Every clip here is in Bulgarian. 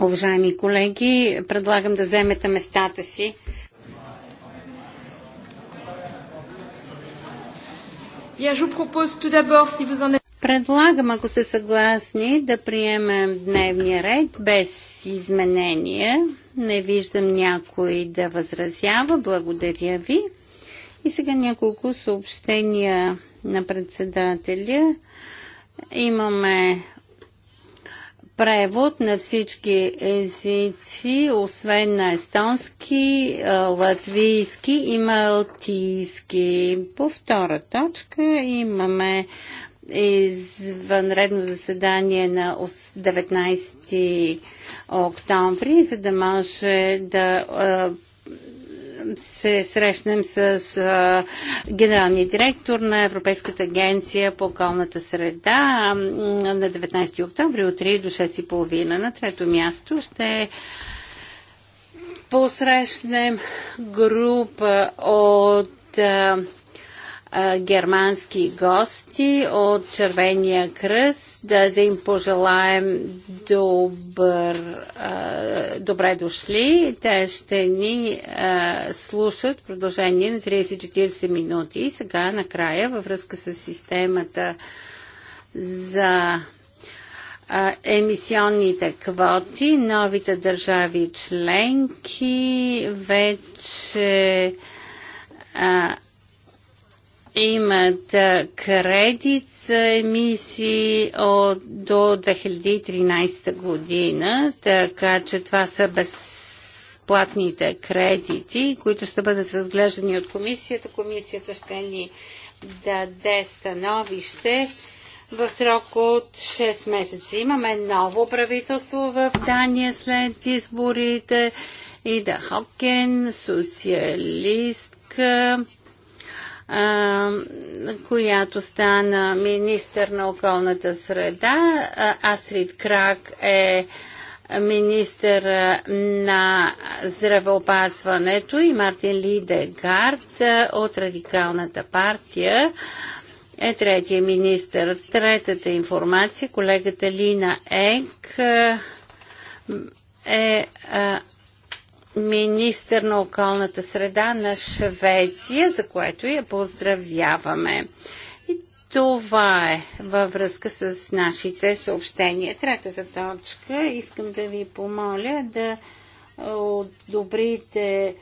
Уважаеми колеги, предлагам да вземете местата си. Предлагам, ако сте съгласни, да приемем дневния ред без изменения. Не виждам някой да възразява. Благодаря ви. И сега няколко съобщения на председателя. Имаме превод на всички езици, освен на естонски, латвийски и малтийски. По втора точка имаме извънредно заседание на 19 октомври, за да може да се срещнем с а, генералния директор на Европейската агенция по околната среда на 19 октомври от 3 до 6.30. На трето място ще посрещнем група от германски гости от Червения кръст, да, да им пожелаем добър, а, добре дошли. Те ще ни а, слушат в продължение на 30-40 минути. И сега, накрая, във връзка с системата за а, емисионните квоти, новите държави членки вече а, имат кредит за емисии от, до 2013 година, така че това са безплатните кредити, които ще бъдат разглеждани от комисията. Комисията ще ни даде становище в срок от 6 месеца. Имаме ново правителство в Дания след изборите. Ида Хопкен, социалистка, която стана министър на околната среда. Астрид Крак е министър на здравеопазването и Мартин Лидегард от Радикалната партия е третия министър. Третата информация, колегата Лина Ек е министър на околната среда на Швеция, за което я поздравяваме. И това е във връзка с нашите съобщения. Третата точка. Искам да ви помоля да одобрите е,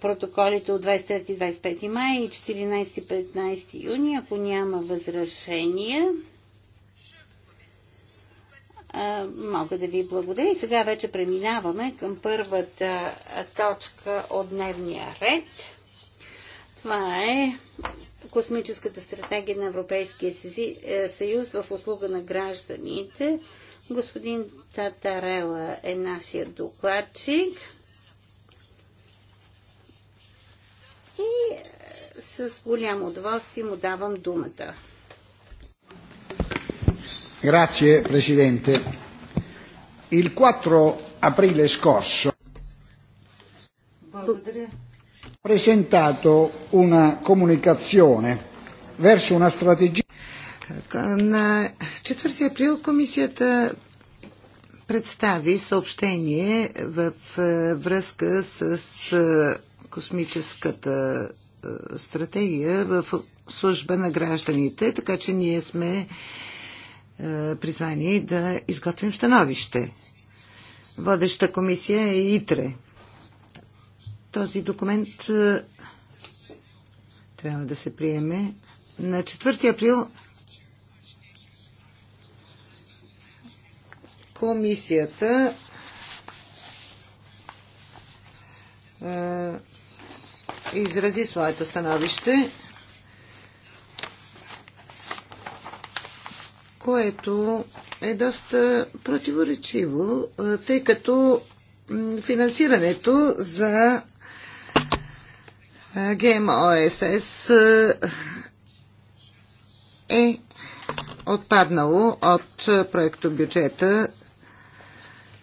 протоколите от 23-25 май и 14-15 юни. Ако няма възражения, мога да ви благодаря. И сега вече преминаваме към първата точка от дневния ред. Това е космическата стратегия на Европейския е, съюз в услуга на гражданите. Господин Татарела е нашия докладчик. И е, с голямо удоволствие му давам думата. Grazie Presidente. Il 4 aprile scorso ho presentato una comunicazione verso una strategia. На 4 април комисията представи съобщение в е, връзка с е, космическата е, стратегия в служба на гражданите, така че ние сме е, призвани да изготвим становище. Водеща комисия е ИТРЕ. Този документ е, трябва да се приеме на 4 април комисията е, изрази своето становище което е доста противоречиво, тъй като финансирането за ГМОСС е отпаднало от проекто бюджета.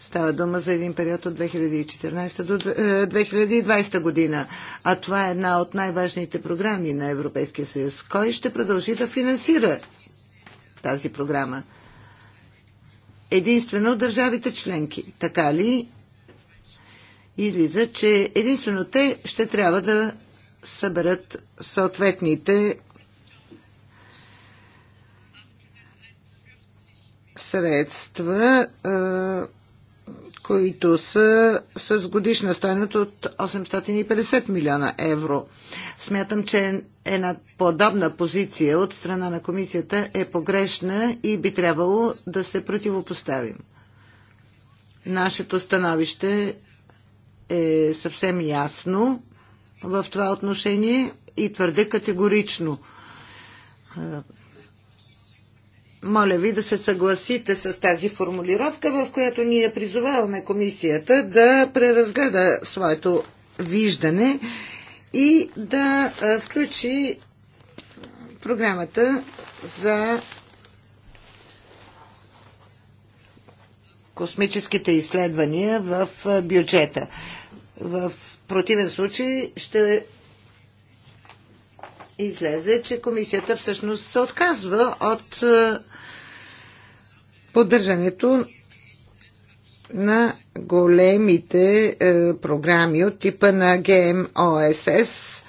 Става дума за един период от 2014 до 2020 година. А това е една от най-важните програми на Европейския съюз. Кой ще продължи да финансира тази програма. Единствено държавите членки. Така ли излиза, че единствено те ще трябва да съберат съответните средства които са с годишна стойност от 850 милиона евро. Смятам, че една подобна позиция от страна на комисията е погрешна и би трябвало да се противопоставим. Нашето становище е съвсем ясно в това отношение и твърде категорично моля ви да се съгласите с тази формулировка, в която ние призоваваме комисията да преразгледа своето виждане и да включи програмата за космическите изследвания в бюджета. В противен случай ще излезе, че комисията всъщност се отказва от е, поддържането на големите е, програми от типа на ГМОСС.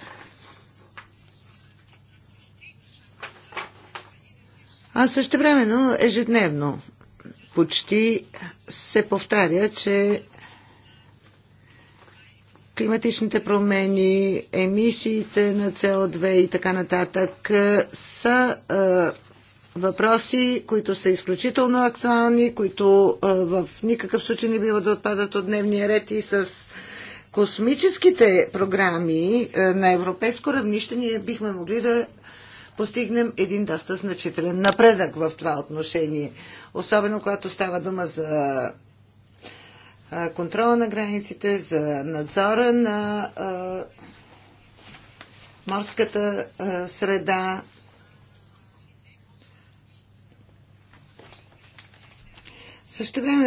А също времено ежедневно почти се повтаря, че климатичните промени, емисиите на со 2 и така нататък е, са е, въпроси, които са изключително актуални, които е, в никакъв случай не бива да отпадат от дневния ред и с космическите програми на европейско равнище ние бихме могли да постигнем един доста значителен напредък в това отношение. Особено когато става дума за контрола на границите, за надзора на морската среда.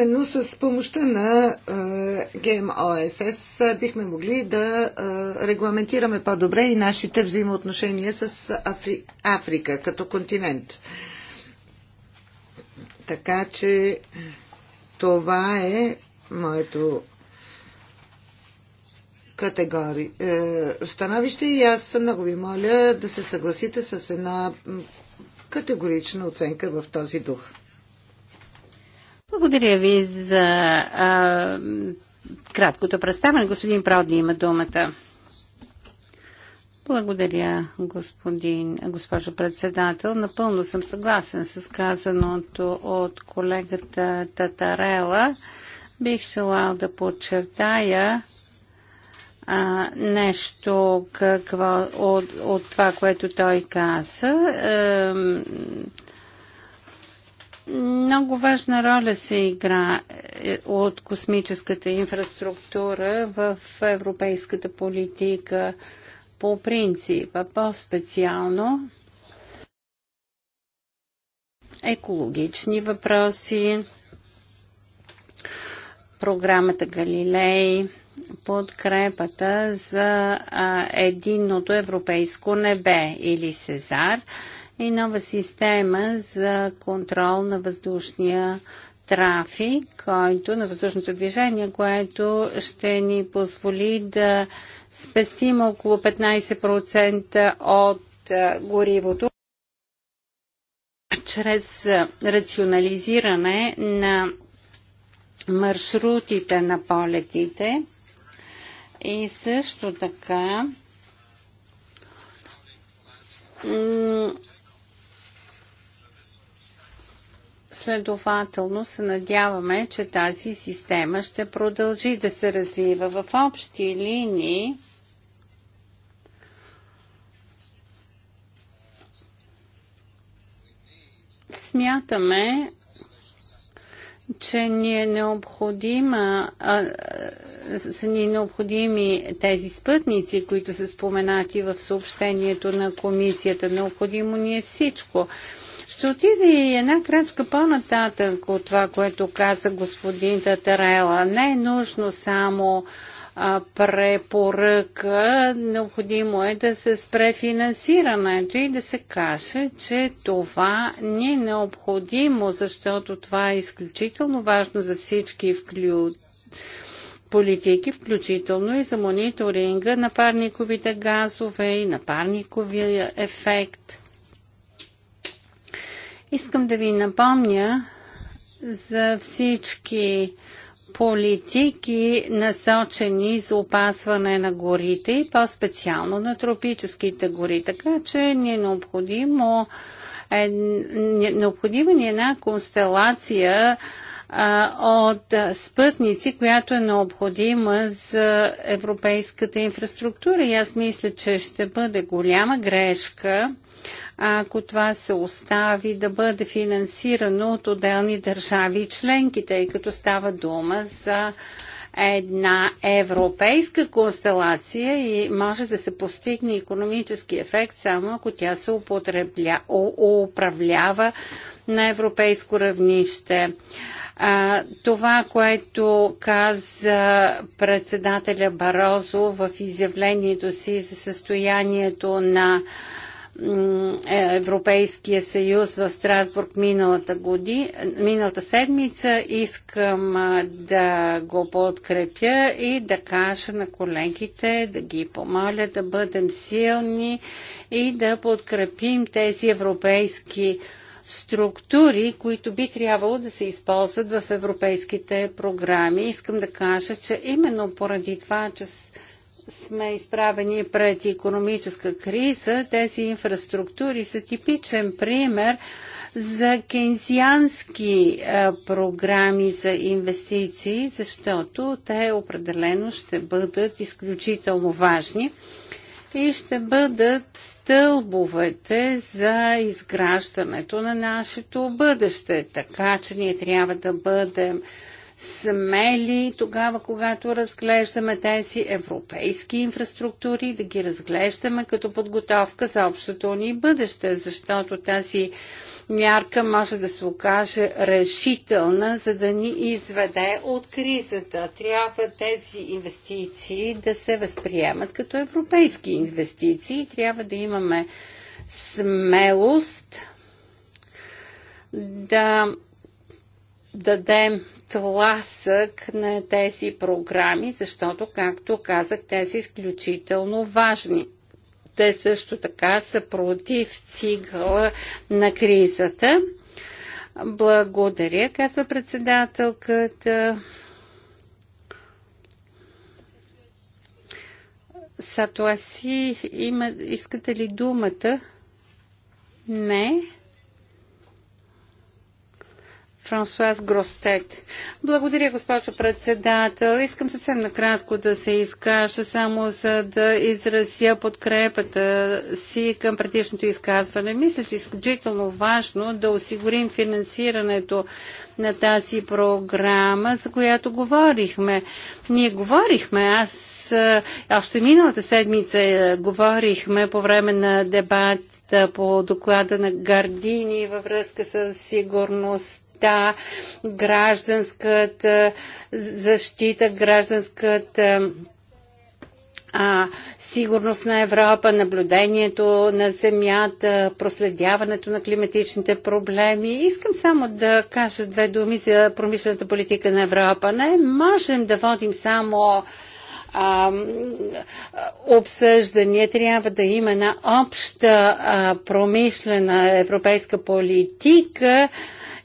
но с помощта на ГМОСС бихме могли да регламентираме по-добре и нашите взаимоотношения с Афри... Африка като континент. Така че това е моето категори... Е, становище и аз много ви моля да се съгласите с една категорична оценка в този дух. Благодаря ви за а, краткото представяне. Господин Правди, има думата. Благодаря, господин, госпожо председател. Напълно съм съгласен с казаното от колегата Татарела. Бих желал да подчертая а, нещо какво, от, от това, което той каза. Е, много важна роля се игра е, от космическата инфраструктура в европейската политика по принцип, а по-специално екологични въпроси, програмата Галилей, подкрепата за а, единното европейско небе или Сезар и нова система за контрол на въздушния трафик, който на въздушното движение, което ще ни позволи да спестим около 15% от горивото чрез рационализиране на маршрутите на полетите и също така Следователно се надяваме, че тази система ще продължи да се развива в общи линии. Смятаме, че ни е необходима, а, са ни е необходими тези спътници, които са споменати в съобщението на комисията. Необходимо ни е всичко. Ще отиде и една крачка по-нататък от това, което каза господин Татарела. Не е нужно само а, препоръка, необходимо е да се спре финансирането и да се каже, че това не е необходимо, защото това е изключително важно за всички вклю... политики, включително и за мониторинга на парниковите газове и на парниковия ефект. Искам да ви напомня за всички политики насочени за опасване на горите и по-специално на тропическите гори. Така че ни е необходимо е, необходима ни една констелация а, от спътници, която е необходима за европейската инфраструктура. И аз мисля, че ще бъде голяма грешка ако това се остави да бъде финансирано от отделни държави и членки, тъй като става дума за една европейска констелация и може да се постигне економически ефект само ако тя се употребля, управлява на европейско равнище. А, това, което каза председателя Барозо в изявлението си за състоянието на е, Европейския съюз в Страсбург миналата, годи, миналата седмица. Искам да го подкрепя и да кажа на колегите, да ги помоля да бъдем силни и да подкрепим тези европейски структури, които би трябвало да се използват в европейските програми. Искам да кажа, че именно поради това, че сме изправени пред економическа криза, тези инфраструктури са типичен пример за кензиански програми за инвестиции, защото те определено ще бъдат изключително важни и ще бъдат стълбовете за изграждането на нашето бъдеще. Така че ние трябва да бъдем смели тогава, когато разглеждаме тези европейски инфраструктури, да ги разглеждаме като подготовка за общото ни бъдеще, защото тази мярка може да се окаже решителна, за да ни изведе от кризата. Трябва тези инвестиции да се възприемат като европейски инвестиции. Трябва да имаме смелост да дадем тласък на тези програми, защото, както казах, те са изключително важни. Те също така са против цикъла на кризата. Благодаря, казва председателката. Сатуаси, има, искате ли думата? Не. Франсуаз Гростет. Благодаря, госпожо председател. Искам съвсем накратко да се изкажа, само за да изразя подкрепата си към предишното изказване. Мисля, че е изключително важно да осигурим финансирането на тази програма, за която говорихме. Ние говорихме, аз е, още миналата седмица е, говорихме по време на дебат по доклада на Гардини във връзка с сигурност защита, гражданската защита, гражданската а, сигурност на Европа, наблюдението на Земята, проследяването на климатичните проблеми. Искам само да кажа две думи за промишлената политика на Европа. Не можем да водим само а, обсъждания. Трябва да има на обща а, промишлена европейска политика,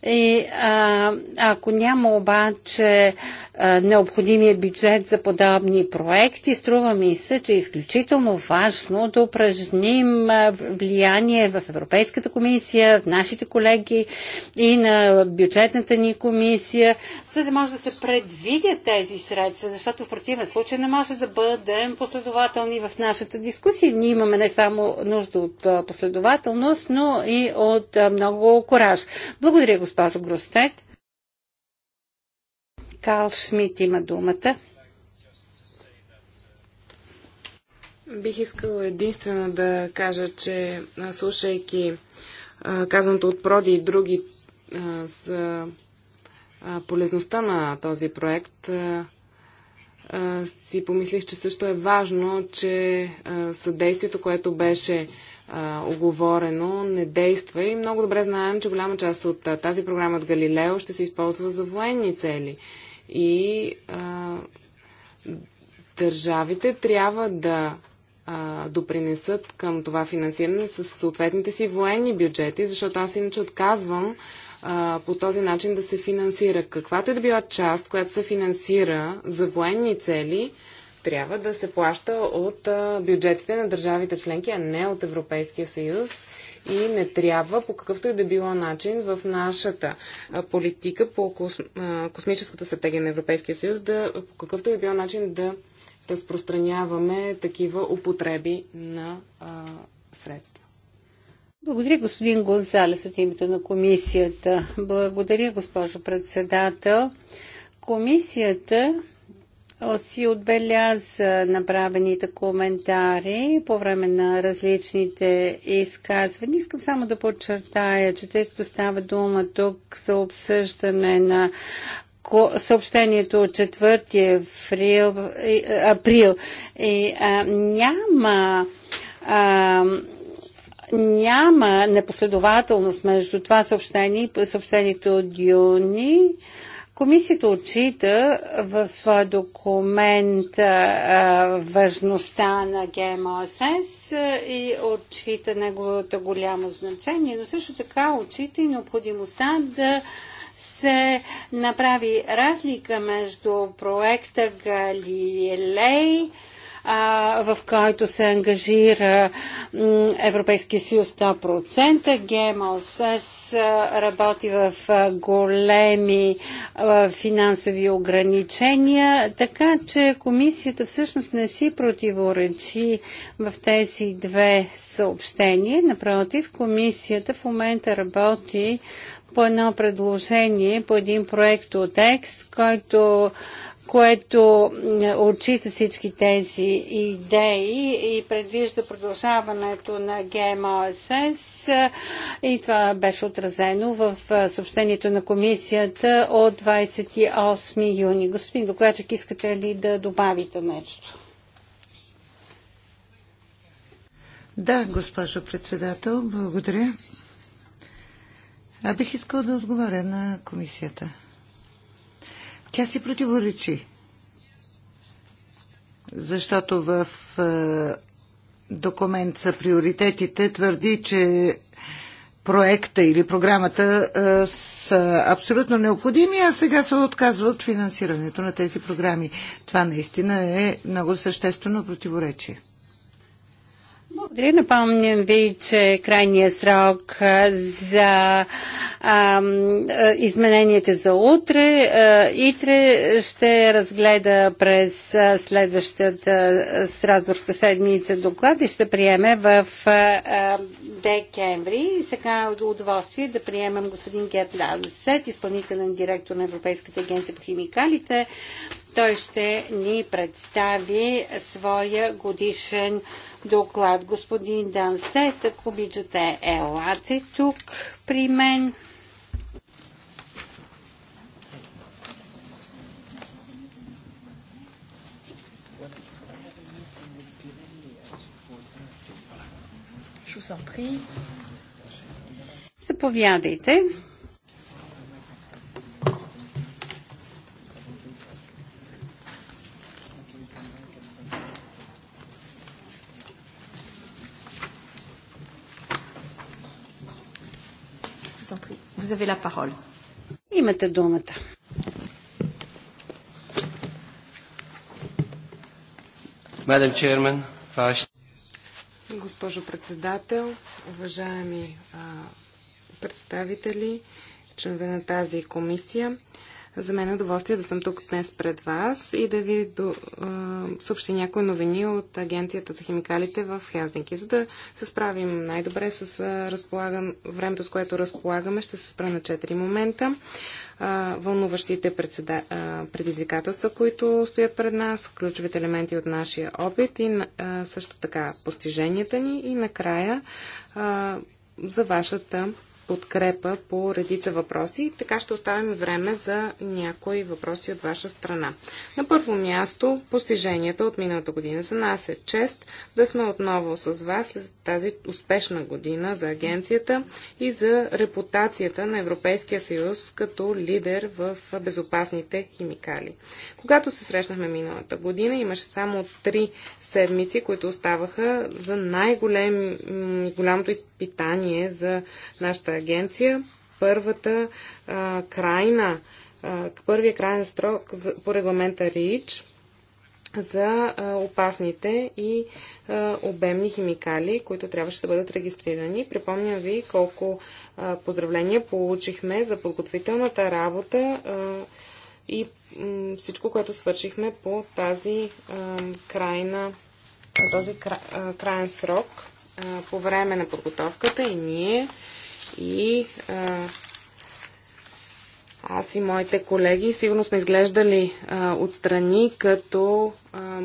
и а, ако няма обаче а, необходимия бюджет за подобни проекти, струва ми се, че е изключително важно да упражним влияние в Европейската комисия, в нашите колеги и на бюджетната ни комисия, за да може да се предвидят тези средства, защото в противен случай не може да бъдем последователни в нашата дискусия. Ние имаме не само нужда от последователност, но и от много кораж. Благодаря, госпожо Гростет. Карл Шмидт има думата. Бих искала единствено да кажа, че слушайки казаното от Проди и други за полезността на този проект, си помислих, че също е важно, че съдействието, което беше оговорено, не действа и много добре знаем, че голяма част от тази програма от Галилео ще се използва за военни цели. И а, държавите трябва да а, допринесат към това финансиране с съответните си военни бюджети, защото аз иначе отказвам а, по този начин да се финансира. Каквато и е да била част, която се финансира за военни цели, трябва да се плаща от а, бюджетите на държавите членки, а не от Европейския съюз. И не трябва по какъвто и да било начин в нашата а, политика по кос, а, космическата стратегия на Европейския съюз да по какъвто и да било начин да разпространяваме такива употреби на средства. Благодаря, господин Гонзалес, от името на комисията. Благодаря, госпожо председател. Комисията си отбеляза направените коментари по време на различните изказвания. Искам само да подчертая, че тъй като става дума тук за обсъждане на съобщението от 4 април, и а, няма а, няма непоследователност между това съобщение и съобщението от юни. Комисията отчита в своя документ а, важността на ГМОСС и отчита неговото голямо значение, но също така отчита и необходимостта да се направи разлика между проекта Галилей, в който се ангажира Европейския съюз 100%. ГМОС работи в големи финансови ограничения, така че комисията всъщност не си противоречи в тези две съобщения. Напротив, комисията в момента работи по едно предложение, по един проект от текст, който което отчита всички тези идеи и предвижда продължаването на ГМОСС и това беше отразено в съобщението на комисията от 28 юни. Господин докладчик, искате ли да добавите нещо? Да, госпожо председател, благодаря. А бих искал да отговаря на комисията. Тя си противоречи. Защото в е, документ за приоритетите твърди, че проекта или програмата е, са абсолютно необходими, а сега се отказва от финансирането на тези програми. Това наистина е много съществено противоречие. Благодаря. Напомням ви, че крайният срок за ам, измененията за утре. А, итре ще разгледа през следващата Страсбургска седмица доклад и ще приеме в а, декември. И сега удоволствие да приемам господин Герт Лансет, изпълнителен директор на Европейската агенция по химикалите. Той ще ни представи своя годишен доклад. Господин Дансет, ако обичате, елате тук при мен. Заповядайте. en prie. Vous avez la parole. Имате думата. Мадам Чермен, ваш... Госпожо председател, уважаеми а, представители, членове на тази комисия, за мен е удоволствие да съм тук днес пред вас и да ви до, е, съобщи някои новини от Агенцията за химикалите в Хелзинки. За да се справим най-добре с разполагам, времето, с което разполагаме, ще се спра на 4 момента. Е, вълнуващите председа, е, предизвикателства, които стоят пред нас, ключовите елементи от нашия опит и е, също така постиженията ни и накрая е, за вашата подкрепа по редица въпроси. Така ще оставим време за някои въпроси от ваша страна. На първо място, постиженията от миналата година. За нас е чест да сме отново с вас след тази успешна година за агенцията и за репутацията на Европейския съюз като лидер в безопасните химикали. Когато се срещнахме миналата година, имаше само три седмици, които оставаха за най-голямото изпитание за нашата агенция, първата а, крайна, а, първия крайен срок по регламента РИЧ за а, опасните и а, обемни химикали, които трябваше да бъдат регистрирани. Припомням ви колко а, поздравления получихме за подготвителната работа и всичко, което свършихме по тази крайна, този кра, краен срок по време на подготовката и ние и а, аз и моите колеги сигурно сме изглеждали а, отстрани като а,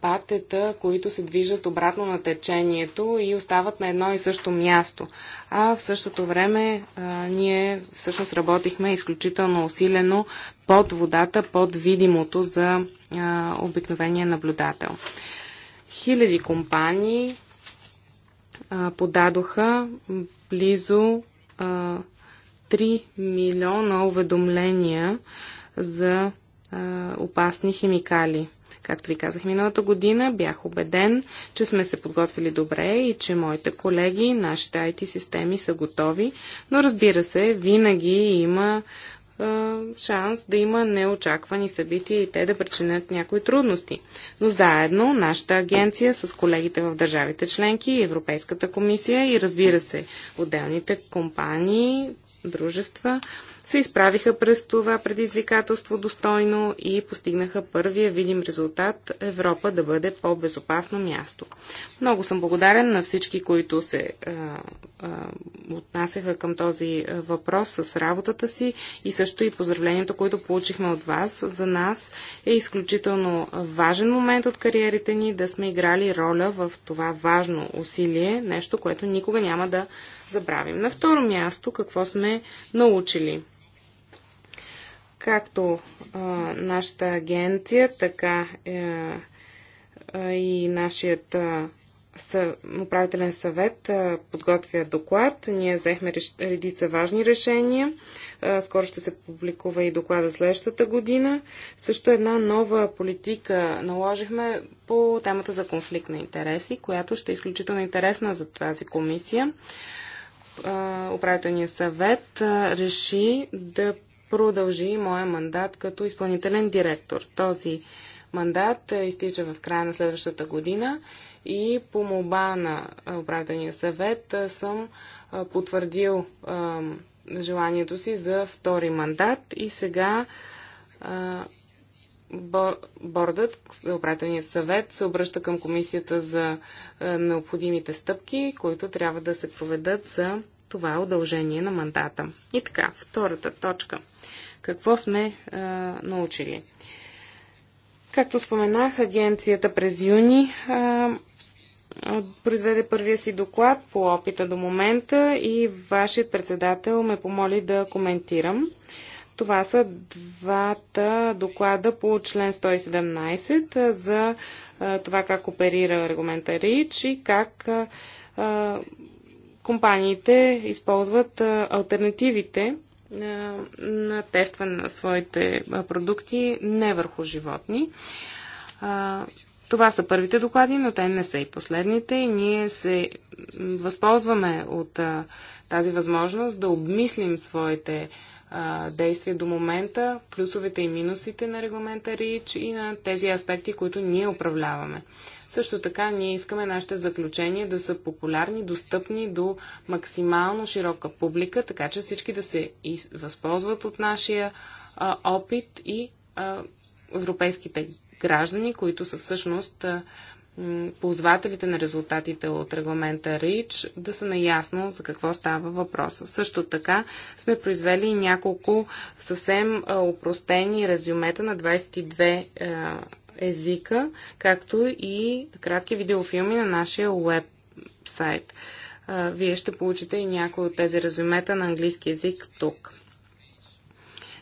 патета, които се движат обратно на течението и остават на едно и също място. А в същото време а, ние всъщност работихме изключително усилено под водата, под видимото за а, обикновения наблюдател. Хиляди компании а, подадоха близо а, 3 милиона уведомления за а, опасни химикали. Както ви казах миналата година, бях убеден, че сме се подготвили добре и че моите колеги, нашите IT системи са готови, но разбира се, винаги има шанс да има неочаквани събития и те да причинят някои трудности. Но заедно нашата агенция с колегите в държавите членки, Европейската комисия и разбира се отделните компании, дружества се изправиха през това предизвикателство достойно и постигнаха първия видим резултат Европа да бъде по-безопасно място. Много съм благодарен на всички, които се а, а, отнасяха към този е, въпрос с работата си и също и поздравлението, което получихме от вас. За нас е изключително важен момент от кариерите ни да сме играли роля в това важно усилие, нещо, което никога няма да забравим. На второ място, какво сме научили? Както а, е, нашата агенция, така а, е, а, и нашият а, управителен съвет подготвя доклад. Ние взехме редица важни решения. Скоро ще се публикува и доклада следващата година. Също една нова политика наложихме по темата за конфликт на интереси, която ще е изключително интересна за тази комисия. Управителният съвет реши да продължи моя мандат като изпълнителен директор. Този мандат е, изтича в края на следващата година и по молба на управителния съвет съм потвърдил желанието си за втори мандат и сега бордът, управителният съвет, се обръща към комисията за необходимите стъпки, които трябва да се проведат за това удължение на мандата. И така, втората точка. Какво сме а, научили? Както споменах, агенцията през юни а, произведе първия си доклад по опита до момента и вашият председател ме помоли да коментирам. Това са двата доклада по член 117 за това как оперира регламента РИЧ и как компаниите използват альтернативите на тестване на своите продукти не върху животни. Това са първите доклади, но те не са и последните. И ние се възползваме от а, тази възможност да обмислим своите а, действия до момента, плюсовете и минусите на регламента РИЧ и на тези аспекти, които ние управляваме. Също така ние искаме нашите заключения да са популярни, достъпни до максимално широка публика, така че всички да се възползват от нашия а, опит и европейските граждани, които са всъщност ползвателите на резултатите от регламента РИЧ да са наясно за какво става въпроса. Също така сме произвели няколко съвсем упростени резюмета на 22 езика, както и кратки видеофилми на нашия веб-сайт. Вие ще получите и някои от тези резюмета на английски язик тук.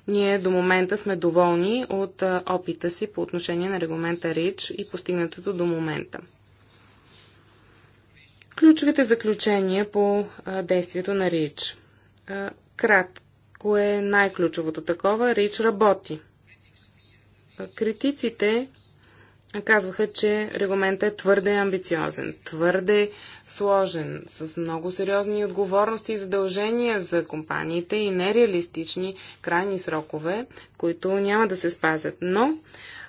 Ние до момента сме доволни от опита си по отношение на регламента РИЧ и постигнатото до момента. Ключовите заключения по действието на РИЧ. Кратко е най-ключовото такова. РИЧ работи. Критиците казваха, че регламентът е твърде амбициозен, твърде сложен, с много сериозни отговорности и задължения за компаниите и нереалистични крайни срокове, които няма да се спазят. Но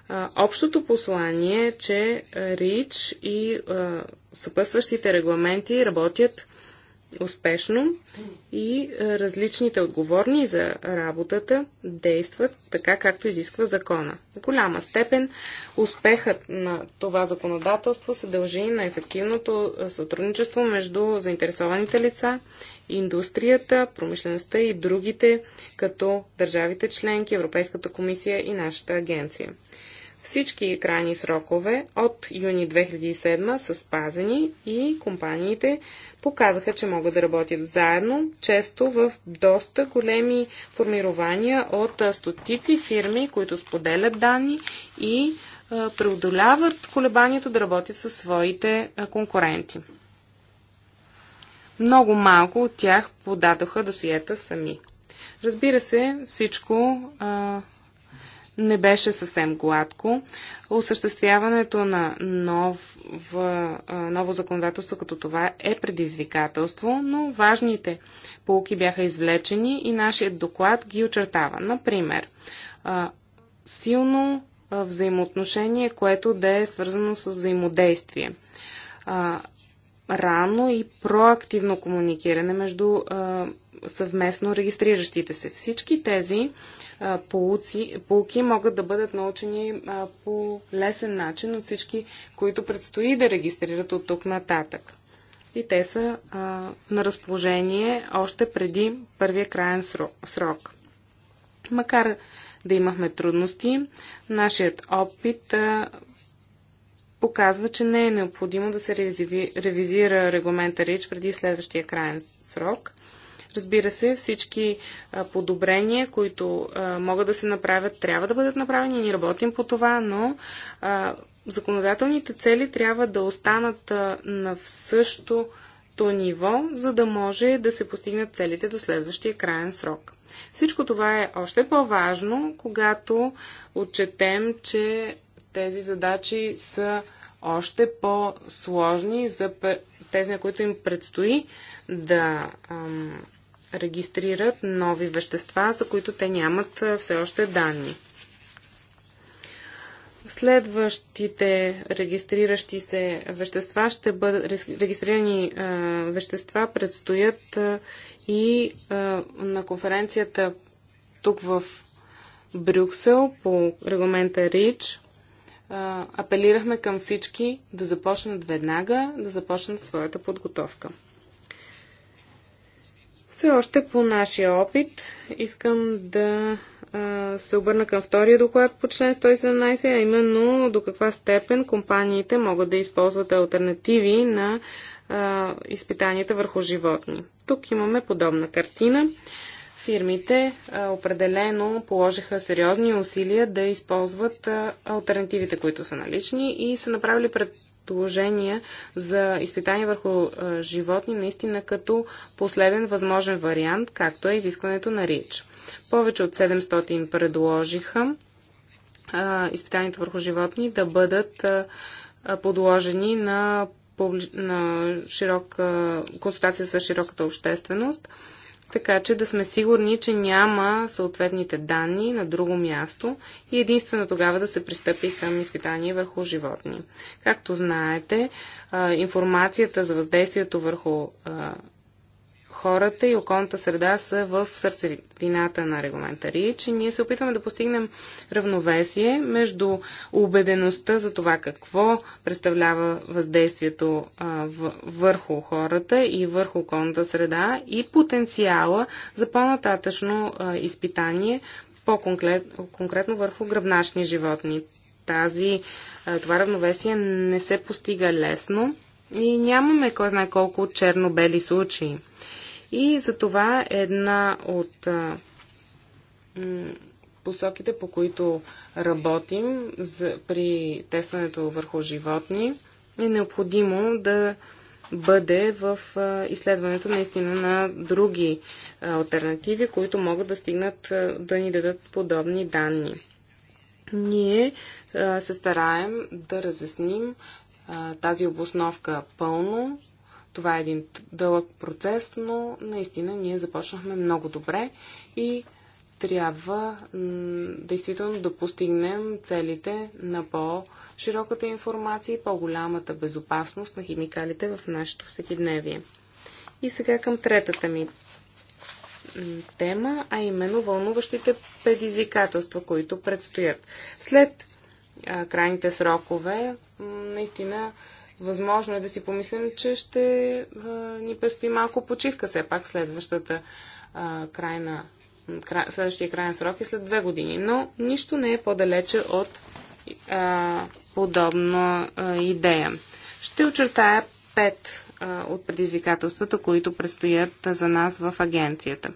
а, общото послание е, че РИЧ и а, съпъсващите регламенти работят успешно и е, различните отговорни за работата действат така, както изисква закона. В голяма степен успехът на това законодателство се дължи на ефективното е, сътрудничество между заинтересованите лица, индустрията, промишлеността и другите, като държавите членки, Европейската комисия и нашата агенция. Всички крайни срокове от юни 2007 са спазени и компаниите показаха, че могат да работят заедно, често в доста големи формирования от стотици фирми, които споделят данни и преодоляват колебанието да работят със своите конкуренти. Много малко от тях подадоха досиета сами. Разбира се, всичко не беше съвсем гладко. Осъществяването на нов, ново законодателство като това е предизвикателство, но важните полки бяха извлечени и нашият доклад ги очертава. Например, силно взаимоотношение, което да е свързано с взаимодействие. Рано и проактивно комуникиране между съвместно регистриращите се. Всички тези а, полуци, полуки могат да бъдат научени а, по лесен начин от всички, които предстои да регистрират от тук нататък. И те са а, на разположение още преди първия краен срок. Макар да имахме трудности, нашият опит а, показва, че не е необходимо да се ревизира регламента РИЧ преди следващия крайен срок. Разбира се, всички подобрения, които могат да се направят, трябва да бъдат направени. Ние работим по това, но законодателните цели трябва да останат на същото ниво, за да може да се постигнат целите до следващия краен срок. Всичко това е още по-важно, когато отчетем, че тези задачи са още по-сложни за тези, на които им предстои да ам, регистрират нови вещества, за които те нямат все още данни. Следващите регистриращи се вещества ще бъдат регистрирани а, вещества предстоят а, и а, на конференцията тук в Брюксел по регламента РИЧ апелирахме към всички да започнат веднага, да започнат своята подготовка. Все още по нашия опит искам да се обърна към втория доклад по член 117, а именно до каква степен компаниите могат да използват альтернативи на а, изпитанията върху животни. Тук имаме подобна картина. Фирмите а, определено положиха сериозни усилия да използват а, альтернативите, които са налични и са направили пред предположения за изпитания върху животни, наистина като последен възможен вариант, както е изискването на РИЧ. Повече от 700 предложиха изпитанията върху животни да бъдат подложени на, публи... на широка консултация с широката общественост така че да сме сигурни, че няма съответните данни на друго място и единствено тогава да се пристъпи към изпитание върху животни. Както знаете, информацията за въздействието върху хората и околната среда са в сърцевината на регламента РИЧ. И ние се опитваме да постигнем равновесие между убедеността за това какво представлява въздействието а, върху хората и върху околната среда и потенциала за по-нататъчно изпитание по-конкретно върху гръбначни животни. Тази, а, това равновесие не се постига лесно и нямаме кой знае колко черно-бели случаи. И за това една от посоките, по които работим за, при тестването върху животни, е необходимо да бъде в а, изследването наистина на други а, альтернативи, които могат да стигнат а, да ни дадат подобни данни. Ние се стараем да разясним тази обосновка пълно това е един дълъг процес, но наистина ние започнахме много добре и трябва действително да постигнем целите на по-широката информация и по-голямата безопасност на химикалите в нашето всекидневие. И сега към третата ми тема, а именно вълнуващите предизвикателства, които предстоят. След а, крайните срокове, наистина възможно е да си помислим, че ще а, ни предстои малко почивка все пак следващата а, крайна, край, следващия крайен срок е след две години. Но нищо не е по-далече от а, подобна а, идея. Ще очертая пет а, от предизвикателствата, които предстоят за нас в агенцията.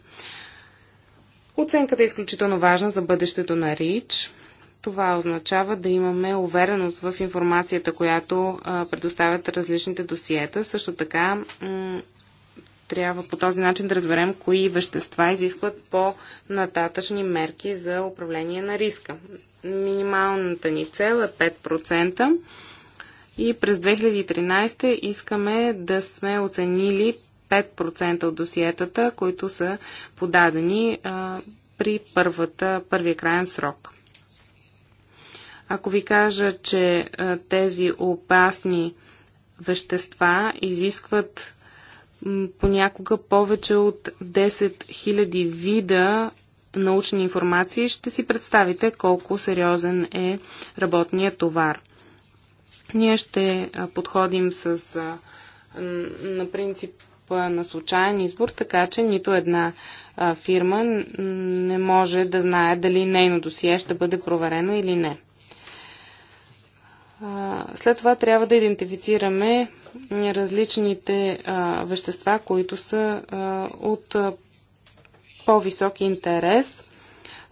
Оценката е изключително важна за бъдещето на РИЧ. Това означава да имаме увереност в информацията, която предоставят различните досиета. Също така трябва по този начин да разберем кои вещества изискват по-нататъчни мерки за управление на риска. Минималната ни цел е 5% и през 2013 искаме да сме оценили 5% от досиетата, които са подадени а, при първата, първия крайен срок. Ако ви кажа, че тези опасни вещества изискват понякога повече от 10 000 вида научни информации, ще си представите колко сериозен е работният товар. Ние ще подходим с на принцип на случайен избор, така че нито една фирма не може да знае дали нейно досие ще бъде проверено или не. След това трябва да идентифицираме различните вещества, които са от по-висок интерес.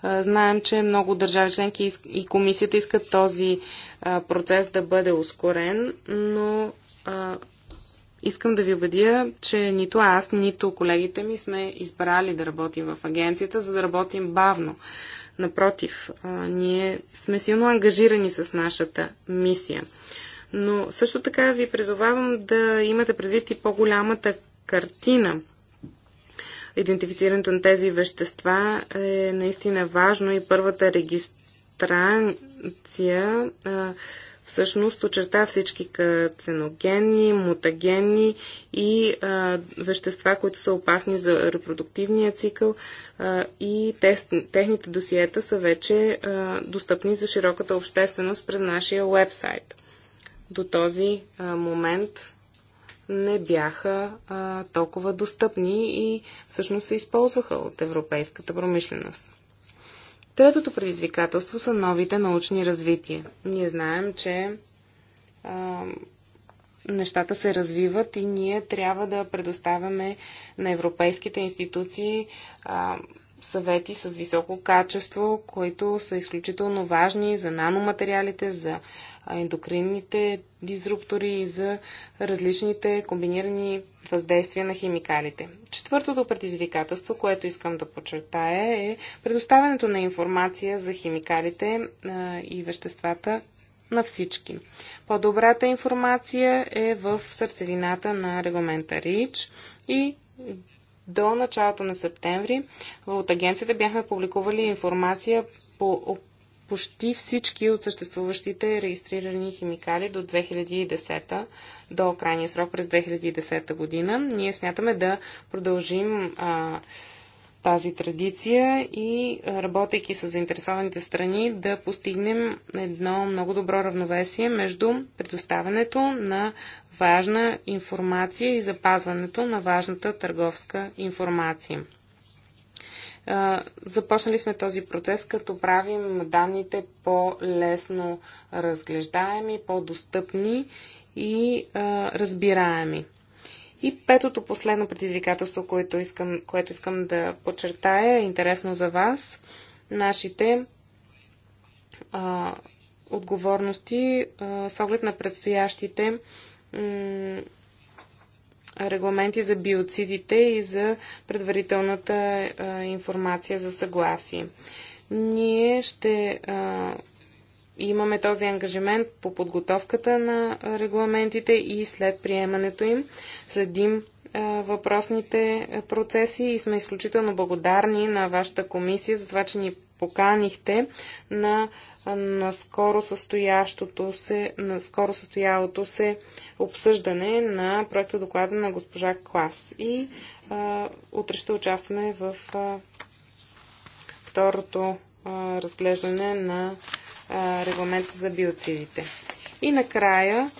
Знаем, че много държави членки и комисията искат този процес да бъде ускорен, но искам да ви убедя, че нито аз, нито колегите ми сме избрали да работим в агенцията, за да работим бавно. Напротив, а, ние сме силно ангажирани с нашата мисия. Но също така ви призовавам да имате предвид и по-голямата картина. Идентифицирането на тези вещества е наистина важно и първата регистрация а, всъщност очерта всички карциногенни, мутагенни и а, вещества, които са опасни за репродуктивния цикъл а, и тест, техните досиета са вече а, достъпни за широката общественост през нашия вебсайт. До този а, момент не бяха а, толкова достъпни и всъщност се използваха от европейската промишленост. Третото предизвикателство са новите научни развития. Ние знаем, че а, нещата се развиват и ние трябва да предоставяме на европейските институции а, съвети с високо качество, които са изключително важни за наноматериалите, за ендокринните дизруптори и за различните комбинирани въздействия на химикалите. Четвъртото предизвикателство, което искам да подчертая е предоставянето на информация за химикалите и веществата на всички. По-добрата информация е в сърцевината на регламента РИЧ и до началото на септември от агенцията бяхме публикували информация по почти всички от съществуващите регистрирани химикали до 2010 до крайния срок през 2010 година. Ние смятаме да продължим а, тази традиция и работейки с заинтересованите страни да постигнем едно много добро равновесие между предоставянето на важна информация и запазването на важната търговска информация. Започнали сме този процес, като правим данните по-лесно разглеждаеми, по-достъпни и разбираеми. И петото последно предизвикателство, което искам, което искам да подчертая, е интересно за вас. Нашите а, отговорности а, с оглед на предстоящите регламенти за биоцидите и за предварителната а, информация за съгласие. Ние ще а, имаме този ангажимент по подготовката на регламентите и след приемането им. Следим въпросните процеси и сме изключително благодарни на вашата комисия за това, че ни поканихте на наскоро състоящото се, наскоро състоялото се обсъждане на проекта доклада на госпожа Клас. И а, утре ще участваме в а, второто а, разглеждане на а, регламента за биоцидите. И накрая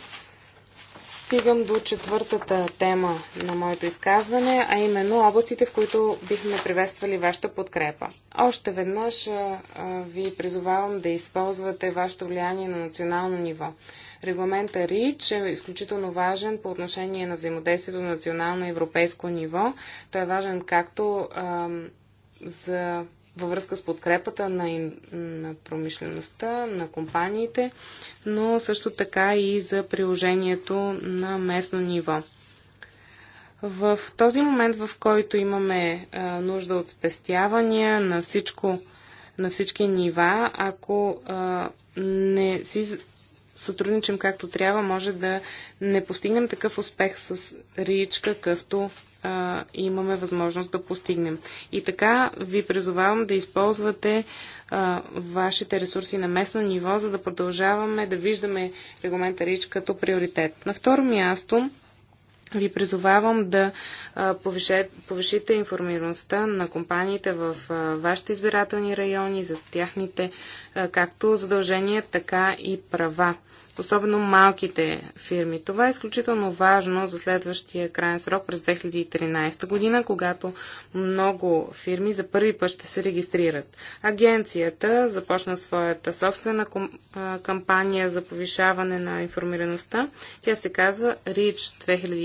стигам до четвъртата тема на моето изказване, а именно областите, в които бихме приветствали вашата подкрепа. Още веднъж ви призовавам да използвате вашето влияние на национално ниво. Регламента РИЧ е изключително важен по отношение на взаимодействието на национално и европейско ниво. Той е важен както за във връзка с подкрепата на, на промишлеността, на компаниите, но също така и за приложението на местно ниво. В този момент, в който имаме а, нужда от спестявания на, всичко, на всички нива, ако а, не си сътрудничим както трябва, може да не постигнем такъв успех с РИЧ, какъвто имаме възможност да постигнем. И така ви призовавам да използвате вашите ресурси на местно ниво, за да продължаваме да виждаме регламента РИЧ като приоритет. На второ място ви призовавам да повишите информираността на компаниите в вашите избирателни райони за тяхните както задължения, така и права. Особено малките фирми. Това е изключително важно за следващия крайен срок през 2013 година, когато много фирми за първи път ще се регистрират. Агенцията започна своята собствена кампания за повишаване на информираността. Тя се казва REACH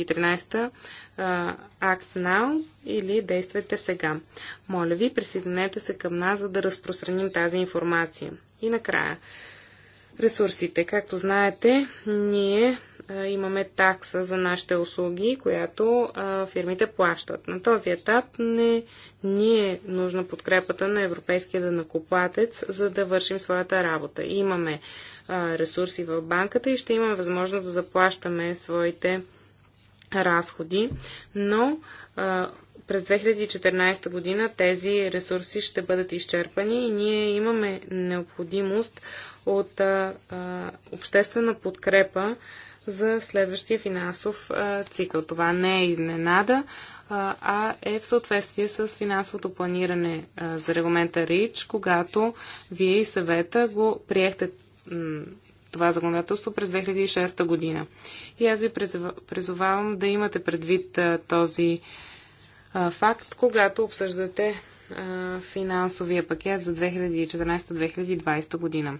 2013 Act Now или действайте сега. Моля ви, присъединете се към нас, за да разпространим тази информация. И накрая, ресурсите. Както знаете, ние имаме такса за нашите услуги, която фирмите плащат. На този етап не ни е нужна подкрепата на европейския данакоплатец, за да вършим своята работа. Имаме ресурси в банката и ще имаме възможност да заплащаме своите разходи, но а, през 2014 година тези ресурси ще бъдат изчерпани и ние имаме необходимост от а, а, обществена подкрепа за следващия финансов а, цикъл. Това не е изненада, а, а е в съответствие с финансовото планиране а, за регламента РИЧ, когато вие и съвета го приехте това законодателство през 2006 година. И аз ви призовавам да имате предвид този факт, когато обсъждате финансовия пакет за 2014-2020 година.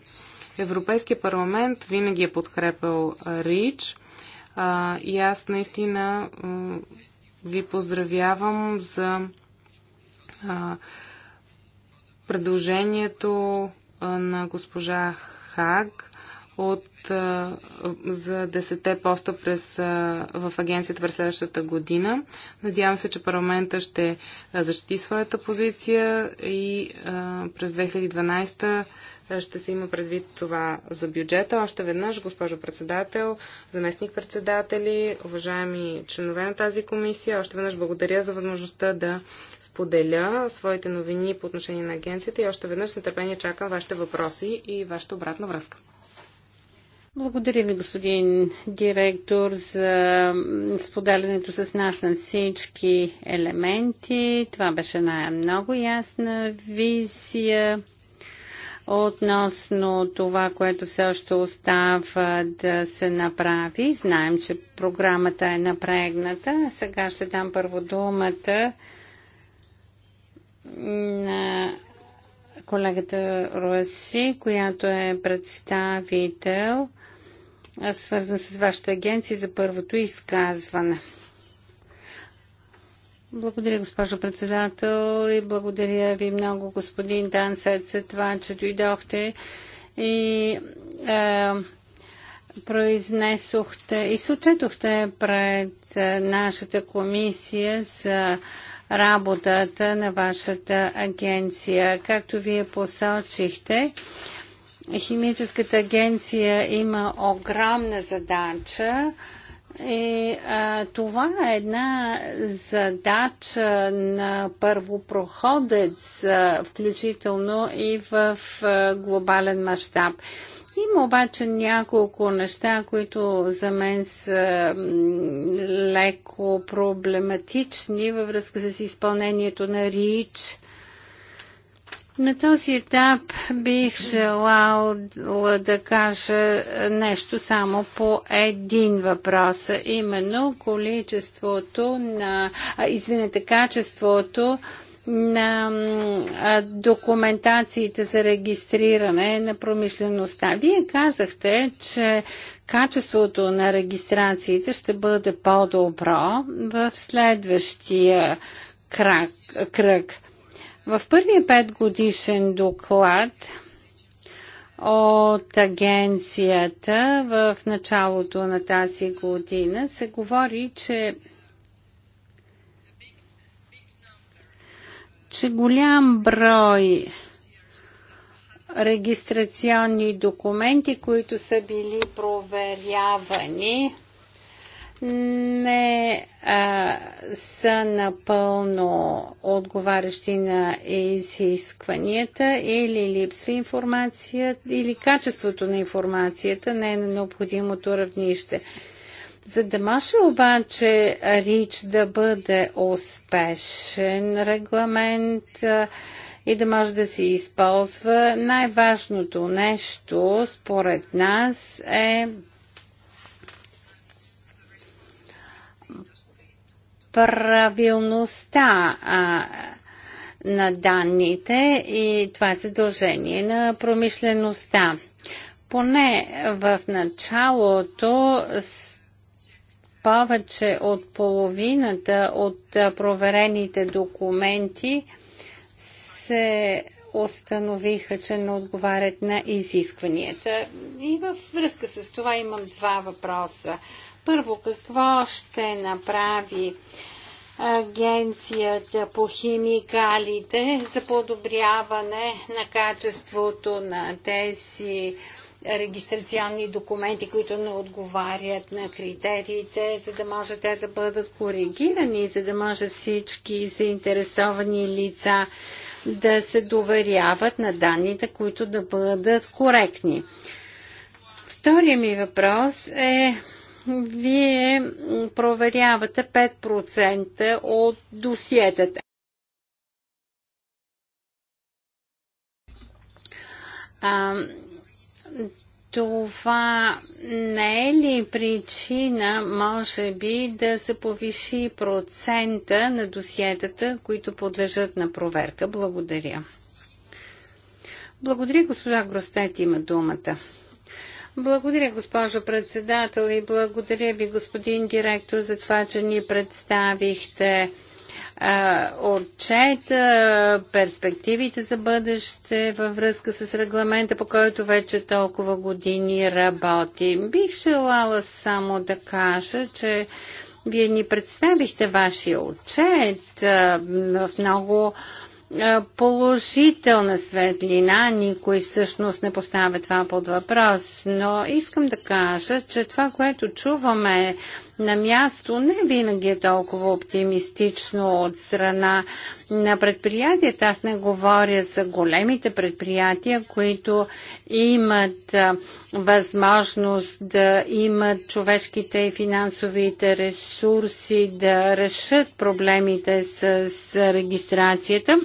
Европейския парламент винаги е подкрепил РИЧ и аз наистина ви поздравявам за предложението на госпожа Хаг от, за 10 поста през, в агенцията през следващата година. Надявам се, че парламента ще защити своята позиция и през 2012 ще се има предвид това за бюджета. Още веднъж, госпожо председател, заместник председатели, уважаеми членове на тази комисия, още веднъж благодаря за възможността да споделя своите новини по отношение на агенцията и още веднъж с нетърпение чакам вашите въпроси и вашата обратна връзка. Благодаря ви, господин директор, за споделянето с нас на всички елементи. Това беше най много ясна визия относно това, което все още остава да се направи. Знаем, че програмата е напрегната. Сега ще дам първо думата на колегата Руаси, която е представител свързан с вашата агенция за първото изказване. Благодаря, госпожо председател и благодаря ви много, господин Дансет, за това, че дойдохте и е, произнесохте и съчетохте пред е, нашата комисия за работата на вашата агенция. Както вие посочихте, е, Химическата агенция има огромна задача. И а, това е една задача на първопроходец, а, включително и в а, глобален мащаб. Има обаче няколко неща, които за мен са леко проблематични във връзка с изпълнението на РИЧ на този етап бих желал да кажа нещо само по един въпрос, именно количеството на, извинете, качеството на документациите за регистриране на промишлеността. Вие казахте, че качеството на регистрациите ще бъде по-добро в следващия крак, кръг. В първия петгодишен доклад от агенцията в началото на тази година се говори, че че голям брой регистрационни документи, които са били проверявани, не а, са напълно отговарящи на изискванията или липсва информация или качеството на информацията не е на необходимото равнище. За да може обаче РИЧ да бъде успешен регламент а, и да може да се използва, най-важното нещо според нас е правилността а, на данните и това е задължение на промишлеността. Поне в началото повече от половината от проверените документи се установиха, че не отговарят на изискванията. И във връзка с това имам два въпроса. Първо, какво ще направи Агенцията по химикалите за подобряване на качеството на тези регистрационни документи, които не отговарят на критериите, за да може те да бъдат коригирани, за да може всички заинтересовани лица да се доверяват на данните, които да бъдат коректни. Втория ми въпрос е вие проверявате 5% от досиетата. А, това не е ли причина, може би, да се повиши процента на досиетата, които подлежат на проверка? Благодаря. Благодаря, госпожа Гростет има думата. Благодаря, госпожо председател и благодаря ви, господин директор, за това, че ни представихте отчета, перспективите за бъдеще във връзка с регламента, по който вече толкова години работим. Бих желала само да кажа, че вие ни представихте вашия отчет в много е, положителна светлина, никой всъщност не поставя това под въпрос, но искам да кажа, че това, което чуваме на място, не винаги е толкова оптимистично от страна на предприятията. Аз не говоря за големите предприятия, които имат е, възможност да имат човешките и финансовите ресурси да решат проблемите с регистрацията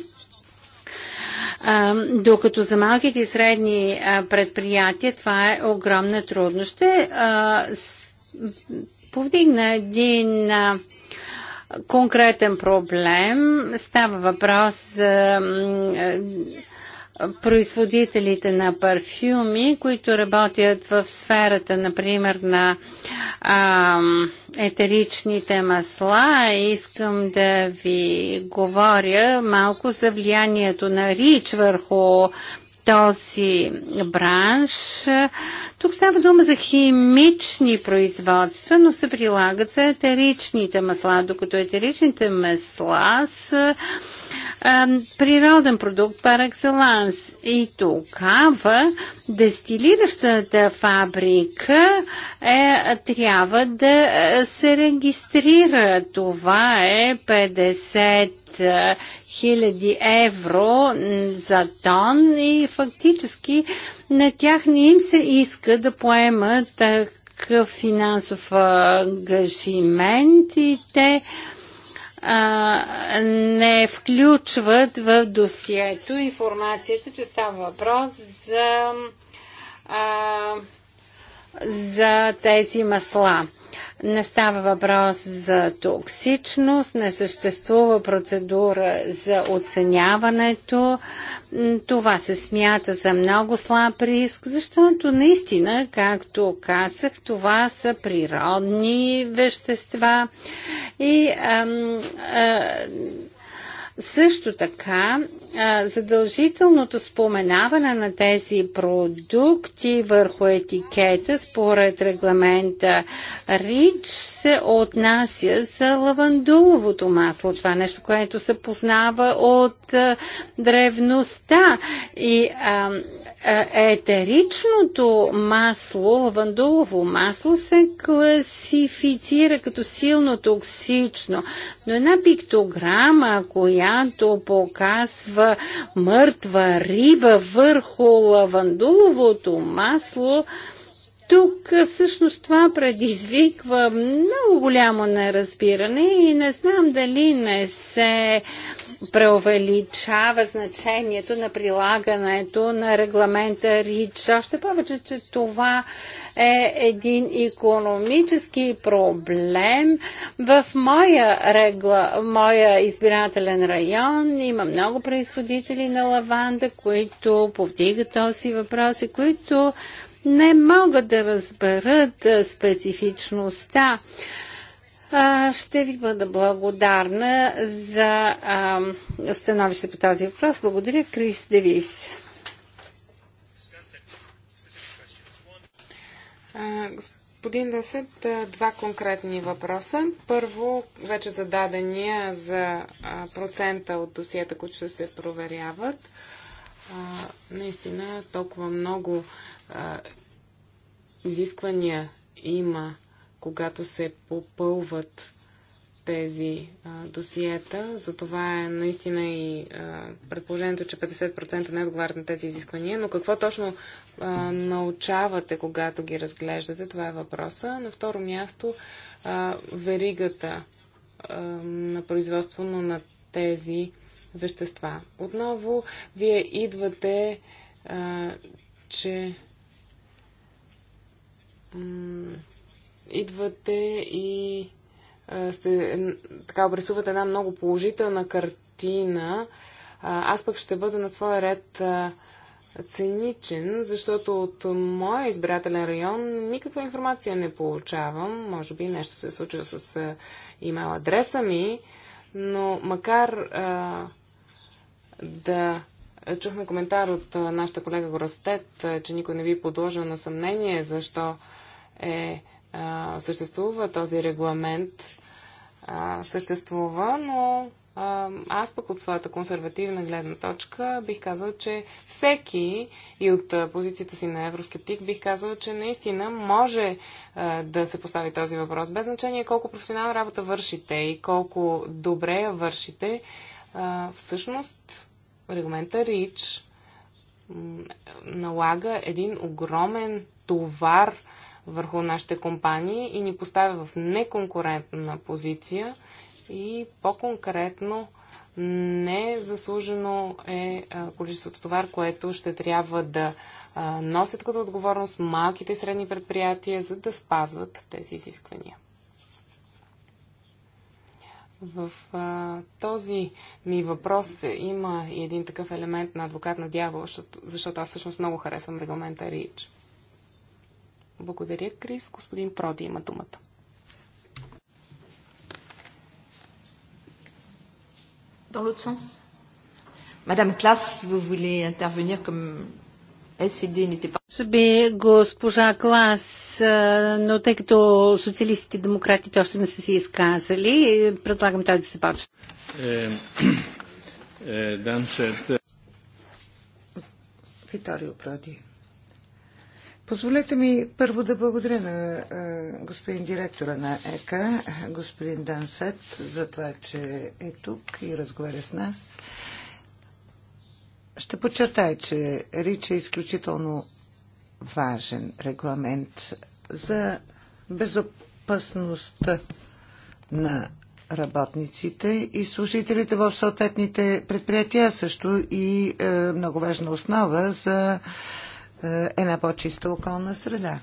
докато за малките и средни предприятия това е огромна трудност. Ще повдигна един конкретен проблем. Става въпрос за производителите на парфюми, които работят в сферата, например, на а, етеричните масла. Искам да ви говоря малко за влиянието на Рич върху този бранш. Тук става дума за химични производства, но се прилагат за етеричните масла, докато етеричните масла са природен продукт пар екселанс. И тогава дестилиращата фабрика е, трябва да е, се регистрира. Това е 50 е, хиляди евро за тон и фактически на тях не им се иска да поемат такъв финансов ангажимент и те а, не включват в досието информацията, че става въпрос за, а, за тези масла. Не става въпрос за токсичност, не съществува процедура за оценяването, това се смята за много слаб риск, защото наистина, както казах, това са природни вещества и ам, а, също така, задължителното споменаване на тези продукти върху етикета според регламента РИЧ се отнася за лавандуловото масло. Това е нещо, което се познава от древността. И а, е, етеричното масло, лавандулово масло се класифицира като силно токсично, но една пиктограма, която показва мъртва риба върху лавандуловото масло, тук е, всъщност това предизвиква много голямо неразбиране и не знам дали не се преувеличава значението на прилагането на регламента РИЧ. Още повече, че това е един економически проблем. В моя, регла, моя избирателен район има много производители на лаванда, които повдигат този въпрос и които не могат да разберат специфичността ще ви бъда благодарна за становище по този въпрос. Благодаря, Крис Девис. Господин Десет, два конкретни въпроса. Първо, вече зададения за процента от досията, които ще се проверяват. Наистина, толкова много изисквания има когато се попълват тези а, досиета. Затова е наистина и а, предположението, че 50% не отговарят на тези изисквания. Но какво точно а, научавате, когато ги разглеждате? Това е въпроса. На второ място, а, веригата а, на производство но на тези вещества. Отново, вие идвате, а, че идвате и а, сте, така обрисувате една много положителна картина. А, аз пък ще бъда на своя ред а, циничен, защото от моя избирателен район никаква информация не получавам. Може би нещо се е случило с а, имейл адреса ми, но макар а, да чухме коментар от а, нашата колега Горастет, а, че никой не би подложил на съмнение защо е съществува този регламент, а, съществува, но а, аз пък от своята консервативна гледна точка бих казал, че всеки и от позицията си на евроскептик бих казал, че наистина може а, да се постави този въпрос. Без значение колко професионална работа вършите и колко добре я вършите, а, всъщност регламента РИЧ налага един огромен товар – върху нашите компании и ни поставя в неконкурентна позиция и по-конкретно незаслужено е, е количеството товар, което ще трябва да е, носят като отговорност малките и средни предприятия, за да спазват тези изисквания. В а, е, този ми въпрос има и един такъв елемент на адвокат на дявол, защото, защото аз всъщност много харесвам регламента РИЧ. Благодаря, Крис. Господин Проди има думата. Мадам Клас, vous voulez intervenir comme SED n'était pas... Може би госпожа Клас, но тъй като социалистите и демократите още не са си изказали, предлагам тази да се почне. Е, е, е, Виторио Проди. Позволете ми първо да благодаря на господин директора на ЕКА, господин Дансет, за това, че е тук и разговаря с нас. Ще подчертая, че РИЧ е изключително важен регламент за безопасността на работниците и служителите в съответните предприятия, също и е, много важна основа за е, една по-чиста околна среда.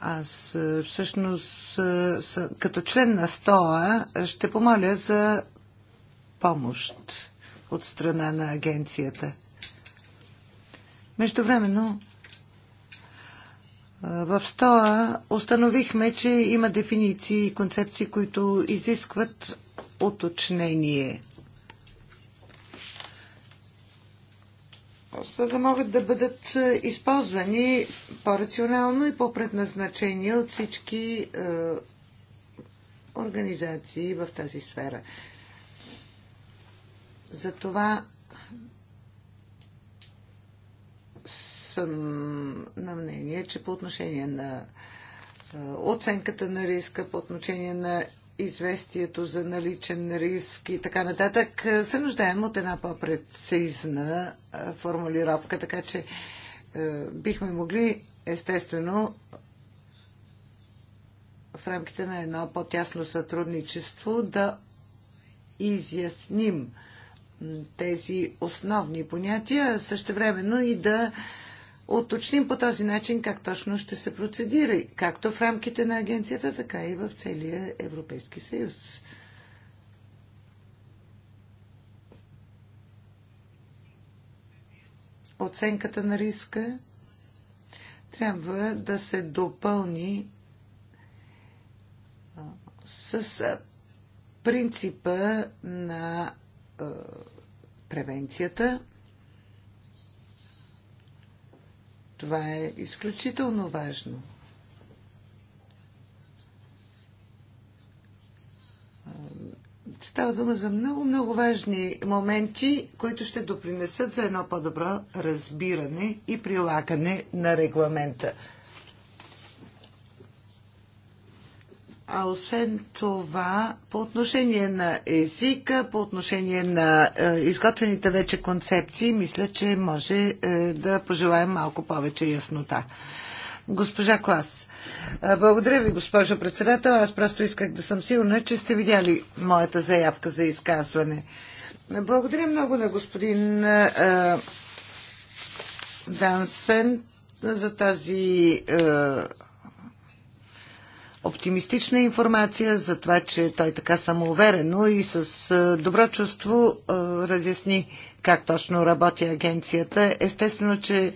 Аз е, всъщност е, като член на СТОА ще помоля за помощ от страна на агенцията. Междувременно в СТОА установихме, че има дефиниции и концепции, които изискват уточнение. за да могат да бъдат е, използвани по-рационално и по предназначение от всички е, организации в тази сфера. Затова съм на мнение, че по отношение на е, оценката на риска, по отношение на известието за наличен риск и така нататък, е, се нуждаем от една по-прецизна е, формулировка, така че е, бихме могли естествено в рамките на едно по-тясно сътрудничество да изясним тези основни понятия, същевременно и да уточним по този начин как точно ще се процедира, както в рамките на агенцията, така и в целия Европейски съюз. Оценката на риска трябва да се допълни с принципа на превенцията Това е изключително важно. Става дума за много, много важни моменти, които ще допринесат за едно по-добро разбиране и прилагане на регламента А освен това, по отношение на езика, по отношение на е, изготвените вече концепции, мисля, че може е, да пожелаем малко повече яснота. Госпожа Клас, е, благодаря ви, госпожо председател. Аз просто исках да съм сигурна, че сте видяли моята заявка за изказване. Благодаря много на господин е, Дансен за тази е, оптимистична информация за това, че той така самоуверено и с добро чувство разясни как точно работи агенцията. Естествено, че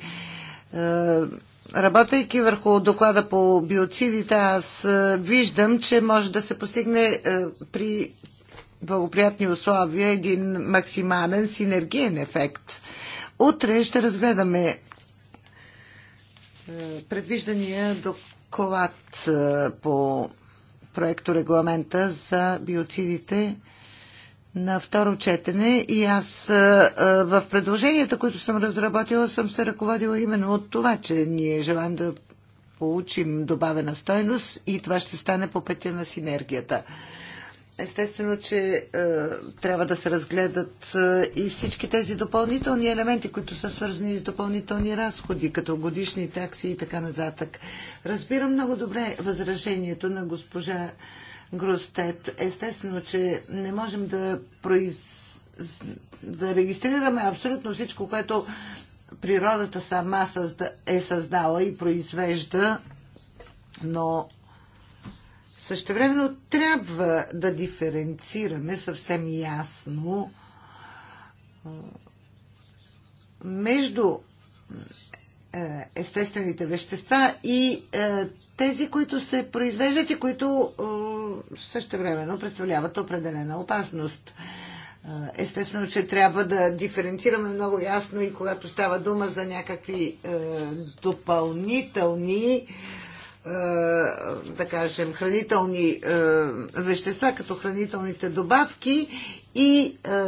работейки върху доклада по биоцидите, аз виждам, че може да се постигне при благоприятни условия един максимален синергиен ефект. Утре ще разгледаме предвиждания доклад доклад по проекто регламента за биоцидите на второ четене и аз в предложенията, които съм разработила, съм се ръководила именно от това, че ние желаем да получим добавена стойност и това ще стане по пътя на синергията. Естествено, че е, трябва да се разгледат е, и всички тези допълнителни елементи, които са свързани с допълнителни разходи, като годишни такси и така нататък. Разбирам много добре възражението на госпожа Гростет. Естествено, че не можем да, произ... да регистрираме абсолютно всичко, което природата сама е създала и произвежда, но Същевременно трябва да диференцираме съвсем ясно между естествените вещества и тези, които се произвеждат и които същевременно представляват определена опасност. Естествено, че трябва да диференцираме много ясно и когато става дума за някакви допълнителни е, да кажем, хранителни е, вещества, като хранителните добавки и е,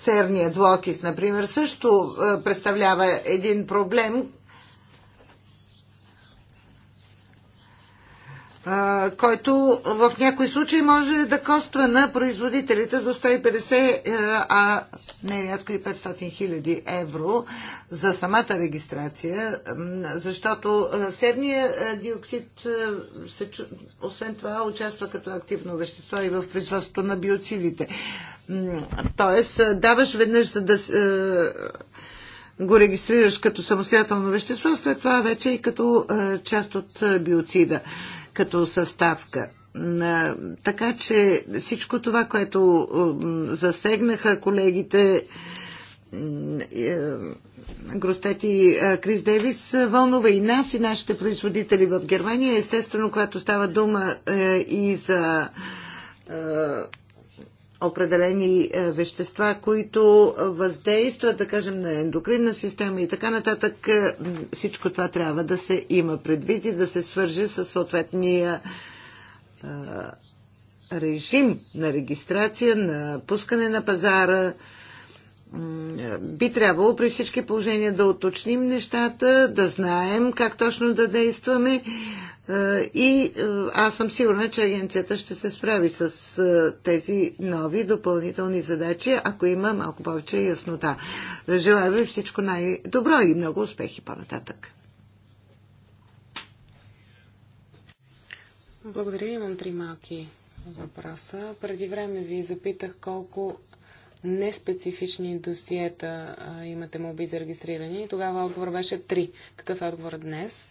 серният двуокис, например, също представлява един проблем, който в някои случаи може да коства на производителите до 150, е, а не рядко и 500 хиляди евро за самата регистрация, защото е, серния е, диоксид освен това участва като активно вещество и в производството на биоцидите. Тоест, даваш веднъж за да го регистрираш като самостоятелно вещество, след това вече и като част от биоцида като съставка. Така че всичко това, което засегнаха колегите е, Гростет и Крис Девис, вълнува и нас, и нашите производители в Германия. Естествено, когато става дума е, и за е, определени е, вещества, които въздействат, да кажем, на ендокринна система и така нататък. Е, всичко това трябва да се има предвид и да се свържи с съответния е, режим на регистрация, на пускане на пазара, би трябвало при всички положения да уточним нещата, да знаем как точно да действаме е, и е, аз съм сигурна, че агенцията ще се справи с е, тези нови допълнителни задачи, ако има малко повече яснота. Желая ви всичко най-добро и много успехи по-нататък. Благодаря, имам три малки въпроса. Преди време ви запитах колко неспецифични досиета а, имате моби за регистриране? И тогава отговор беше 3. Какъв е отговор днес?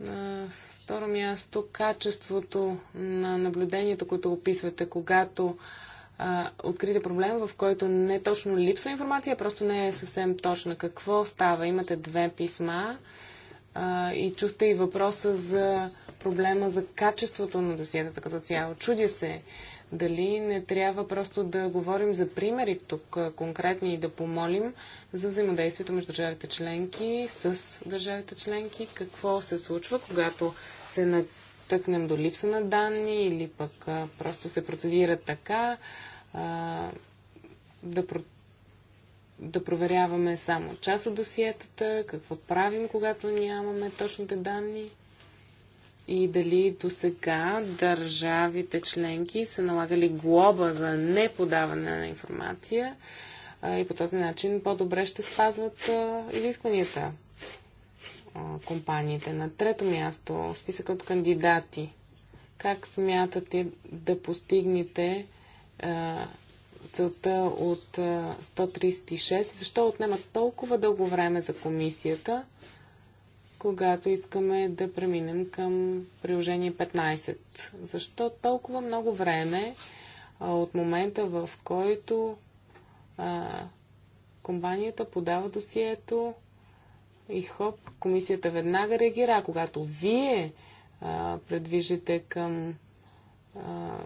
На второ място, качеството на наблюдението, което описвате, когато а, открите проблем, в който не точно липсва информация, просто не е съвсем точна. Какво става? Имате две писма а, и чухте и въпроса за проблема за качеството на досиетата като цяло. Чудя се дали не трябва просто да говорим за примери тук конкретни и да помолим за взаимодействието между държавите членки, с държавите членки, какво се случва, когато се натъкнем до липса на данни или пък а, просто се процедира така, а, да, про... да проверяваме само част от досиетата, какво правим, когато нямаме точните данни и дали до сега държавите членки са налагали глоба за неподаване на информация и по този начин по-добре ще спазват изискванията компаниите. На трето място списък от кандидати. Как смятате да постигнете целта от 136? Защо отнема толкова дълго време за комисията? когато искаме да преминем към приложение 15. Защо толкова много време а, от момента, в който а, компанията подава досието и хоп, комисията веднага реагира, когато вие а, предвижите към а,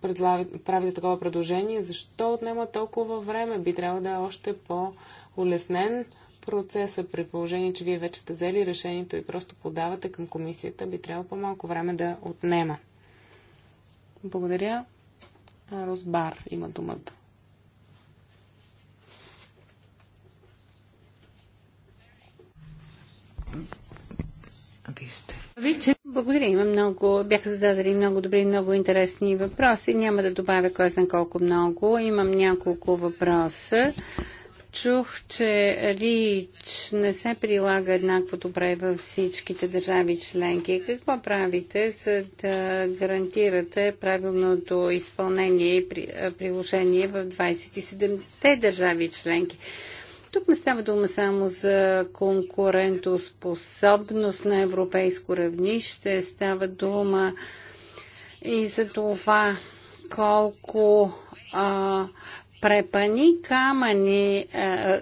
правите такова предложение, защо отнема толкова време? Би трябвало да е още по-улеснен процеса, е при положение, че вие вече сте взели решението и просто подавате към комисията, би трябвало по-малко време да отнема. Благодаря. Розбар има думата. Благодаря. Има много, бяха зададени много добри, много интересни въпроси. Няма да добавя кой знае колко много. Имам няколко въпроса. Чух, че РИЧ не се прилага еднакво добре във всичките държави членки. Какво правите, за да гарантирате правилното изпълнение и приложение в 27-те държави членки? Тук не става дума само за конкурентоспособност на европейско равнище, става дума и за това колко а, препани камъни е, е,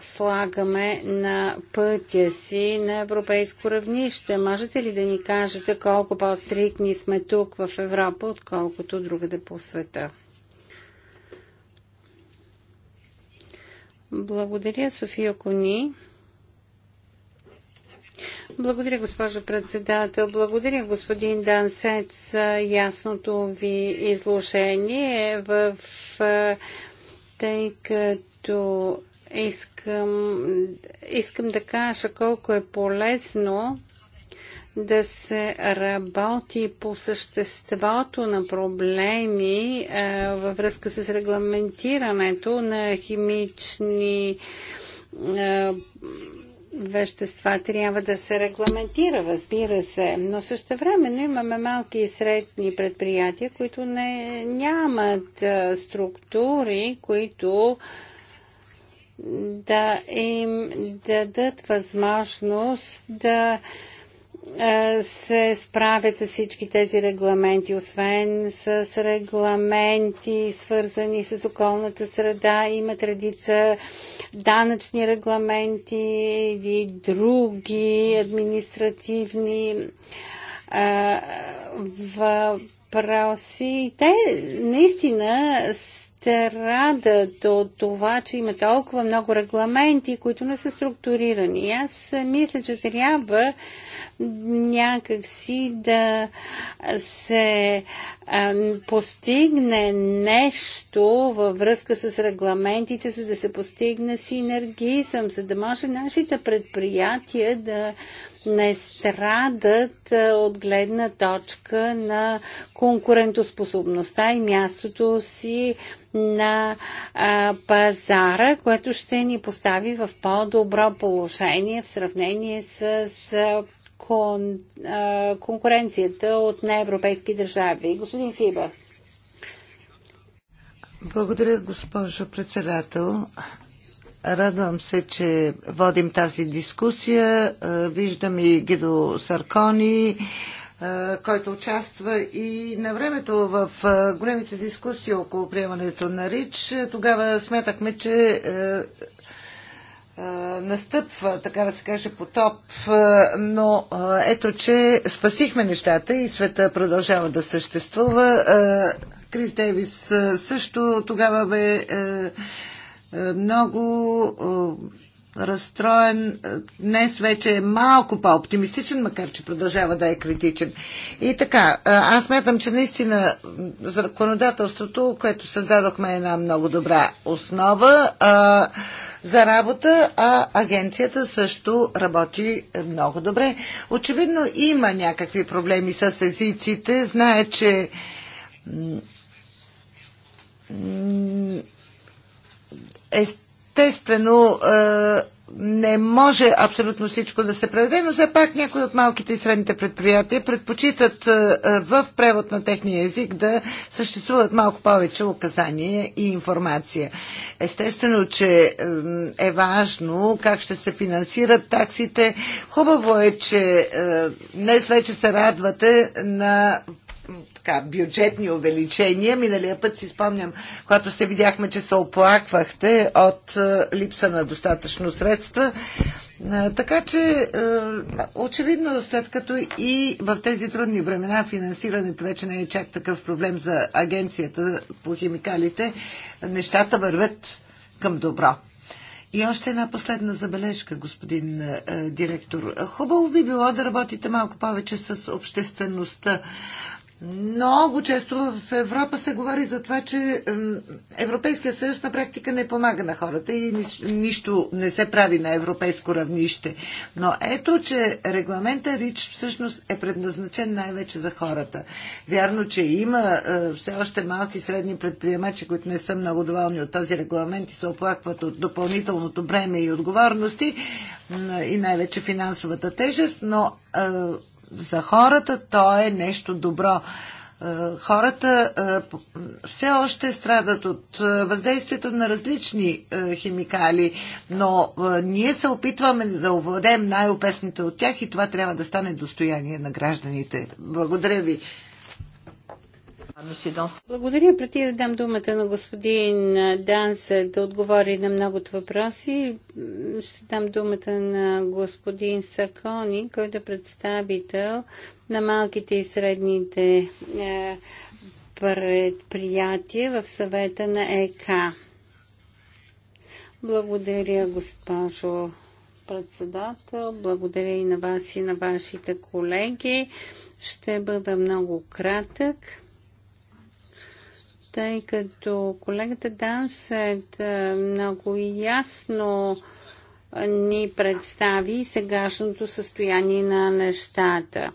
слагаме на пътя си на европейско равнище. Можете ли да ни кажете колко по-стрикни сме тук в Европа, отколкото другаде по света? Благодаря, София Кони. Благодаря, госпожо председател. Благодаря, господин Дансет, за ясното ви изложение. В, е, тъй като искам, искам да кажа колко е полезно да се работи по съществото на проблеми а, е, във връзка с регламентирането на химични а, е, вещества трябва да се регламентира, разбира се, но също времено имаме малки и средни предприятия, които не, нямат структури, които да им дадат възможност да е, се справят с всички тези регламенти, освен с регламенти, свързани с околната среда, има традица данъчни регламенти и други административни е, въпроси. Те наистина страдат от това, че има толкова много регламенти, които не са структурирани. Аз мисля, че трябва някакси да се а, постигне нещо във връзка с регламентите, за да се постигне синергизъм, за да може нашите предприятия да не страдат от гледна точка на конкурентоспособността и мястото си на а, пазара, което ще ни постави в по-добро положение в сравнение с а, кон, а, конкуренцията от неевропейски държави. Господин Сиба. Благодаря, госпожо председател. Радвам се, че водим тази дискусия. Виждам и Гидо Саркони, който участва и на времето в големите дискусии около приемането на РИЧ. Тогава сметахме, че настъпва, така да се каже, потоп, но ето, че спасихме нещата и света продължава да съществува. Крис Дейвис също тогава бе много разстроен. Е, днес вече е малко по-оптимистичен, макар че продължава да е критичен. И така, е, аз смятам, че наистина законодателството, което създадохме е една много добра основа а, е, за работа, а агенцията също работи много добре. Очевидно има някакви проблеми с езиците. Знае, че е Естествено, е, не може абсолютно всичко да се преведе, но все пак някои от малките и средните предприятия предпочитат е, е, в превод на техния език да съществуват малко повече указания и информация. Естествено, че е важно как ще се финансират таксите. Хубаво е, че днес вече се радвате на така, бюджетни увеличения. Миналия път си спомням, когато се видяхме, че се оплаквахте от е, липса на достатъчно средства. Е, така че, е, очевидно, след като и в тези трудни времена финансирането вече не е чак такъв проблем за агенцията по химикалите, нещата вървят към добро. И още една последна забележка, господин е, директор. Хубаво би било да работите малко повече с обществеността. Много често в Европа се говори за това, че Европейския съюз на практика не помага на хората и нищо не се прави на европейско равнище. Но ето, че регламента РИЧ всъщност е предназначен най-вече за хората. Вярно, че има е, все още малки и средни предприемачи, които не са много доволни от този регламент и се оплакват от допълнителното бреме и отговорности и най-вече финансовата тежест, но е, за хората, то е нещо добро. Е, хората е, все още страдат от е, въздействието на различни химикали, но ние се опитваме да овладеем най-опесните от тях и това трябва да стане достояние на гражданите. Благодаря ви. Благодаря. Преди да дам думата на господин Данс да отговори на многото въпроси, ще дам думата на господин Саркони, който е представител на малките и средните е, предприятия в съвета на ЕК. Благодаря, госпожо председател. Благодаря и на вас и на вашите колеги. Ще бъда много кратък тъй като колегата Дансет е, много ясно е, ни представи сегашното състояние на нещата.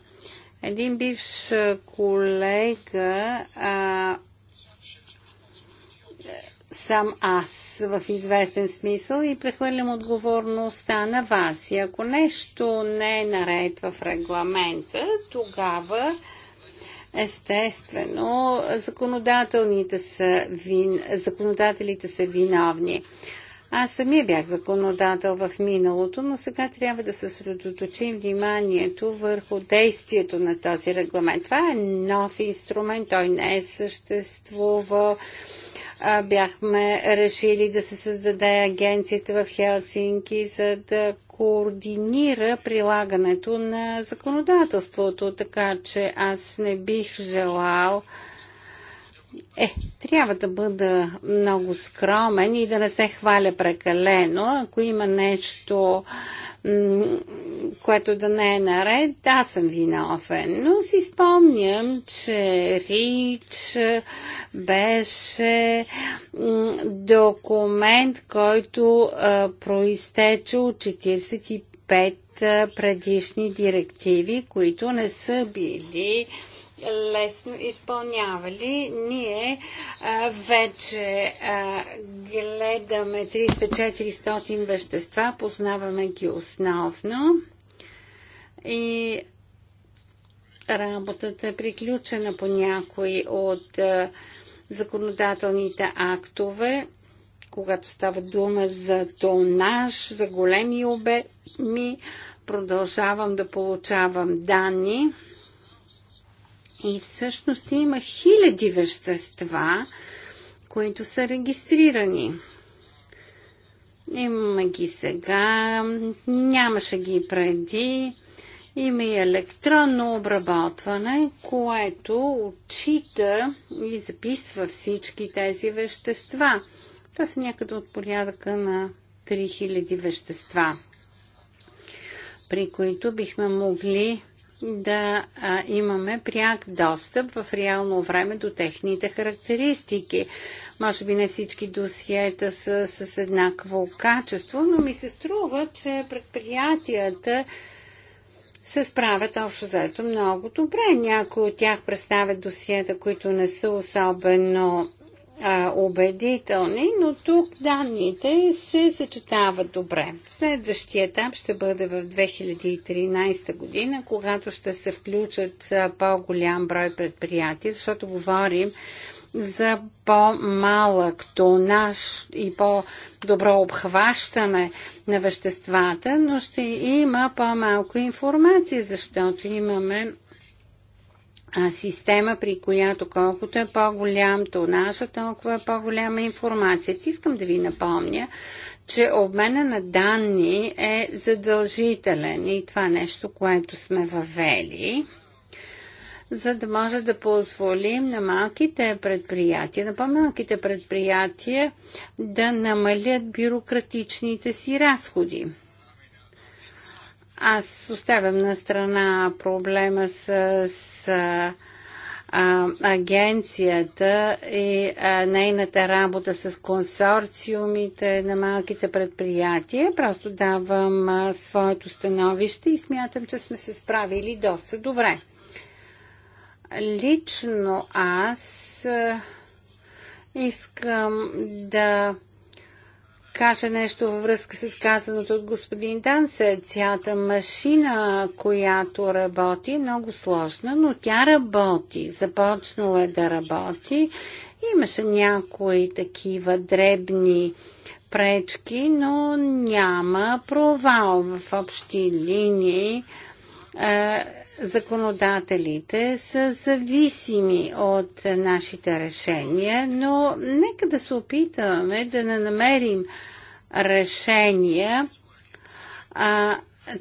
Един бивш колега, а, съм аз в известен смисъл и прехвърлям отговорността на вас. И ако нещо не е наред в регламента, тогава Естествено, законодателните са вин... законодателите са виновни. Аз самия бях законодател в миналото, но сега трябва да съсредоточим вниманието върху действието на този регламент. Това е нов инструмент, той не е съществувал. Бяхме решили да се създаде агенцията в Хелсинки, за да координира прилагането на законодателството, така че аз не бих желал е, трябва да бъда много скромен и да не се хваля прекалено. Ако има нещо, което да не е наред, аз съм виновен. Но си спомням, че Рич беше документ, който проистече от 45 предишни директиви, които не са били лесно изпълнявали. Ние а, вече а, гледаме 300-400 вещества, познаваме ги основно и работата е приключена по някои от а, законодателните актове, когато става дума за тонаж, за големи обеми, продължавам да получавам данни и всъщност има хиляди вещества, които са регистрирани. Имаме ги сега, нямаше ги преди. Има и електронно обработване, което отчита и записва всички тези вещества. Това са някъде от порядъка на 3000 вещества, при които бихме могли да а, имаме пряк достъп в реално време до техните характеристики. Може би не всички досиета са с еднакво качество, но ми се струва, че предприятията се справят общо заето много добре. Някои от тях представят досиета, които не са особено а, убедителни, но тук данните се съчетават добре. Следващия етап ще бъде в 2013 година, когато ще се включат по-голям брой предприятия, защото говорим за по-малък тонаж и по-добро обхващане на веществата, но ще има по-малко информация, защото имаме система, при която колкото е по-голям тонажа, толкова е по-голяма информацията. Искам да ви напомня, че обмена на данни е задължителен и това нещо, което сме въвели за да може да позволим на малките предприятия, на по-малките предприятия да намалят бюрократичните си разходи. Аз оставям на страна проблема с, с а, агенцията и а, нейната работа с консорциумите на малките предприятия. Просто давам а, своето становище и смятам, че сме се справили доста добре. Лично аз а, искам да кажа нещо във връзка с казаното от господин Данса. Цялата машина, която работи, е много сложна, но тя работи. Започнала е да работи. Имаше някои такива дребни пречки, но няма провал в общи линии. Е, законодателите са зависими от нашите решения, но нека да се опитаме да не намерим решения, а,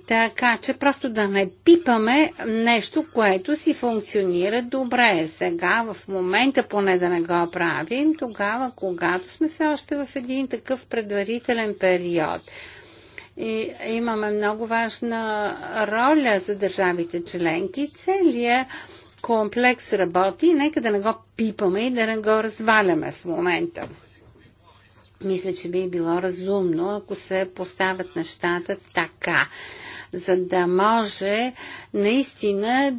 така че просто да не пипаме нещо, което си функционира добре. Сега, в момента поне да не го правим, тогава, когато сме все още в един такъв предварителен период – и имаме много важна роля за държавите членки. Целият комплекс работи, нека да не го пипаме и да не го разваляме в момента. Мисля, че би било разумно, ако се поставят нещата така, за да може наистина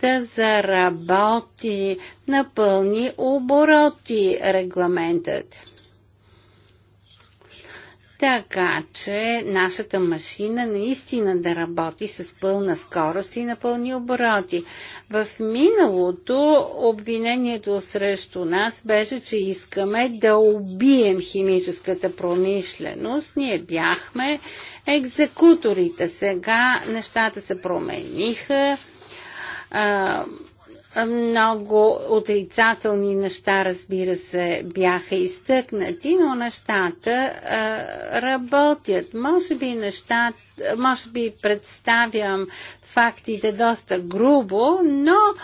да заработи напълни обороти регламентът така че нашата машина наистина да работи с пълна скорост и на пълни обороти. В миналото обвинението срещу нас беше, че искаме да убием химическата промишленост. Ние бяхме екзекуторите. Сега нещата се промениха. Много отрицателни неща, разбира се, бяха изтъкнати, но нещата а, работят. Може би нещата, може би представям фактите доста грубо, но а,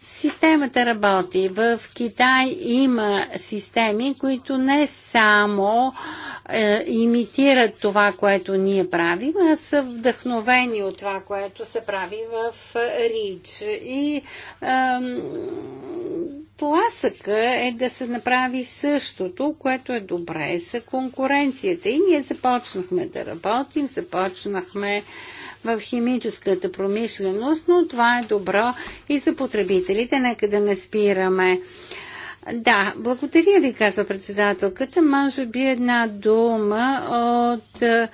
системата работи. В Китай има системи, които не само е, имитират това, което ние правим, а са вдъхновени от това, което се прави в е, Рич. И Пласъка е да се направи същото, което е добре за конкуренцията. И ние започнахме да работим, започнахме в химическата промишленост, но това е добро и за потребителите. Нека да не спираме. Да, благодаря ви, казва председателката. Може би една дума от е,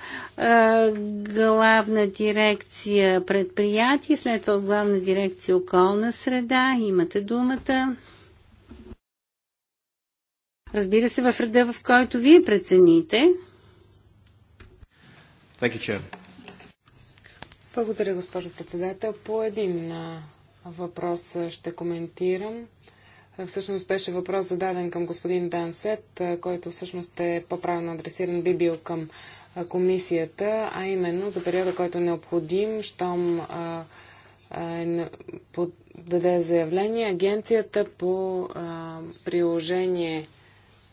главна дирекция предприятие, след това от главна дирекция околна среда. Имате думата. Разбира се, в реда, в който вие прецените. Thank you, благодаря, госпожо председател. По един въпрос ще коментирам. Всъщност беше въпрос зададен към господин Дансет, който всъщност е по-правилно адресиран би бил към комисията, а именно за периода, който е необходим, щом даде подаде заявление агенцията по а, приложение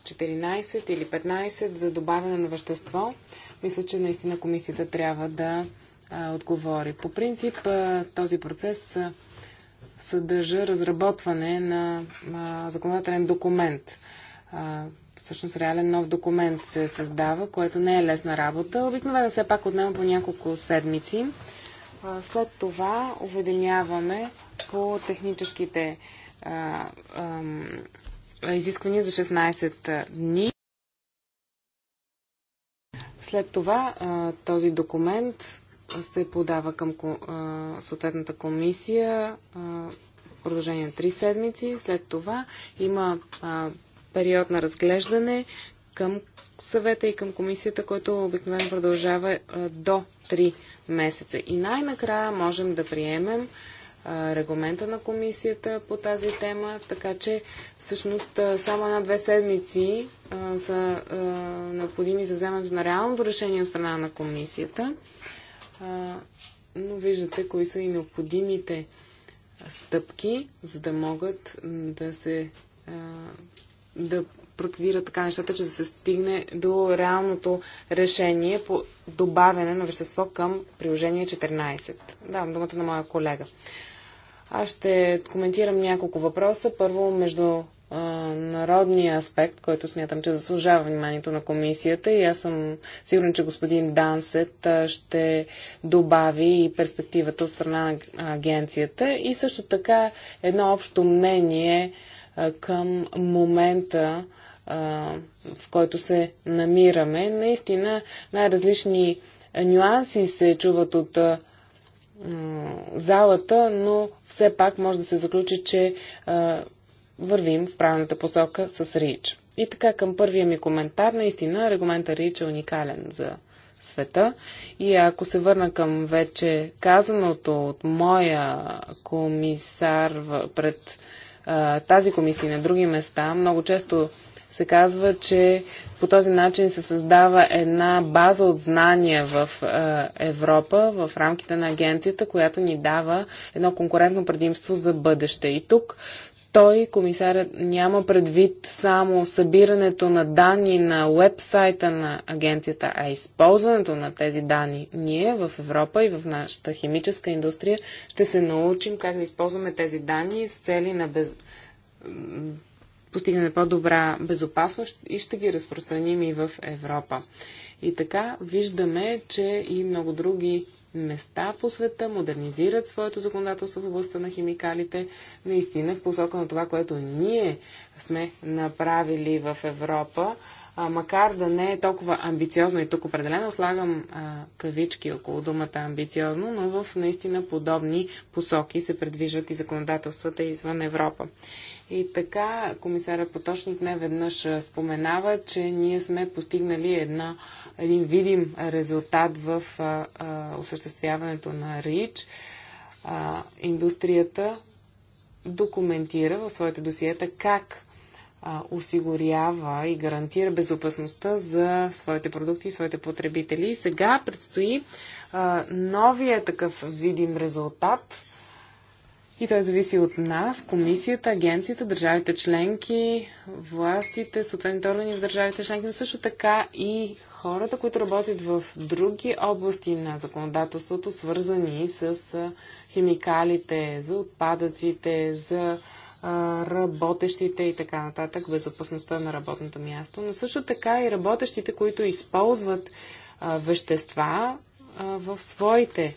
14 или 15 за добавяне на вещество. Мисля, че наистина комисията трябва да отговори. По принцип този процес съдържа разработване на законодателен документ. всъщност реален нов документ се създава, което не е лесна работа. Обикновено все пак отнема по няколко седмици. след това уведомяваме по техническите изисквания за 16 дни. След това този документ се подава към съответната комисия в продължение на 3 седмици. След това има период на разглеждане към съвета и към комисията, който обикновено продължава до 3 месеца. И най-накрая можем да приемем регламента на комисията по тази тема, така че всъщност само една-две седмици а, са а, необходими за вземането на реалното решение от страна на комисията но виждате кои са и необходимите стъпки, за да могат да се да процедира така нещата, че да се стигне до реалното решение по добавяне на вещество към приложение 14. Давам думата на моя колега. Аз ще коментирам няколко въпроса. Първо, между народния аспект, който смятам, че заслужава вниманието на комисията и аз съм сигурен, че господин Дансет ще добави и перспективата от страна на агенцията и също така едно общо мнение към момента, в който се намираме. Наистина най-различни нюанси се чуват от залата, но все пак може да се заключи, че вървим в правилната посока с РИЧ. И така към първия ми коментар, наистина регламента РИЧ е уникален за света. И ако се върна към вече казаното от моя комисар пред а, тази комисия на други места, много често се казва, че по този начин се създава една база от знания в а, Европа, в рамките на агенцията, която ни дава едно конкурентно предимство за бъдеще. И тук той, комисарят, няма предвид само събирането на данни на вебсайта на агенцията, а използването на тези данни. Ние в Европа и в нашата химическа индустрия ще се научим как да използваме тези данни с цели на без... постигане по-добра безопасност и ще ги разпространим и в Европа. И така виждаме, че и много други места по света модернизират своето законодателство в областта на химикалите, наистина в посока на това, което ние сме направили в Европа, а, макар да не е толкова амбициозно и тук определено слагам а, кавички около думата амбициозно, но в наистина подобни посоки се предвижват и законодателствата извън Европа. И така комисарът Поточник не веднъж споменава, че ние сме постигнали една един видим резултат в а, а, осъществяването на РИЧ. А, индустрията документира в своите досиета как а, осигурява и гарантира безопасността за своите продукти и своите потребители. И сега предстои а, новия такъв видим резултат. И той зависи от нас, комисията, агенцията, държавите членки, властите, съответните органи в държавите членки, но също така и хората, които работят в други области на законодателството, свързани с химикалите, за отпадъците, за работещите и така нататък, безопасността на работното място, но също така и работещите, които използват вещества в своите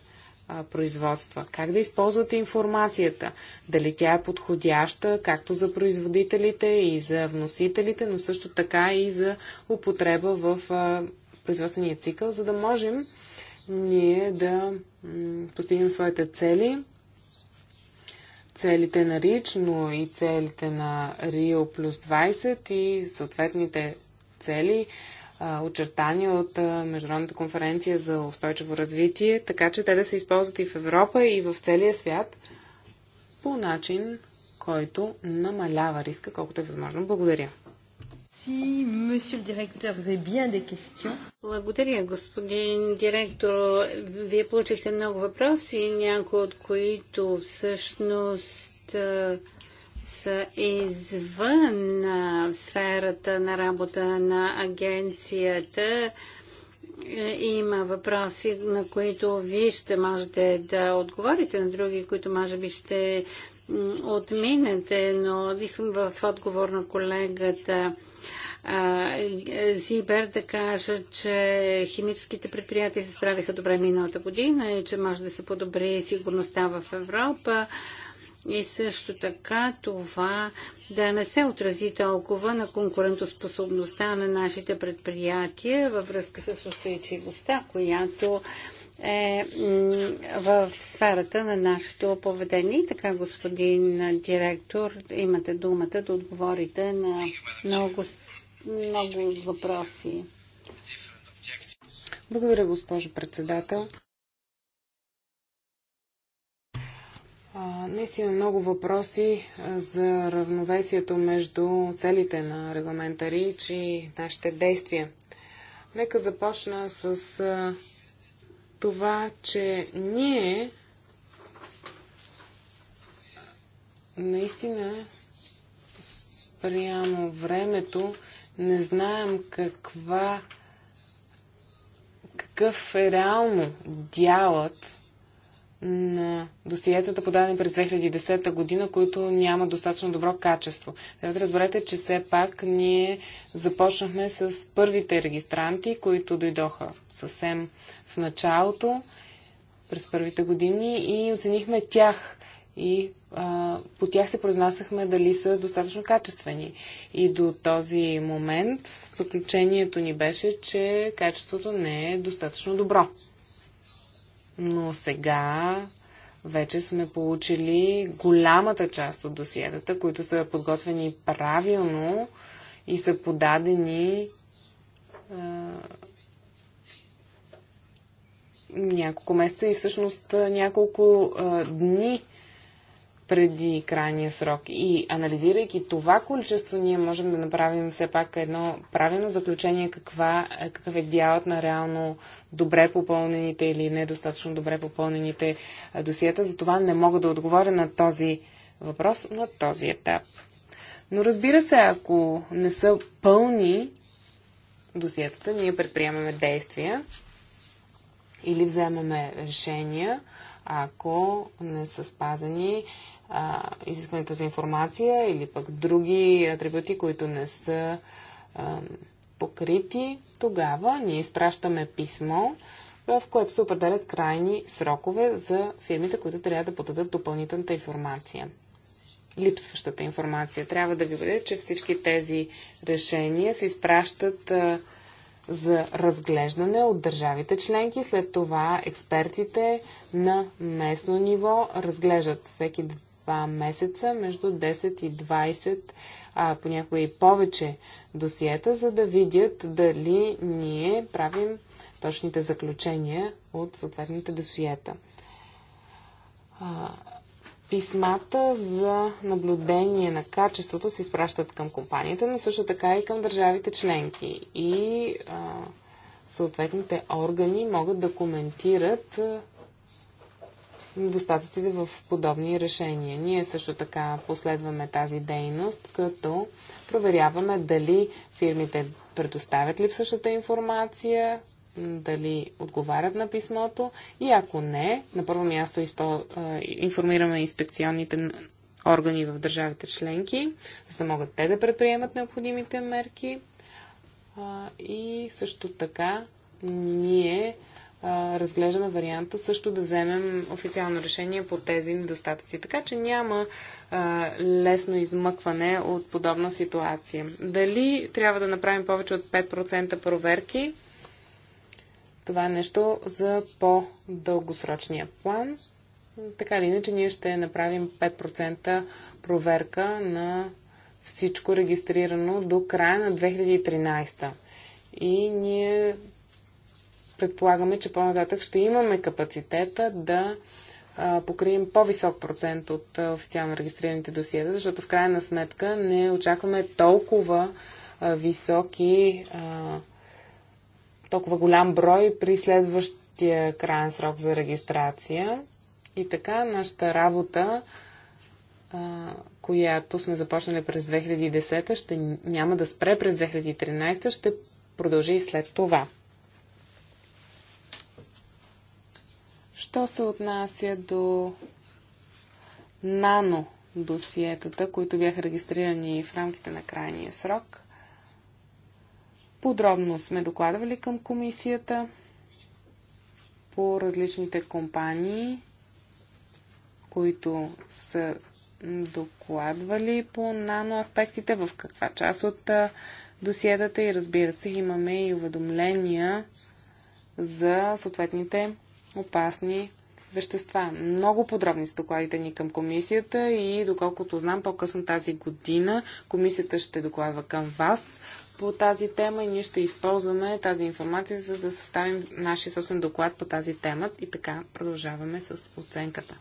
а, производства. Как да използвате информацията? Дали тя е подходяща както за производителите и за вносителите, но също така и за употреба в а, производствения цикъл, за да можем ние да постигнем своите цели, целите на РИЧ, но и целите на РИО плюс 20 и съответните цели очертани от Международната конференция за устойчиво развитие, така че те да се използват и в Европа, и в целия свят по начин, който намалява риска, колкото е възможно. Благодаря. Благодаря, господин директор. Вие получихте много въпроси, някои от които всъщност са извън сферата на работа на агенцията. Е, има въпроси, на които вие ще можете да отговорите, на други, които може би ще отминете, но искам в отговор на колегата Зибер да кажа, че химическите предприятия се справиха добре миналата година и че може да се подобри сигурността в Европа и също така това да не се отрази толкова на конкурентоспособността на нашите предприятия във връзка с устойчивостта, която е в сферата на нашето поведение. И така, господин директор, имате думата да отговорите на много, много въпроси. Благодаря, госпожо председател. А, наистина много въпроси за равновесието между целите на регламента РИЧ и нашите действия. Нека започна с а, това, че ние наистина спрямо времето не знаем каква какъв е реално дялът на досиетата, подадени през 2010 година, които няма достатъчно добро качество. Трябва да разберете, че все пак ние започнахме с първите регистранти, които дойдоха съвсем в началото, през първите години и оценихме тях и а, по тях се произнасяхме дали са достатъчно качествени. И до този момент заключението ни беше, че качеството не е достатъчно добро. Но сега вече сме получили голямата част от досиетата, които са подготвени правилно и са подадени няколко месеца и всъщност няколко дни преди крайния срок. И анализирайки това количество, ние можем да направим все пак едно правилно заключение каква, какъв е дялът на реално добре попълнените или недостатъчно добре попълнените досиета. Затова не мога да отговоря на този въпрос на този етап. Но разбира се, ако не са пълни досиетата, ние предприемаме действия или вземаме решения, ако не са спазени а, изискването за информация или пък други атрибути, които не са а, покрити, тогава ние изпращаме писмо, в което се определят крайни срокове за фирмите, които трябва да подадат допълнителната информация. Липсващата информация. Трябва да ви бъде, че всички тези решения се изпращат а, за разглеждане от държавите членки. След това експертите на местно ниво разглеждат всеки два месеца между 10 и 20, а понякога и повече досиета, за да видят дали ние правим точните заключения от съответните досиета. писмата за наблюдение на качеството се изпращат към компанията, но също така и към държавите членки. И а, съответните органи могат да коментират недостатъците в подобни решения. Ние също така последваме тази дейност, като проверяваме дали фирмите предоставят ли същата информация, дали отговарят на писмото и ако не, на първо място изпо... информираме инспекционните органи в държавите членки, за да могат те да предприемат необходимите мерки. И също така ние разглеждаме варианта също да вземем официално решение по тези недостатъци. Така че няма а, лесно измъкване от подобна ситуация. Дали трябва да направим повече от 5% проверки? Това е нещо за по-дългосрочния план. Така или иначе, ние ще направим 5% проверка на всичко регистрирано до края на 2013. И ние предполагаме, че по-нататък ще имаме капацитета да покрием по-висок процент от официално регистрираните досиета, защото в крайна сметка не очакваме толкова високи, толкова голям брой при следващия крайен срок за регистрация. И така нашата работа, която сме започнали през 2010, ще няма да спре през 2013, ще продължи и след това. Що се отнася до нано досиетата, които бяха регистрирани в рамките на крайния срок, подробно сме докладвали към комисията по различните компании, които са докладвали по нано аспектите, в каква част от досиетата и разбира се имаме и уведомления за съответните опасни вещества. Много подробни са докладите ни към комисията и доколкото знам по-късно тази година комисията ще докладва към вас по тази тема и ние ще използваме тази информация, за да съставим нашия собствен доклад по тази тема и така продължаваме с оценката.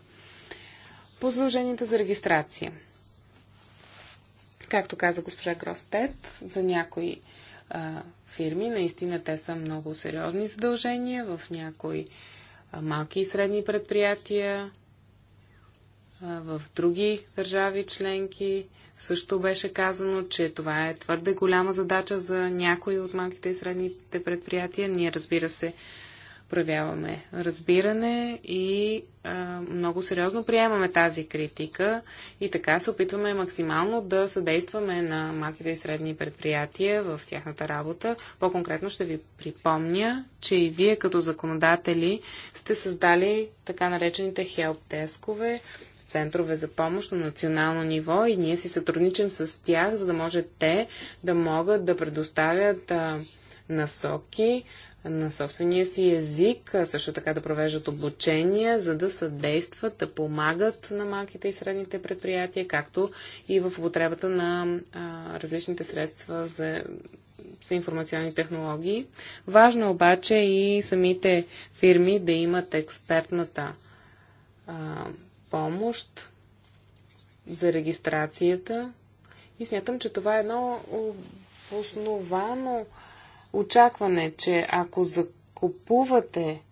По за регистрация. Както каза госпожа Гростет, за някои а, фирми наистина те са много сериозни задължения, в някои малки и средни предприятия в други държави членки. Също беше казано, че това е твърде голяма задача за някои от малките и средните предприятия. Ние, разбира се, проявяваме разбиране и а, много сериозно приемаме тази критика и така се опитваме максимално да съдействаме на малките и средни предприятия в тяхната работа. По-конкретно ще ви припомня, че и вие като законодатели сте създали така наречените хелп тескове, центрове за помощ на национално ниво и ние си сътрудничим с тях, за да може те да могат да предоставят а, насоки на собствения си език, също така да провеждат обучения, за да съдействат, да помагат на малките и средните предприятия, както и в употребата на а, различните средства за, с информационни технологии. Важно е обаче и самите фирми да имат експертната а, помощ за регистрацията. И смятам, че това е едно обосновано очакване, че ако закупувате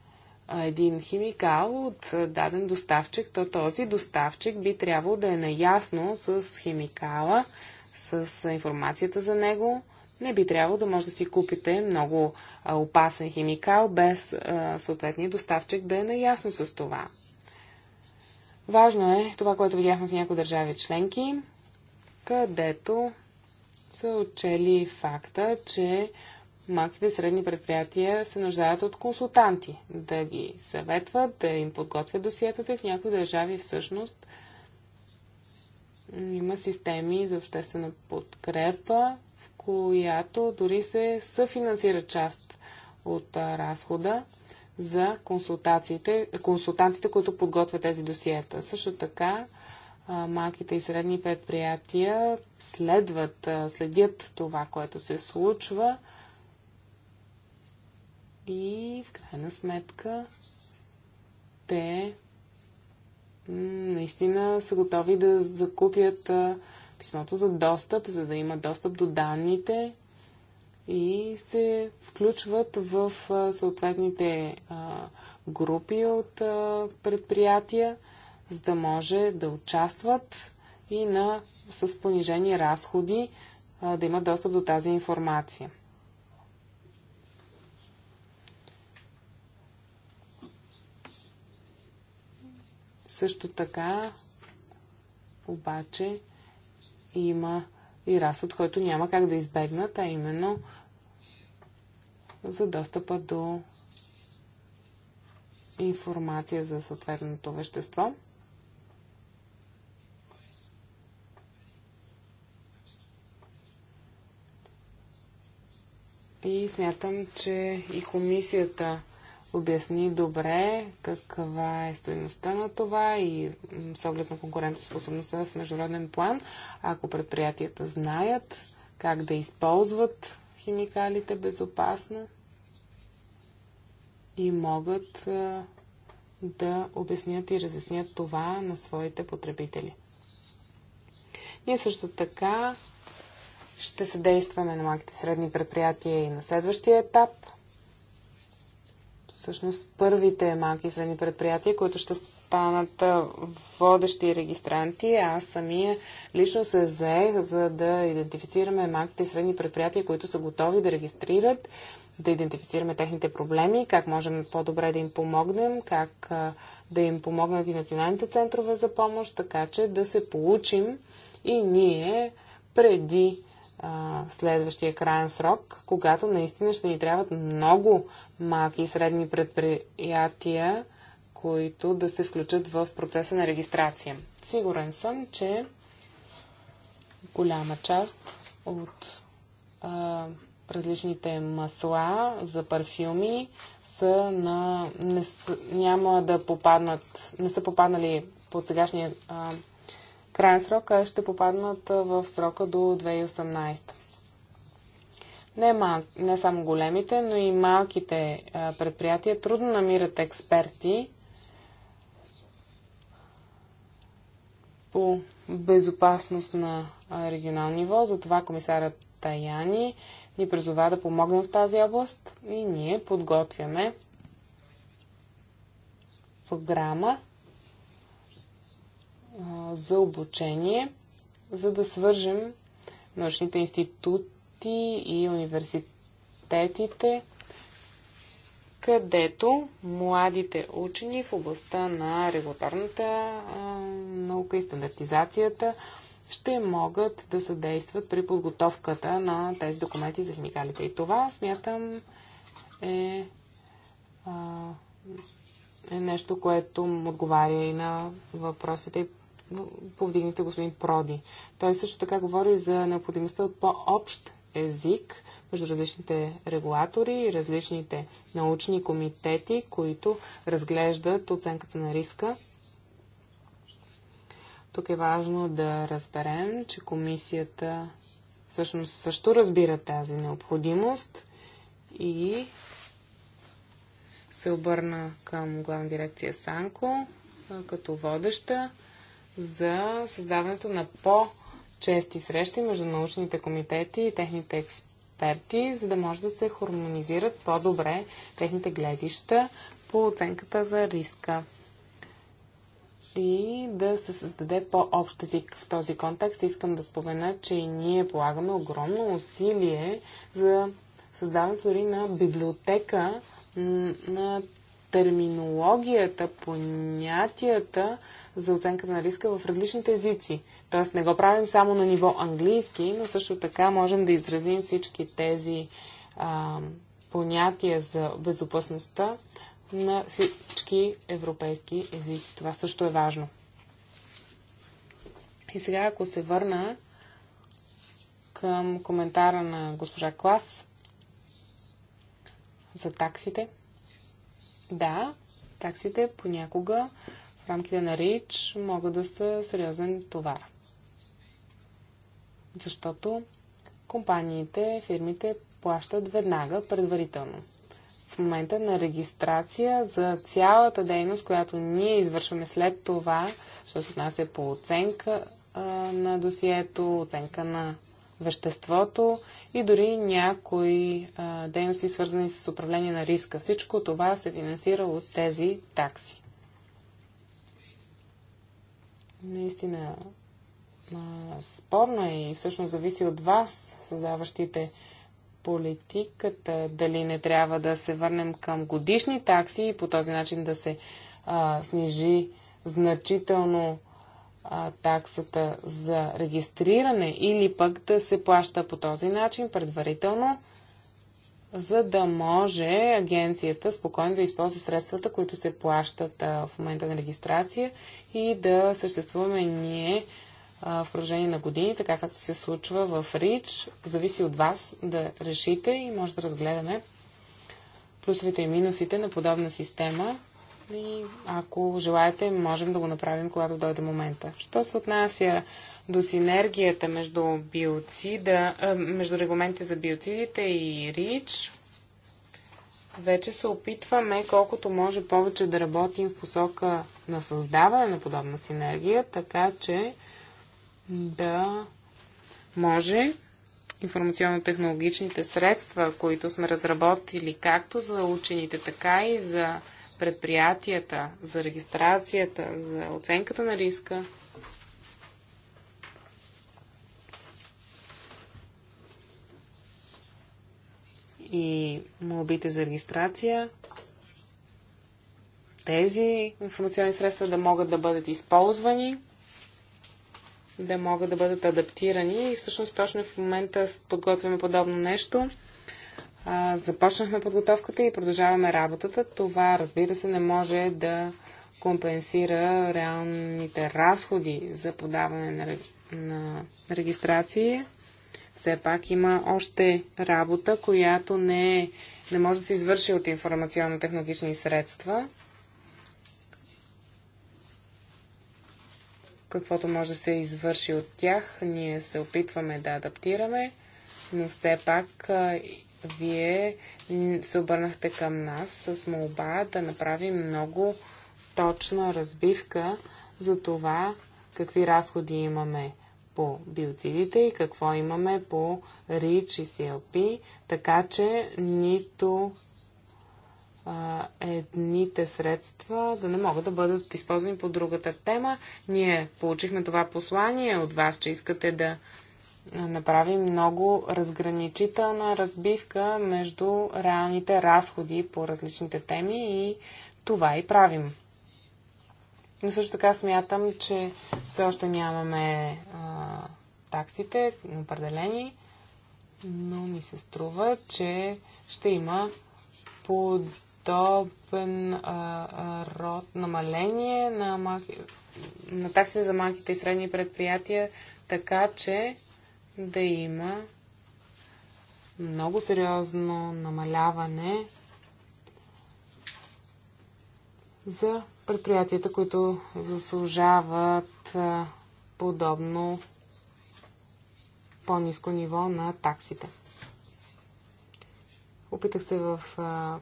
един химикал от даден доставчик, то този доставчик би трябвало да е наясно с химикала, с информацията за него. Не би трябвало да може да си купите много опасен химикал без съответния доставчик да е наясно с това. Важно е това, което видяхме в някои държави членки, където са отчели факта, че малките и средни предприятия се нуждаят от консултанти, да ги съветват, да им подготвят досиетата и в някои държави всъщност има системи за обществена подкрепа, в която дори се съфинансира част от разхода за консултациите, консултантите, които подготвят тези досиета. Също така, малките и средни предприятия следват, следят това, което се случва и в крайна сметка те наистина са готови да закупят писмото за достъп, за да имат достъп до данните и се включват в съответните групи от предприятия, за да може да участват и на, с понижени разходи да имат достъп до тази информация. Също така, обаче, има и разход, който няма как да избегнат, а именно за достъпа до информация за съответното вещество. И смятам, че и комисията обясни добре каква е стоеността на това и с оглед на конкурентоспособността в международен план, ако предприятията знаят как да използват химикалите безопасно и могат да обяснят и разяснят това на своите потребители. Ние също така ще съдействаме на малките средни предприятия и на следващия етап – всъщност първите малки и средни предприятия, които ще станат водещи регистранти. Аз самия лично се заех за да идентифицираме малките и средни предприятия, които са готови да регистрират, да идентифицираме техните проблеми, как можем по-добре да им помогнем, как да им помогнат и националните центрове за помощ, така че да се получим и ние преди следващия крайен срок, когато наистина ще ни трябват много малки и средни предприятия, които да се включат в процеса на регистрация. Сигурен съм, че голяма част от а, различните масла за парфюми са на, не с, няма да попаднат, не са попаднали под сегашния а, крайен срок, а ще попаднат в срока до 2018. Не, е мал, не само големите, но и малките предприятия трудно намират експерти по безопасност на регионално ниво. Затова комисарът Таяни ни призова да помогнем в тази област и ние подготвяме програма за обучение, за да свържем научните институти и университетите, където младите учени в областта на регулаторната наука и стандартизацията ще могат да съдействат при подготовката на тези документи за химикалите. И това, смятам, е, е нещо, което отговаря и на въпросите и Повдигнете господин Проди. Той също така говори за необходимостта от по-общ език между различните регулатори и различните научни комитети, които разглеждат оценката на риска. Тук е важно да разберем, че комисията всъщност също разбира тази необходимост и се обърна към главна дирекция Санко като водеща за създаването на по-чести срещи между научните комитети и техните експерти, за да може да се хармонизират по-добре техните гледища по оценката за риска и да се създаде по-общ език. В този контекст искам да спомена, че и ние полагаме огромно усилие за създаването дори на библиотека на терминологията, понятията за оценка на риска в различните езици. Тоест не го правим само на ниво английски, но също така можем да изразим всички тези а, понятия за безопасността на всички европейски езици. Това също е важно. И сега, ако се върна към коментара на госпожа Клас за таксите – да, таксите понякога в рамките на РИЧ могат да са сериозен товар. Защото компаниите, фирмите плащат веднага, предварително. В момента на регистрация за цялата дейност, която ние извършваме след това, що се отнася по оценка а, на досието, оценка на веществото и дори някои а, дейности, свързани с управление на риска. Всичко това се финансира от тези такси. Наистина, а, спорно е и всъщност зависи от вас, създаващите политиката, дали не трябва да се върнем към годишни такси и по този начин да се а, снижи значително а, таксата за регистриране или пък да се плаща по този начин предварително, за да може агенцията спокойно да използва средствата, които се плащат а, в момента на регистрация и да съществуваме ние в продължение на години, така както се случва в РИЧ. Зависи от вас да решите и може да разгледаме плюсовете и минусите на подобна система и ако желаете, можем да го направим, когато дойде момента. Що се отнася до синергията между, биоцида, а, между регламентите за биоцидите и РИЧ, вече се опитваме колкото може повече да работим в посока на създаване на подобна синергия, така че да може информационно-технологичните средства, които сме разработили както за учените, така и за предприятията, за регистрацията, за оценката на риска. И молбите за регистрация. Тези информационни средства да могат да бъдат използвани, да могат да бъдат адаптирани. И всъщност точно в момента подготвяме подобно нещо започнахме подготовката и продължаваме работата. Това, разбира се, не може да компенсира реалните разходи за подаване на, на регистрация. Все пак има още работа, която не, е, не може да се извърши от информационно-технологични средства. Каквото може да се извърши от тях, ние се опитваме да адаптираме, но все пак вие се обърнахте към нас с молба да направим много точна разбивка за това какви разходи имаме по биоцидите и какво имаме по РИЧ и CLP, така че нито а, едните средства да не могат да бъдат използвани по другата тема. Ние получихме това послание от вас, че искате да направи много разграничителна разбивка между реалните разходи по различните теми и това и правим. Но също така смятам, че все още нямаме а, таксите определени, но ми се струва, че ще има подобен а, а, род намаление на, малки, на таксите за малките и средни предприятия, така че да има много сериозно намаляване за предприятията, които заслужават подобно по-низко ниво на таксите. Опитах се в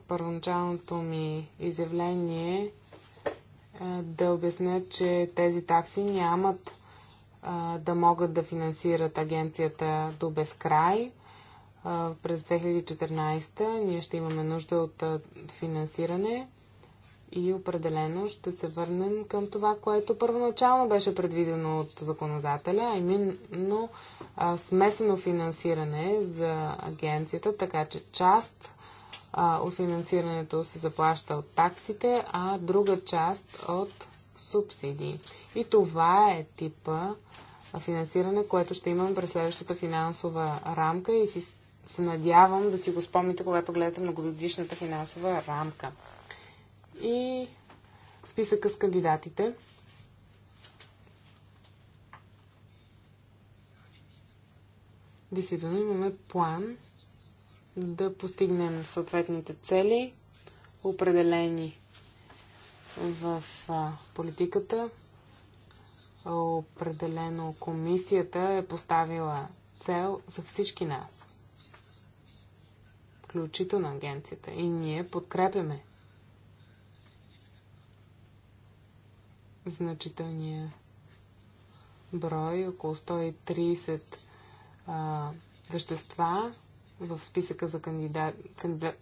първоначалното ми изявление да обясня, че тези такси нямат да могат да финансират агенцията до безкрай. през 2014 ние ще имаме нужда от финансиране и определено ще се върнем към това, което първоначално беше предвидено от законодателя, а именно смесено финансиране за агенцията, така че част от финансирането се заплаща от таксите, а друга част от субсидии. И това е типа финансиране, което ще имам през следващата финансова рамка и си, се надявам да си го спомните, когато гледате многогодишната финансова рамка. И списъка с кандидатите. Действително имаме план да постигнем съответните цели, определени в политиката. Определено комисията е поставила цел за всички нас, включително агенцията. И ние подкрепяме значителния брой, около 130 а, вещества в списъка за кандидат, кандидат,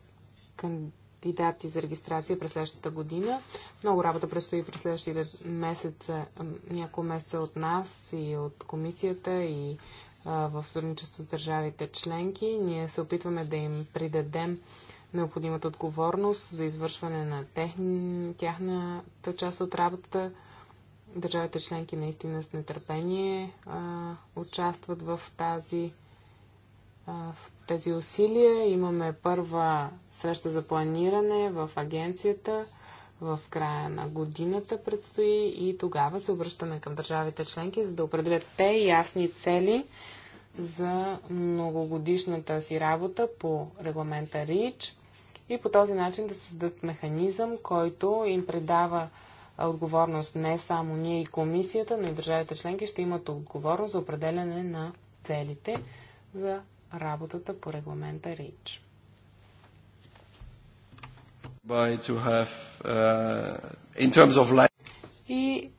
кандидат и дати за регистрация през следващата година. Много работа предстои през следващите месеца, няколко месеца от нас и от комисията и в сътрудничество с държавите членки. Ние се опитваме да им придадем необходимата отговорност за извършване на тяхната част от работата. Държавите членки наистина с нетърпение а, участват в тази в тези усилия. Имаме първа среща за планиране в агенцията в края на годината предстои и тогава се обръщаме към държавите членки, за да определят те ясни цели за многогодишната си работа по регламента РИЧ и по този начин да създадат механизъм, който им предава отговорност не само ние и комисията, но и държавите членки ще имат отговорност за определяне на целите за работата по регламента РИЧ. Uh, и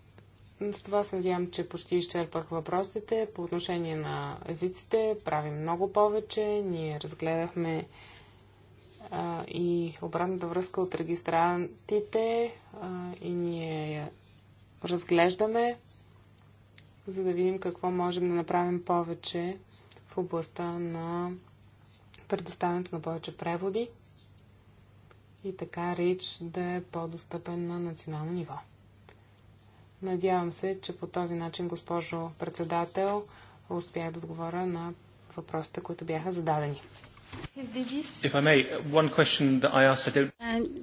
с това се надявам, че почти изчерпах въпросите. По отношение на езиците правим много повече. Ние разгледахме и обратната връзка от регистрантите и ние я разглеждаме, за да видим какво можем да направим повече в областта на предоставянето на повече преводи и така реч да е по-достъпен на национално ниво. Надявам се, че по този начин, госпожо председател, успях да отговоря на въпросите, които бяха зададени. May, asked,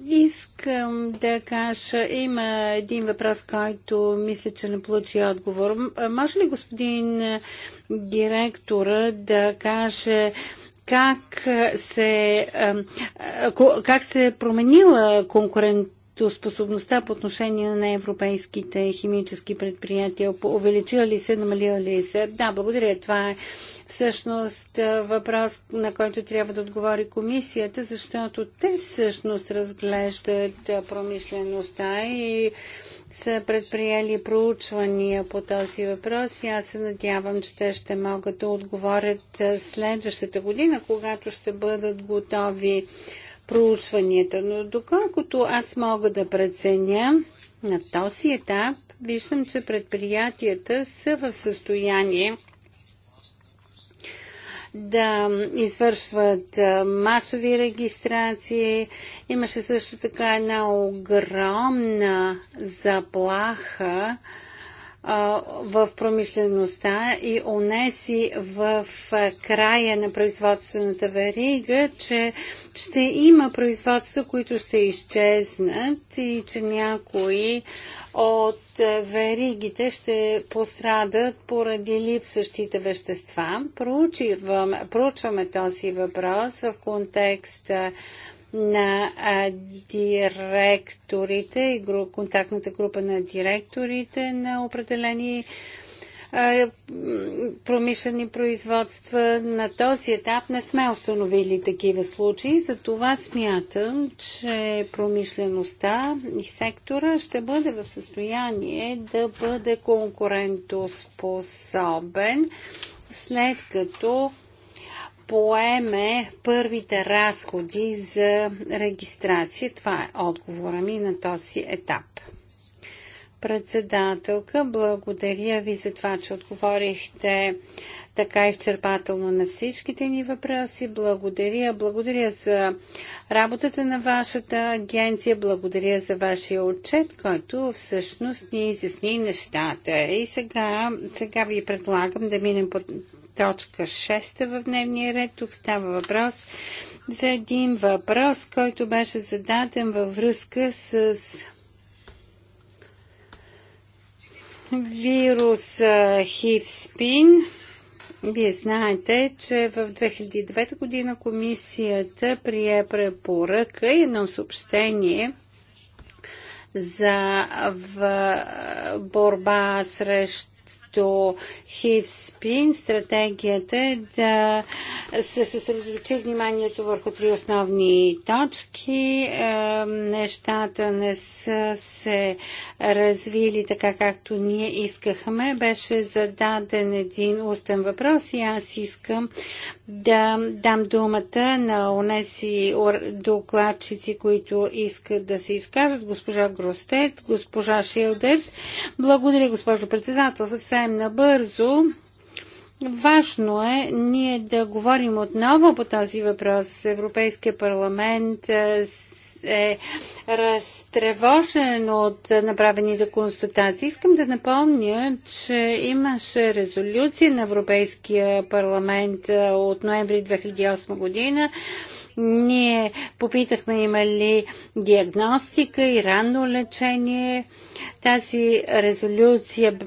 Искам да кажа, има един въпрос, който мисля, че не получи отговор. Може ли господин директора да каже как се, как се е променила конкурент способността по отношение на европейските химически предприятия? Увеличила ли се, намалила ли се? Да, благодаря. Това е всъщност е, въпрос, на който трябва да отговори комисията, защото те всъщност разглеждат е, промишлеността и са предприели проучвания по този въпрос и аз се надявам, че те ще могат да отговорят е, следващата година, когато ще бъдат готови проучванията. Но доколкото аз мога да преценя на този етап, виждам, че предприятията са в състояние да извършват масови регистрации. Имаше също така една огромна заплаха в промишлеността и унеси в края на производствената верига, че ще има производства, които ще изчезнат и че някои от е, веригите ще пострадат поради липсващите вещества. Проучваме, проучваме този въпрос в контекста на директорите и контактната група на директорите на определени промишлени производства. На този етап не сме установили такива случаи, затова смятам, че промишлеността и сектора ще бъде в състояние да бъде конкурентоспособен след като поеме първите разходи за регистрация. Това е отговора ми на този етап председателка. Благодаря ви за това, че отговорихте така изчерпателно на всичките ни въпроси. Благодаря. Благодаря за работата на вашата агенция. Благодаря за вашия отчет, който всъщност ни изясни нещата. И сега, сега ви предлагам да минем под точка 6 в дневния ред. Тук става въпрос за един въпрос, който беше зададен във връзка с Вирус HIV-SPIN. Вие знаете, че в 2009 година комисията прие препоръка и едно съобщение за борба срещу като ХИВ-СПИН, стратегията е да се съсредоточи вниманието върху три основни точки. нещата не са се развили така, както ние искахме. Беше зададен един устен въпрос и аз искам да дам думата на унеси докладчици, които искат да се изкажат. Госпожа Гростет, госпожа Шилдерс. Благодаря, госпожо председател. Съвсем съвсем набързо. Важно е ние да говорим отново по този въпрос. Европейския парламент е, е разтревожен от направените констатации. Искам да напомня, че имаше резолюция на Европейския парламент е, от ноември 2008 година. Ние попитахме има ли диагностика и ранно лечение. Тази резолюция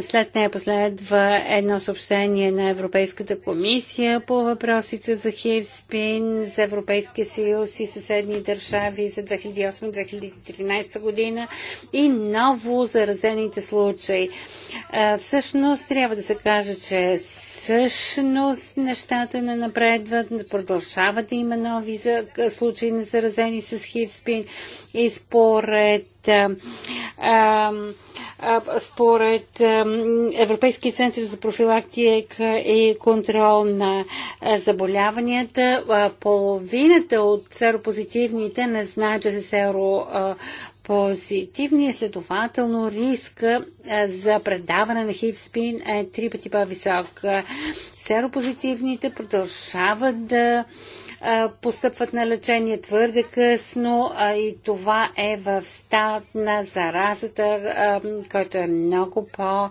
след нея последва едно съобщение на Европейската комисия по въпросите за HIV, СПИН, за Европейския съюз и съседни държави за 2008-2013 година и ново заразените случаи. Всъщност трябва да се каже, че всъщност нещата не напредват, продължават да има нови случаи на заразени с HIV, СПИН и според според Европейския център за профилактика и контрол на заболяванията, половината от серопозитивните не знаят, че са серопозитивни. следователно риска за предаване на хивспин спин е три пъти по-висок. Серопозитивните продължават да постъпват на лечение твърде късно и това е в стат на заразата, който е много по-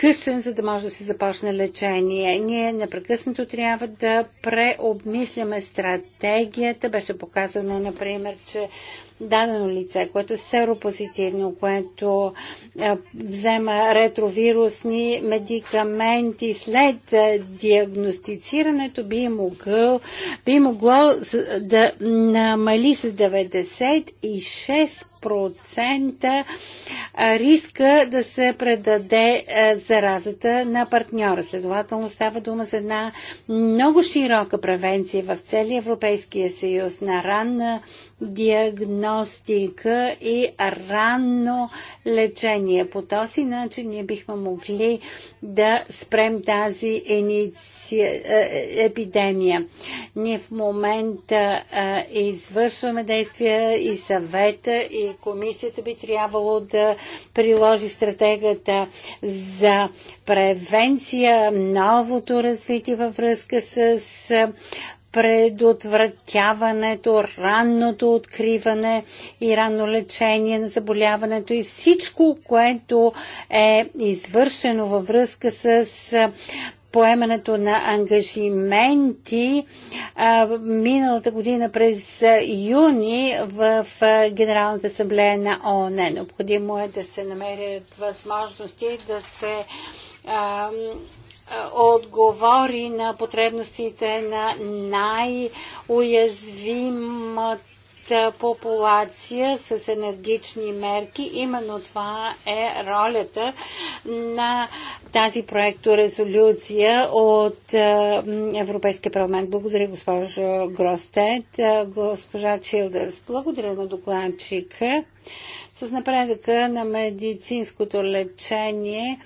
късен, за да може да се започне лечение. Ние непрекъснато трябва да преобмисляме стратегията. Беше показано, например, че дадено лице, което е серопозитивно, което е, взема ретровирусни медикаменти след е, диагностицирането би, могъл, би могло да намали с 96 процента риска да се предаде заразата на партньора. Следователно става дума за една много широка превенция в целия Европейския съюз на ранна диагностика и ранно лечение. По този начин ние бихме могли да спрем тази иници... Е, е, епидемия. Ние в момента а, е, извършваме действия и съвета, и комисията би трябвало да приложи стратегията за превенция, новото развитие във връзка с предотвратяването, ранното откриване и ранно лечение на заболяването и всичко, което е извършено във връзка с поемането на ангажименти а, миналата година през юни в Генералната асамблея на ООН. Необходимо е да се намерят възможности да се а, е, отговори на потребностите на най-уязвимата популация с енергични мерки. Именно това е ролята на тази резолюция от е, Европейския парламент. Благодаря, госпожо Гростет, е, госпожа Чилдърс. Благодаря на докладчика. С напредъка на медицинското лечение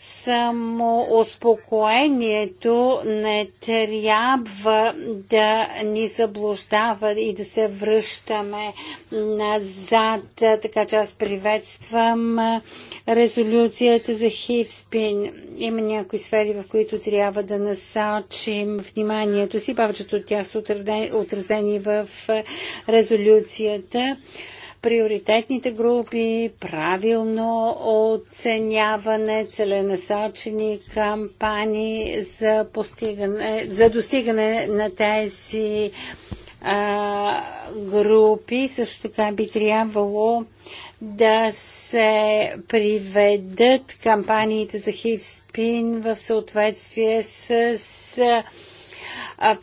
самоуспокоението не трябва да ни заблуждава и да се връщаме назад. Така че аз приветствам резолюцията за хивспин. Има някои сфери, в които трябва да насочим вниманието си. Повечето от тях са отразени в резолюцията приоритетните групи, правилно оценяване, целенасочени кампании за, постигане, за достигане на тези а, групи. Също така би трябвало да се приведат кампаниите за хивспин в съответствие с, с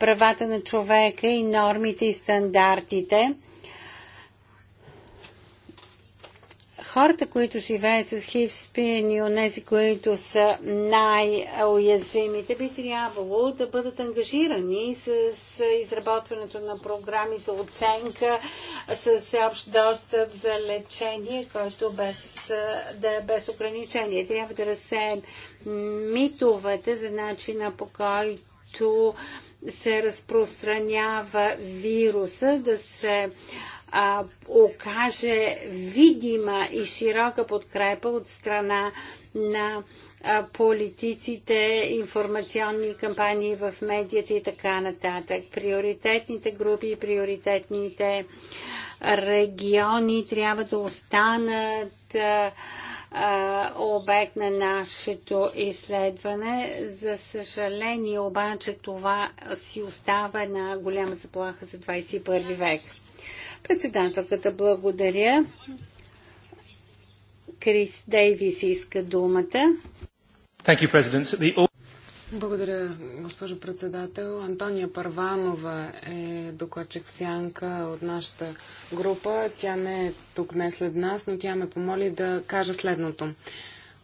правата на човека и нормите и стандартите. хората, които живеят с хив спин и онези, които са най-уязвимите, би трябвало да бъдат ангажирани с изработването на програми за оценка, с общ достъп за лечение, който без, да е без ограничение. Трябва да разсеем митовете за начина по който се разпространява вируса, да се а, а, окаже видима и широка подкрепа от страна на политиците, информационни кампании в медията и така нататък. Приоритетните групи и приоритетните региони трябва да останат а, а, обект на нашето изследване. За съжаление обаче това си остава една голяма заплаха за 21 век. Председателката благодаря. Крис Дейвис иска думата. Благодаря, госпожо председател. Антония Парванова е докладчик в сянка от нашата група. Тя не е тук днес след нас, но тя ме помоли да кажа следното.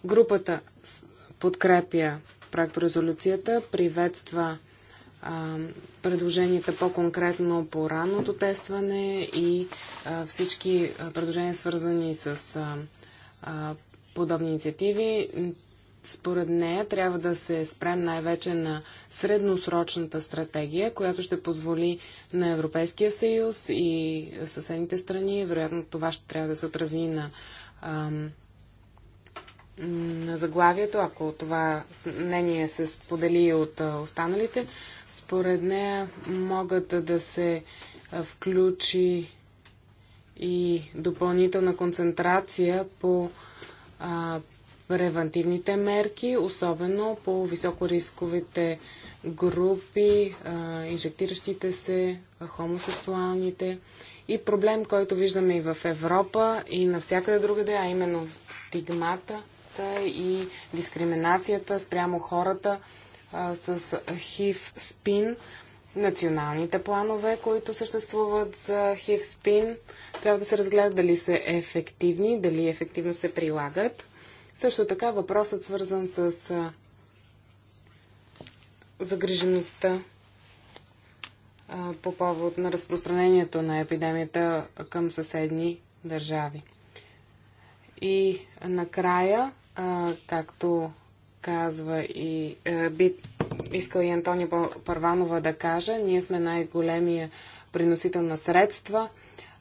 Групата подкрепя проект резолюцията, приветства а, предложенията по-конкретно по ранното тестване и а, всички предложения свързани с а, подобни инициативи. Според нея трябва да се спрем най-вече на средносрочната стратегия, която ще позволи на Европейския съюз и съседните страни. Вероятно това ще трябва да се отрази на на заглавието, ако това мнение се сподели от останалите, според нея могат да се включи и допълнителна концентрация по а, превентивните мерки, особено по високорисковите групи, а, инжектиращите се, хомосексуалните. И проблем, който виждаме и в Европа, и навсякъде другаде, а именно стигмата – дискриминацията и дискриминацията спрямо хората а, с хив спин националните планове, които съществуват за хив спин трябва да се разгледат дали са ефективни, дали ефективно се прилагат. Също така въпросът свързан с а, загрижеността по повод на разпространението на епидемията към съседни държави. И накрая а, както казва и а, е, би искал и Антония Парванова да каже, ние сме най-големия приносител на средства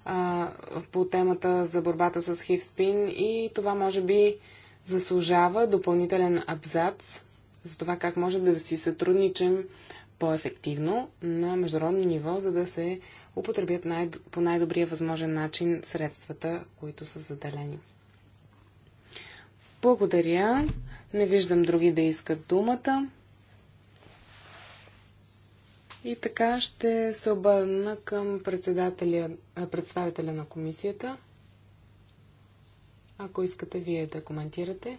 а, по темата за борбата с хивспин и това може би заслужава допълнителен абзац за това как може да си сътрудничим по-ефективно на международно ниво, за да се употребят най- по най-добрия възможен начин средствата, които са заделени. Благодаря. Не виждам други да искат думата. И така ще се обърна към представителя на комисията. Ако искате вие да коментирате.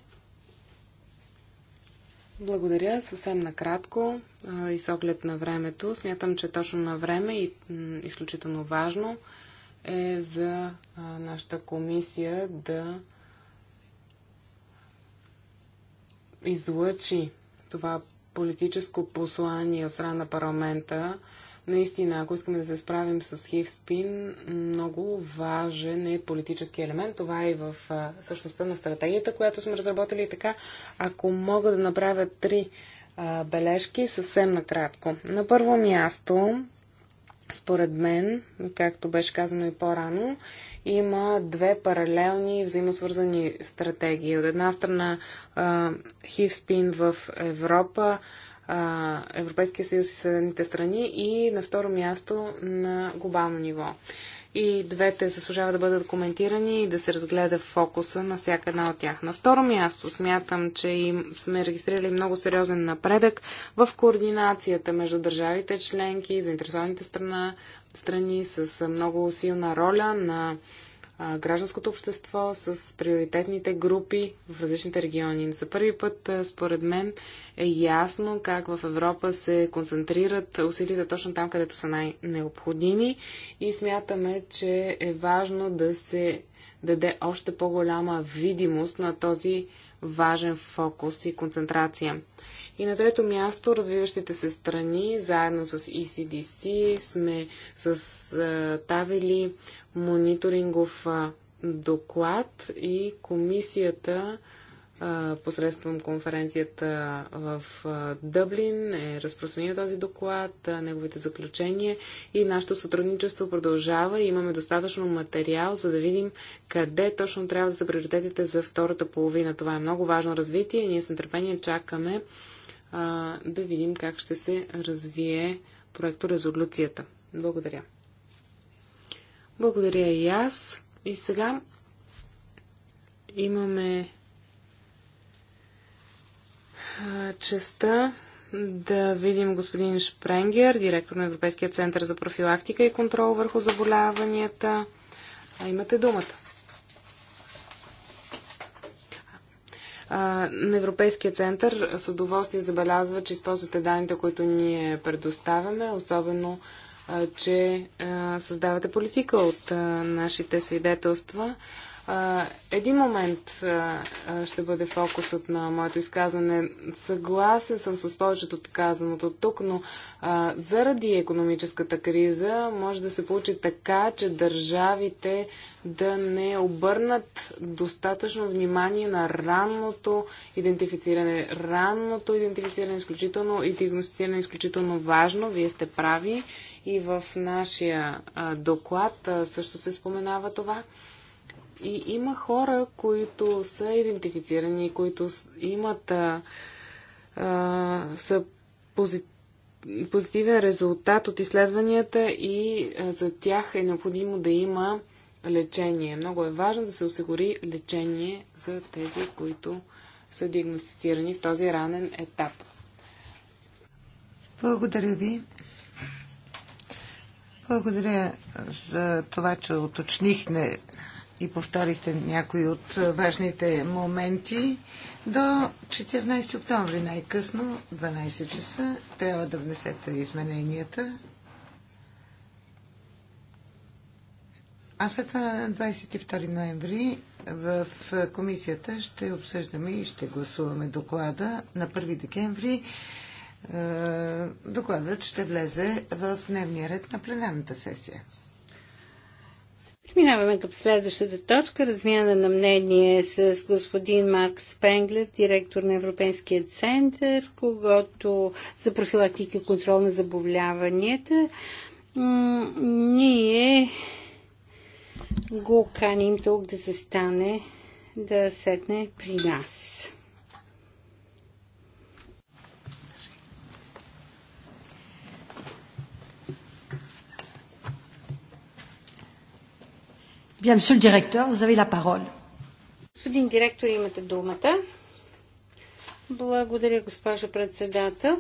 Благодаря. Съвсем накратко и с оглед на времето. Смятам, че точно на време и изключително важно е за нашата комисия да излъчи това политическо послание от страна на парламента, наистина, ако искаме да се справим с хив спин, много важен е политически елемент. Това е и в същността на стратегията, която сме разработили. И така, ако мога да направя три а, бележки, съвсем накратко. На първо място, според мен, както беше казано и по-рано, има две паралелни взаимосвързани стратегии. От една страна хивспин в Европа, Европейския съюз и Съединените страни и на второ място на глобално ниво и двете заслужават да бъдат коментирани и да се разгледа фокуса на всяка една от тях. На второ място смятам, че им сме регистрирали много сериозен напредък в координацията между държавите членки, заинтересованите страна, страни с много силна роля на гражданското общество, с приоритетните групи в различните региони. За първи път, според мен, е ясно как в Европа се концентрират усилията точно там, където са най-необходими и смятаме, че е важно да се даде още по-голяма видимост на този важен фокус и концентрация. И на трето място, развиващите се страни, заедно с ECDC, сме съставили мониторингов доклад и комисията посредством конференцията в Дъблин е разпространил този доклад, неговите заключения и нашето сътрудничество продължава и имаме достатъчно материал, за да видим къде точно трябва да са приоритетите за втората половина. Това е много важно развитие и ние с нетърпение чакаме а, да видим как ще се развие проекто резолюцията. Благодаря. Благодаря и аз. И сега имаме честа да видим господин Шпренгер, директор на Европейския център за профилактика и контрол върху заболяванията. А имате думата. на Европейския център с удоволствие забелязва, че използвате данните, които ние предоставяме, особено, че създавате политика от нашите свидетелства един момент ще бъде фокусът на моето изказване. Съгласен съм с повечето казаното тук, но заради економическата криза може да се получи така, че държавите да не обърнат достатъчно внимание на ранното идентифициране. Ранното идентифициране е изключително и диагностициране е изключително важно. Вие сте прави и в нашия доклад също се споменава това. И има хора, които са идентифицирани, които имат а, а, са пози, позитивен резултат от изследванията и а, за тях е необходимо да има лечение. Много е важно да се осигури лечение за тези, които са диагностицирани в този ранен етап. Благодаря ви. Благодаря за това, че уточнихме и повторихте някои от важните моменти. До 14 октомври най-късно, 12 часа, трябва да внесете измененията. А след това на 22 ноември в комисията ще обсъждаме и ще гласуваме доклада на 1 декември. Е, докладът ще влезе в дневния ред на пленарната сесия. Минаваме към следващата точка. Размяна на мнение с господин Марк Спенглер, директор на Европейския център, когато за профилактика и контрол на заболяванията. Ние го каним тук да застане, да седне при нас. Bien, monsieur le directeur, vous avez la parole. Господин директор, имате думата. Благодаря, госпожо председател.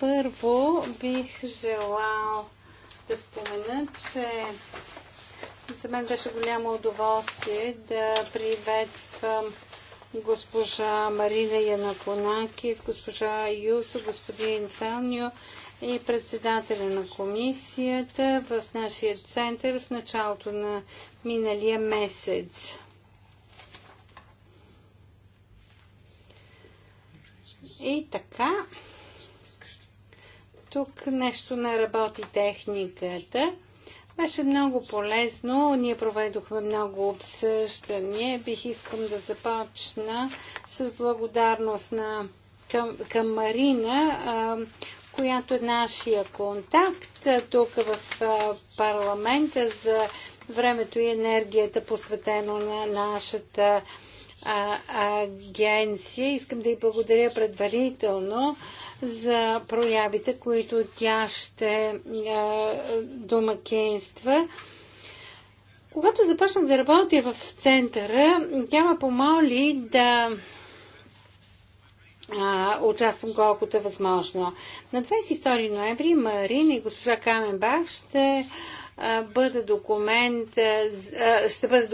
Първо бих желал да спомена, че за мен беше голямо удоволствие да приветствам госпожа Марина Янаконаки, госпожа Юсо, господин Фелнио и председателя на комисията в нашия център в началото на миналия месец. И така, тук нещо не работи техниката. Беше много полезно. Ние проведохме много обсъждания. Бих искам да започна с благодарност на към, към Марина, а, която е нашия контакт тук в парламента за времето и енергията посветено на нашата агенция. Искам да й благодаря предварително за проявите, които тя ще домакинства. Когато започнах да работя в центъра, тя ме помоли да участвам колкото е възможно. На 22 ноември Марин и госпожа Каменбах ще бъде документ, ще бъде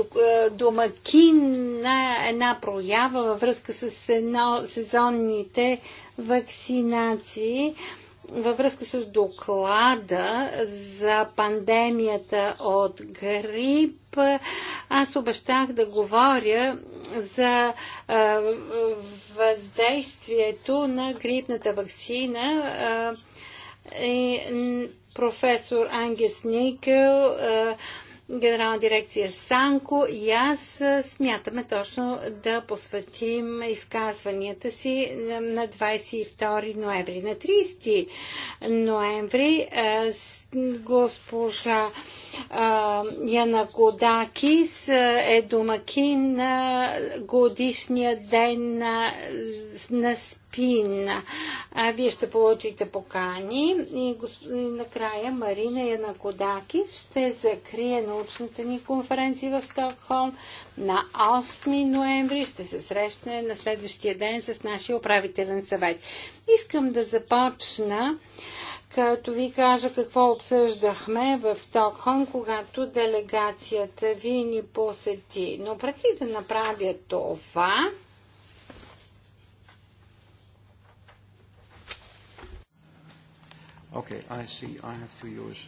домакин на една проява във връзка с сезонните вакцинации във връзка с доклада за пандемията от грип, аз обещах да говоря за а, въздействието на грипната вакцина. А, и професор Ангес Никъл а, Генерална дирекция Санко и аз смятаме точно да посветим изказванията си на 22 ноември. На 30 ноември госпожа а, Яна Годакис е домакин на годишния ден на, на СПИН. А, вие ще получите покани и, госп... и накрая Марина Яна Годакис ще закрие научната ни конференция в Стокхолм на 8 ноември. Ще се срещне на следващия ден с нашия управителен съвет. Искам да започна като ви кажа какво обсъждахме в Стокхолм, когато делегацията ви ни посети. Но преди да направя това, Okay, I see. I have to use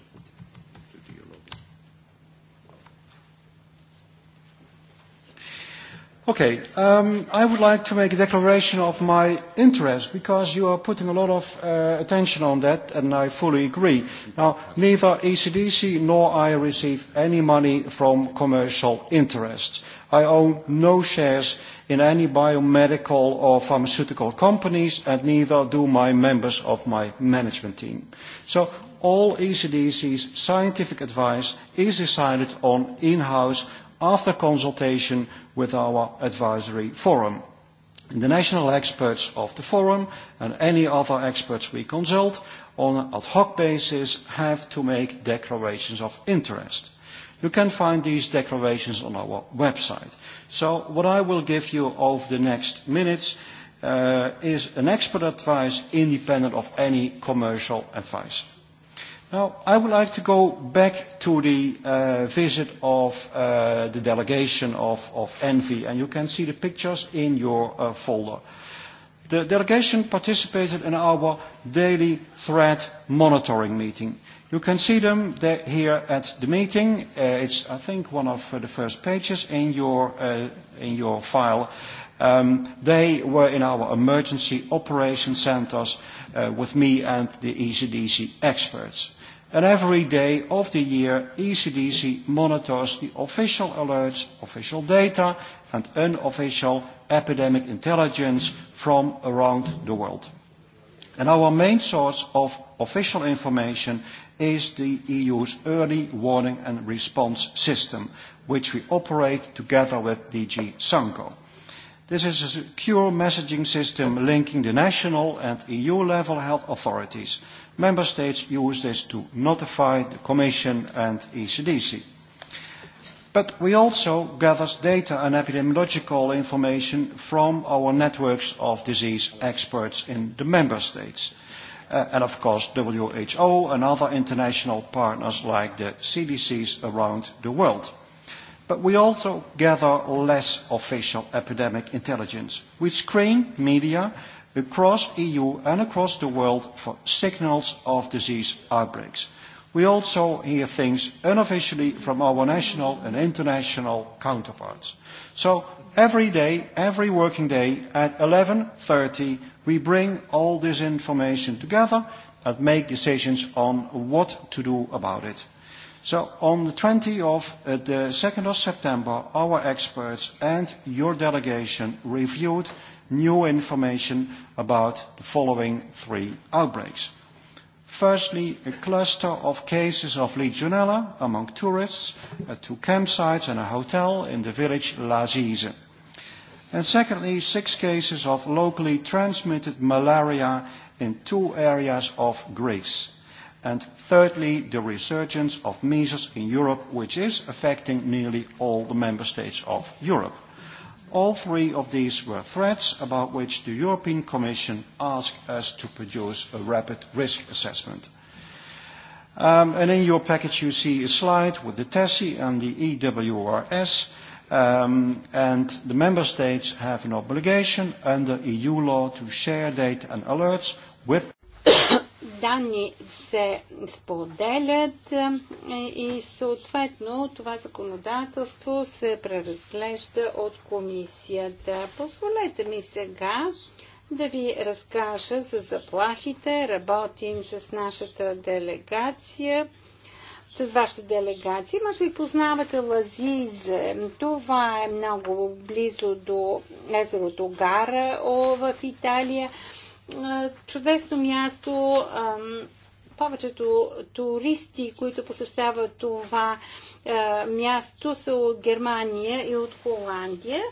Okay, um, I would like to make a declaration of my interest because you are putting a lot of uh, attention on that and I fully agree. Now, neither ECDC nor I receive any money from commercial interests. I own no shares in any biomedical or pharmaceutical companies and neither do my members of my management team. So all ECDC's scientific advice is decided on in-house after consultation with our advisory forum. The national experts of the forum and any other experts we consult on an ad hoc basis have to make declarations of interest. You can find these declarations on our website. So what I will give you over the next minutes uh, is an expert advice independent of any commercial advice. Now, I would like to go back to the uh, visit of uh, the delegation of, of Envy, and you can see the pictures in your uh, folder. The delegation participated in our daily threat monitoring meeting. You can see them there, here at the meeting. Uh, it's, I think, one of uh, the first pages in your, uh, in your file. Um, they were in our emergency operation centers uh, with me and the ECDC experts. And every day of the year, ECDC monitors the official alerts, official data, and unofficial epidemic intelligence from around the world. And our main source of official information is the EU's early warning and response system, which we operate together with DG Sanco. This is a secure messaging system linking the national and EU-level health authorities – Member States use this to notify the Commission and ECDC. But we also gather data and epidemiological information from our networks of disease experts in the Member States. and of course WHO and other international partners like the CDCs around the world. But we also gather less official epidemic intelligence. We screen media across EU and across the world for signals of disease outbreaks. We also hear things unofficially from our national and international counterparts. So every day, every working day at 11.30, we bring all this information together and make decisions on what to do about it. So on the 20 of the 2nd of September, our experts and your delegation reviewed new information about the following three outbreaks. Firstly, a cluster of cases of Legionella among tourists at two campsites and a hotel in the village Lazise. And secondly, six cases of locally transmitted malaria in two areas of Greece. And thirdly, the resurgence of measles in Europe, which is affecting nearly all the member states of Europe. All three of these were threats about which the European Commission asked us to produce a rapid risk assessment. Um, and in your package you see a slide with the TESI and the EWRS, um, and the Member States have an obligation under EU law to share data and alerts with данни се споделят е, и съответно това законодателство се преразглежда от комисията. Позволете ми сега да ви разкажа за заплахите. Работим с нашата делегация с вашата делегация. Може би познавате Лазизе. Това е много близо до езерото Гара в Италия чудесно място. Повечето туристи, които посещават това място, са от Германия и от Холандия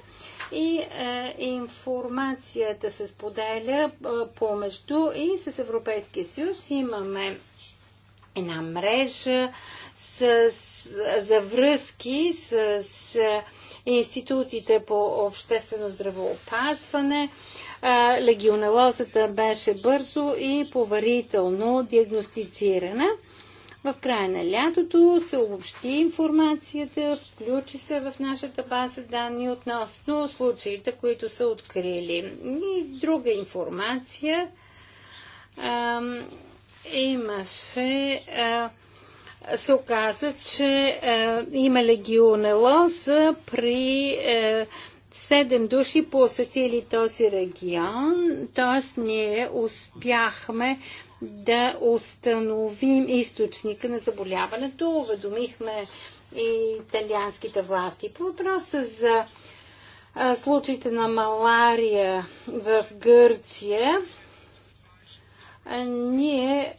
и е, информацията се споделя е, помежду и с Европейския съюз имаме една мрежа с, с, за връзки с, с институтите по обществено здравоопазване. Е, легионелозата беше бързо и поварително диагностицирана. В края на лятото се обобщи информацията, включи се в нашата база данни относно случаите, които са открили. И друга информация имаше. А, се оказа, че а, има легионелоза при а, е, 7 души посетили този регион, т.е. ние успяхме да установим източника на заболяването. Уведомихме и италианските власти. По въпроса за случаите на малария в Гърция, ние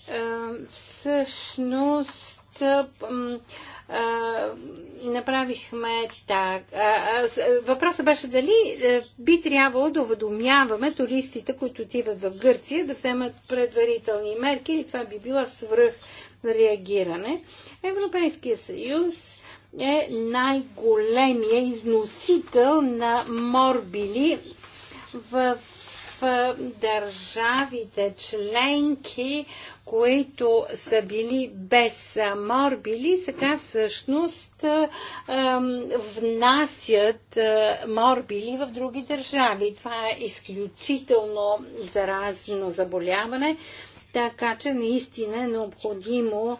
всъщност направихме така. Въпросът беше дали е, би трябвало да уведомяваме туристите, които отиват в Гърция, да вземат предварителни мерки или това би било свръх реагиране. Европейския съюз е най-големия износител на морбили в държавите членки които са били без морбили, сега всъщност внасят морбили в други държави. Това е изключително заразно заболяване, така че наистина е необходимо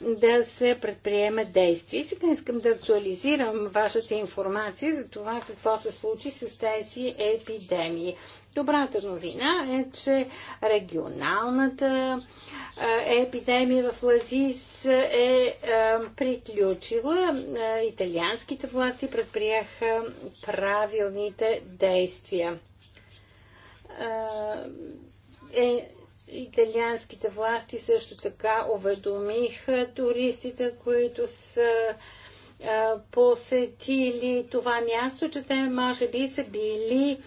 да се предприемат действия. И сега искам да актуализирам вашата информация за това какво се случи с тези епидемии. Добрата новина е, че регионалната епидемия в Лазис е, е приключила. Италианските власти предприеха правилните действия. Е, италианските власти също така уведомиха туристите, които са посетили това място, че те може би са били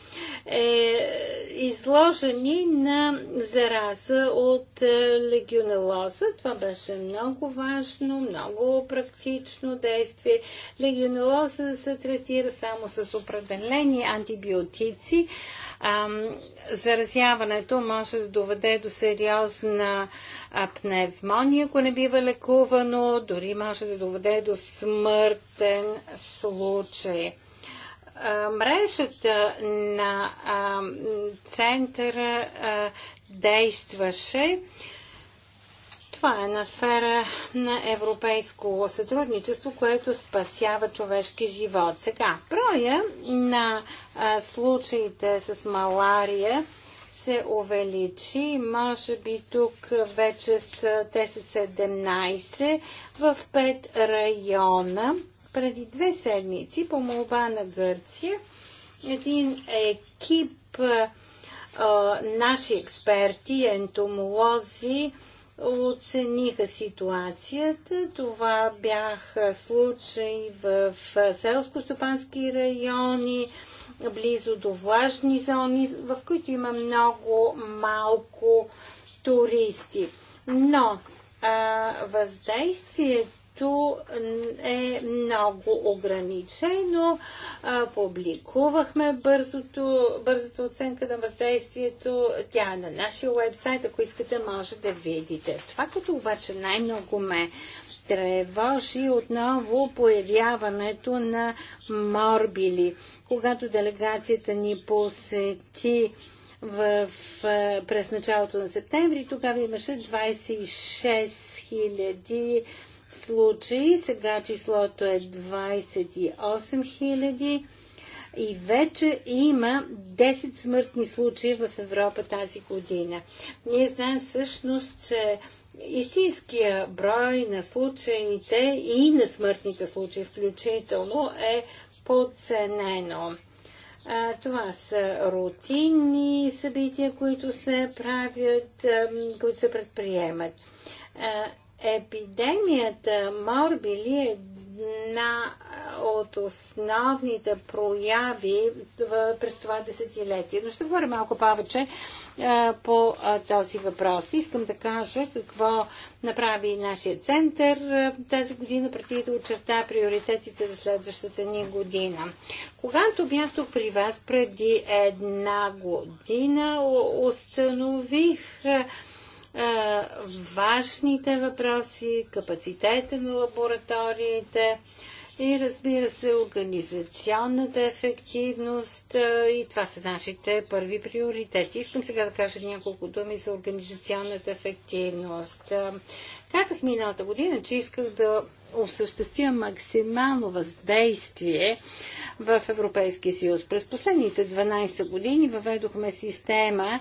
е, изложени на зараза от е, легионелоза. Това беше много важно, много практично действие. Легионелоза се третира само с определени антибиотици, заразяването може да доведе до сериозна пневмония, ако не бива лекувано, дори може да доведе до смъртен случай мрежата на центъра действаше това е една сфера на европейско сътрудничество, което спасява човешки живот. Сега, броя на а, случаите с малария се увеличи. Може би тук вече са, те са 17 в 5 района. Преди две седмици по молба на Гърция един екип а, наши експерти, ентомолози, оцениха ситуацията. Това бяха случаи в селско-стопански райони, близо до влажни зони, в които има много малко туристи. Но а, въздействието място е много ограничено. Публикувахме бързото, бързата оценка на въздействието. Тя е на нашия вебсайт. Ако искате, може да видите. Това, което обаче най-много ме тревожи отново появяването на морбили. Когато делегацията ни посети в, през началото на септември, тогава имаше 26 000 случаи. Сега числото е 28 000 и вече има 10 смъртни случаи в Европа тази година. Ние знаем всъщност, че истинския брой на случаите и на смъртните случаи включително е подценено. това са рутинни събития, които се правят, които се предприемат. Епидемията морбили е една от основните прояви през това десетилетие. Но ще говоря малко повече е, по е, този въпрос. Искам да кажа какво направи нашия център е, тази година, преди да очерта приоритетите за следващата ни година. Когато бях тук при вас преди една година, установих важните въпроси, капацитета на лабораториите и разбира се организационната ефективност и това са нашите първи приоритети. Искам сега да кажа няколко думи за организационната ефективност. Казах миналата година, че исках да осъществя максимално въздействие в Европейския съюз. През последните 12 години въведохме система,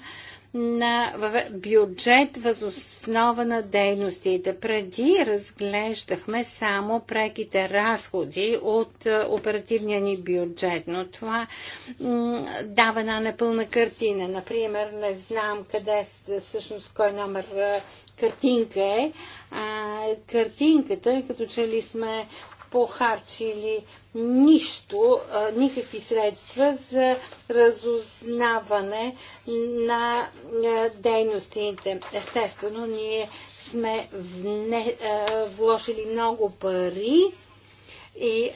на бюджет възоснова на дейностите. Преди разглеждахме само преките разходи от е, оперативния ни бюджет, но това дава една непълна картина. Например, не знам къде е, всъщност кой номер е, картинка е. А, картинката, като че ли сме похарчили нищо, никакви средства за разузнаване на дейностите. Естествено, ние сме вне, вложили много пари и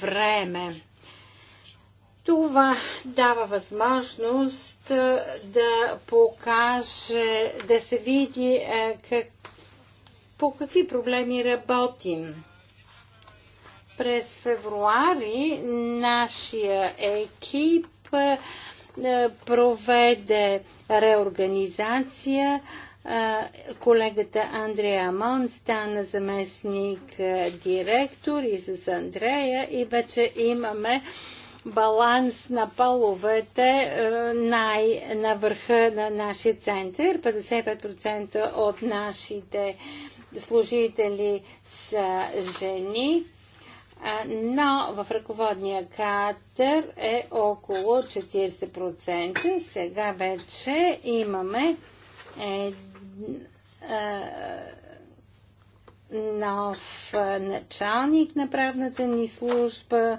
време. Това дава възможност да покаже, да се види как, по какви проблеми работим. През февруари нашия екип е, проведе реорганизация. Е, колегата Андрея Амон стана заместник е, директор и с Андрея и вече имаме баланс на половете най- на върха на нашия център. 55% от нашите служители са жени но в ръководния кадър е около 40%. Сега вече имаме е, е, нов началник на правната ни служба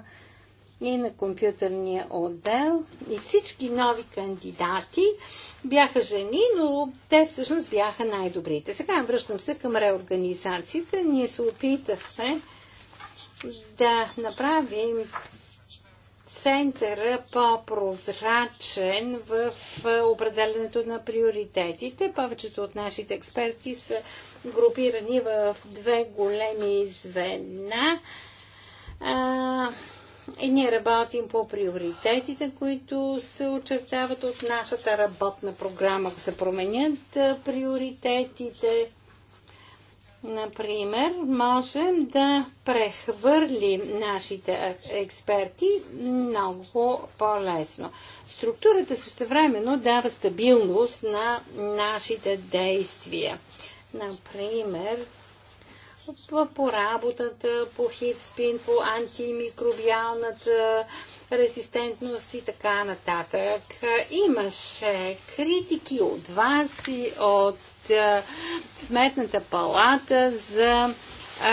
и на компютърния отдел. И всички нови кандидати бяха жени, но те всъщност бяха най-добрите. Сега връщам се към реорганизацията. Ние се опитахме да направим центъра по-прозрачен в определенето на приоритетите. Повечето от нашите експерти са групирани в две големи звена. А, и ние работим по приоритетите, които се очертават от нашата работна програма. Ако се променят приоритетите, например, можем да прехвърлим нашите експерти много по-лесно. Структурата също времено дава стабилност на нашите действия. Например, по работата, по хивспин, по антимикробиалната резистентност и така нататък. Имаше критики от вас и от е, Сметната палата за е,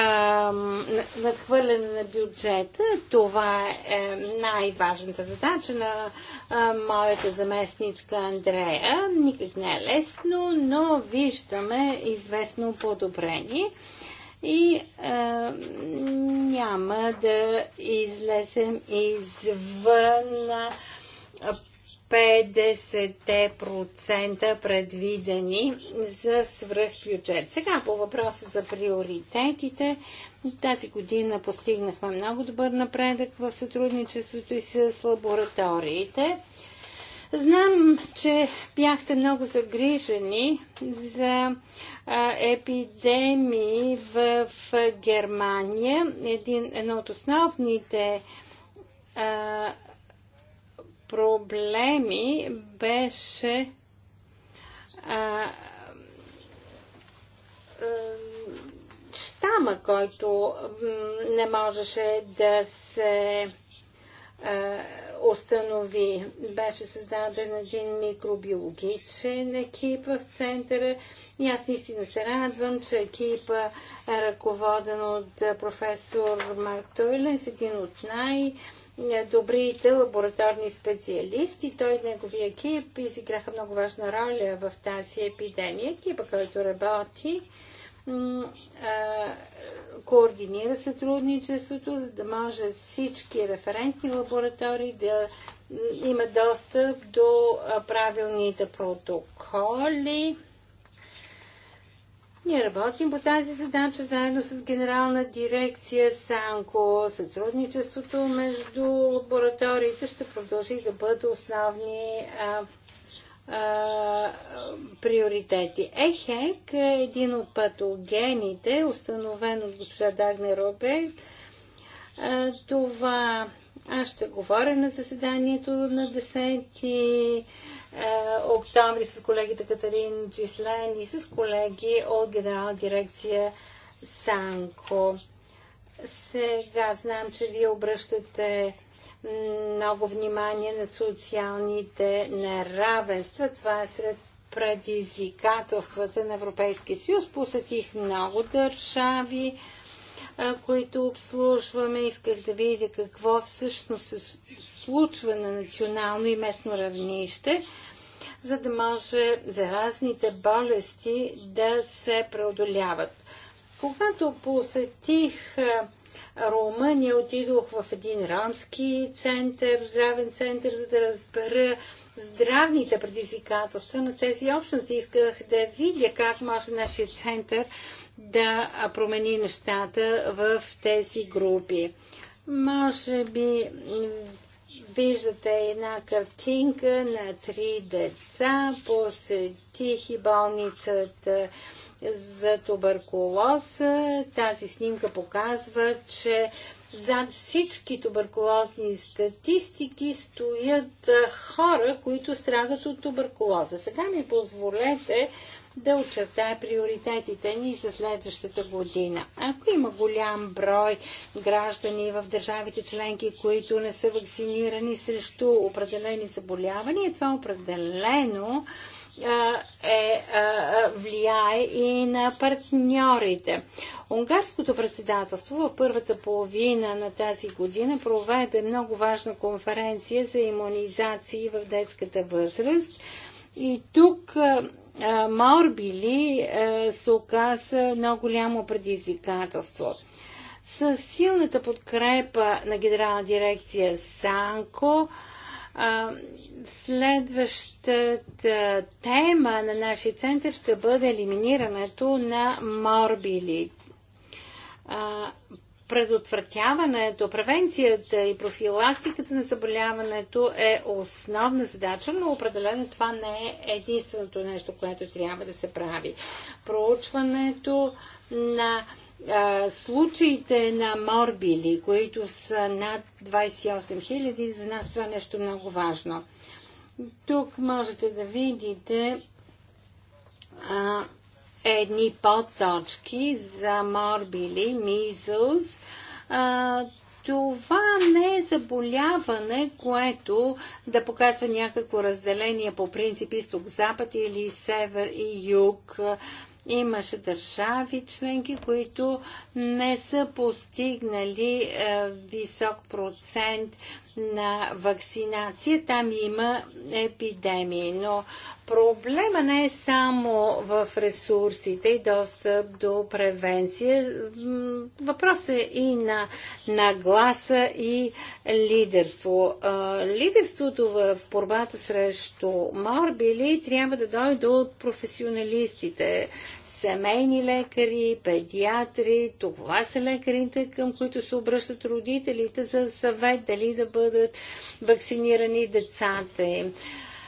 надхвърляне на бюджета. Това е най-важната задача на е, моята заместничка Андрея. Никак не е лесно, но виждаме известно подобрение и няма да излезем извън 50% предвидени за свръхбюджет. Сега по въпроса за приоритетите. Тази година постигнахме много добър напредък в сътрудничеството и с лабораториите. Знам, че бяхте много загрижени за епидемии в Германия. Един, едно от основните проблеми беше а, щама, който не можеше да се а, установи. Беше създаден един микробиологичен екип в центъра и аз наистина се радвам, че екипа е ръководен от професор Марк Тойлен, един от най- добрите лабораторни специалисти. Той и неговия екип изиграха много важна роля в тази епидемия. Екипа, който работи, координира сътрудничеството, за да може всички референтни лаборатории да имат достъп до правилните протоколи ние работим по тази задача заедно с Генерална дирекция Санко. Сътрудничеството между лабораториите ще продължи да бъдат основни а, а, приоритети. ЕХЕК е един от патогените, установен от госпожа Дагне Робер. Това аз ще говоря на заседанието на 10 е, октомври с колегите Катарин Джислен и с колеги от Генерална дирекция Санко. Сега знам, че вие обръщате много внимание на социалните неравенства. Това е сред предизвикателствата на Европейския съюз. Посетих много държави които обслужваме. Исках да видя какво всъщност се случва на национално и местно равнище, за да може заразните болести да се преодоляват. Когато посетих Румъния, отидох в един ромски център, здравен център, за да разбера здравните предизвикателства на тези общности. Исках да видя как може нашия център да промени нещата в тези групи. Може би виждате една картинка на три деца. посетихи болницата за туберкулоза. Тази снимка показва, че зад всички туберкулозни статистики стоят хора, които страдат от туберкулоза. Сега ми позволете да очертая приоритетите ни за следващата година. Ако има голям брой граждани в държавите членки, които не са вакцинирани срещу определени заболявания, това определено е, влияе и на партньорите. Унгарското председателство в първата половина на тази година проведе много важна конференция за иммунизации в детската възраст. И тук Маорбили се оказа много голямо предизвикателство. С силната подкрепа на генерална дирекция Санко, следващата тема на нашия център ще бъде елиминирането на морбили. А, предотвратяването, превенцията и профилактиката на заболяването е основна задача, но определено това не е единственото нещо, което трябва да се прави. Проучването на а, случаите на морбили, които са над 28 000, за нас това е нещо много важно. Тук можете да видите а, едни подточки за морбили, мизълс. Това не е заболяване, което да показва някакво разделение по принцип изток-запад или север и юг. Имаше държави членки, които не са постигнали е, висок процент на вакцинация, там има епидемии. Но проблема не е само в ресурсите и достъп до превенция. Въпрос е и на нагласа и лидерство. Лидерството в борбата срещу морбили трябва да дойде от професионалистите семейни лекари, педиатри. Това са лекарите, към които се обръщат родителите за съвет дали да бъдат вакцинирани децата им.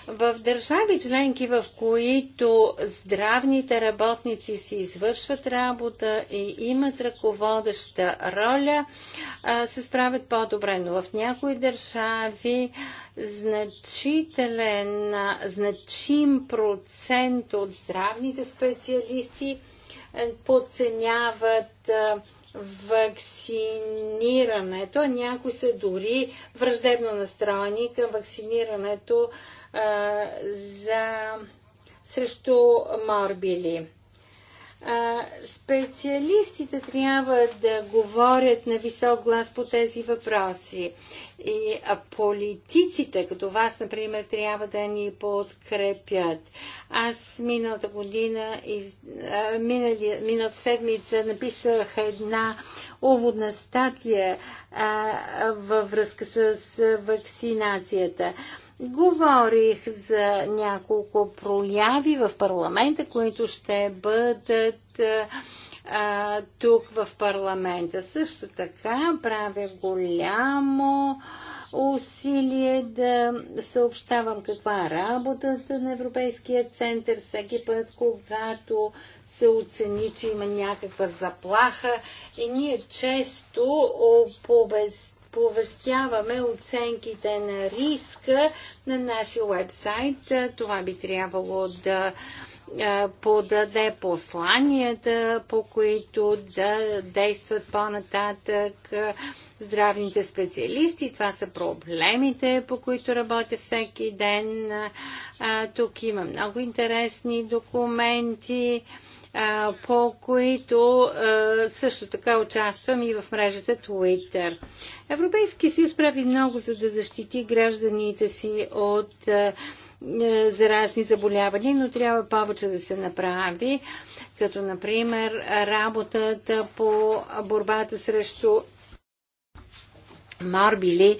В държави членки, в които здравните работници си извършват работа и имат ръководеща роля, се справят по-добре. Но в някои държави значителен, значим процент от здравните специалисти е, подценяват вакцинирането. Някои са дори враждебно настроени към вакцинирането а, за, срещу морбили. А, специалистите трябва да говорят на висок глас по тези въпроси. И а, политиците, като вас, например, трябва да ни подкрепят. Аз миналата година, из, а, минали, миналата седмица написах една уводна статия а, във връзка с вакцинацията. А, Говорих за няколко прояви в парламента, които ще бъдат а, тук в парламента. Също така правя голямо усилие да съобщавам каква е работата на Европейския център всеки път, когато се оцени, че има някаква заплаха и ние често оповестяваме оповестяваме оценките на риска на нашия вебсайт. Това би трябвало да е, подаде посланията, по които да действат по-нататък е, здравните специалисти. Това са проблемите, по които работя всеки ден. Е, тук има много интересни документи по които също така участвам и в мрежата Twitter. Европейски съюз прави много за да защити гражданите си от заразни заболявания, но трябва повече да се направи, като например работата по борбата срещу морбили,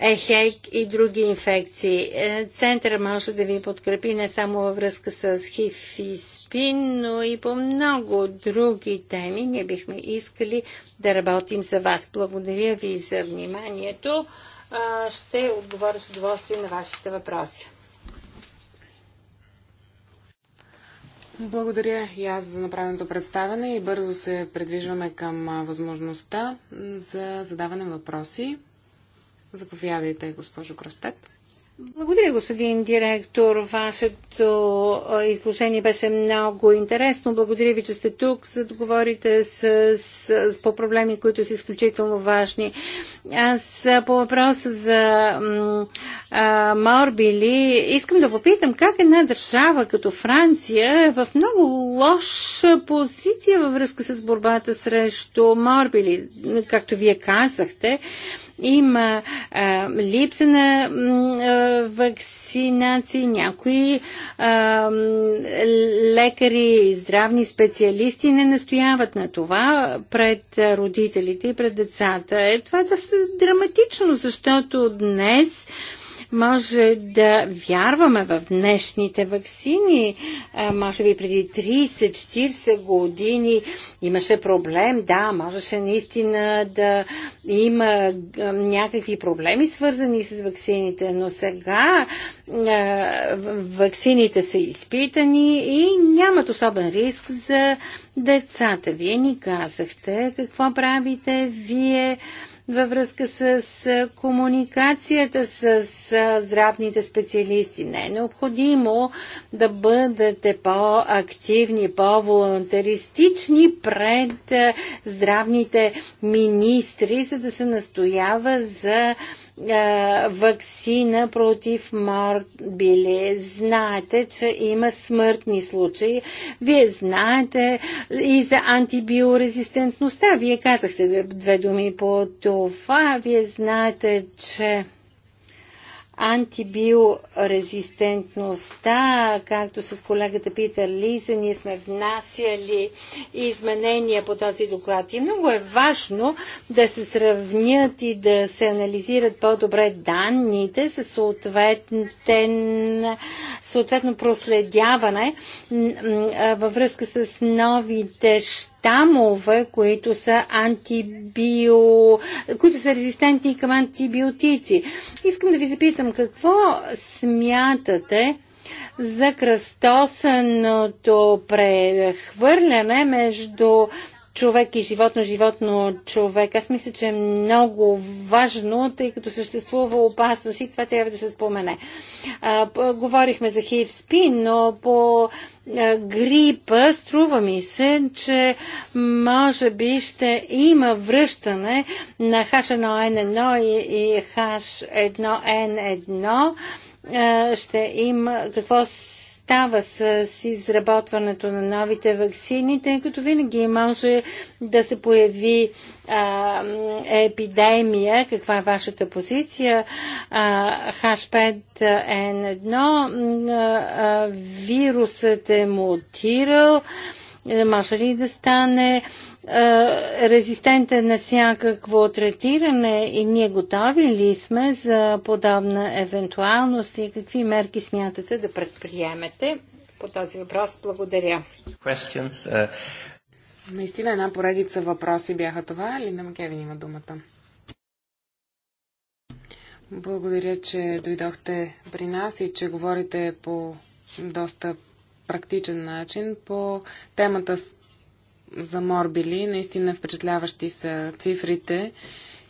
ехейк и други инфекции. Е, центъра може да ви подкрепи не само във връзка с хив и спин, но и по много други теми. Ние бихме искали да работим за вас. Благодаря ви за вниманието. Ще отговоря с удоволствие на вашите въпроси. Благодаря и аз за направеното представяне и бързо се предвижваме към възможността за задаване въпроси. Заповядайте, госпожо Кростет. Благодаря, господин директор. Вашето изложение беше много интересно. Благодаря ви, че сте тук, за да говорите с, с, с, по проблеми, които са изключително важни. Аз по въпроса за а, Морбили искам да попитам как една държава като Франция е в много лоша позиция във връзка с борбата срещу Морбили, както вие казахте. А, има а, липса на а, вакцинации, някои а, лекари и здравни специалисти не настояват на това пред родителите и пред децата. Е, това е драматично, защото днес а, може да вярваме в днешните вакцини. Може би преди 30-40 години имаше проблем, да, можеше наистина да има някакви проблеми свързани с вакцините, но сега вакцините са изпитани и нямат особен риск за децата. Вие ни казахте какво правите, вие във връзка с комуникацията с здравните специалисти. Не е необходимо да бъдете по-активни, по-волонтаристични пред здравните министри, за да се настоява за вакцина против морбили. Знаете, че има смъртни случаи. Вие знаете и за антибиорезистентността. Вие казахте две думи по това. Вие знаете, че антибиорезистентността, както с колегата Питър Лиза, ние сме внасяли изменения по този доклад. И много е важно да се сравнят и да се анализират по-добре данните с съответно проследяване във връзка с новите щети щамове, които са антибио, които са резистентни към антибиотици. Искам да ви запитам какво смятате за кръстосаното прехвърляне между човек и животно, животно човек. Аз мисля, че е много важно, тъй като съществува опасност и това трябва да се спомене. А, говорихме за HIV спин, но по грипа, струва ми се, че може би ще има връщане на H1N1 и H1N1 ще има какво става с изработването на новите вакцини, тъй като винаги може да се появи а, епидемия. Каква е вашата позиция? А, H5N1 а, вирусът е мутирал. Може ли да стане е, резистентен на всякакво третиране и ние готови ли сме за подобна евентуалност и какви мерки смятате да предприемете по този въпрос? Благодаря. Questions. Е. Наистина една поредица въпроси бяха това. Линда Макевин има думата. Благодаря, че дойдохте при нас и че говорите по доста практичен начин по темата за Морбили. Наистина впечатляващи са цифрите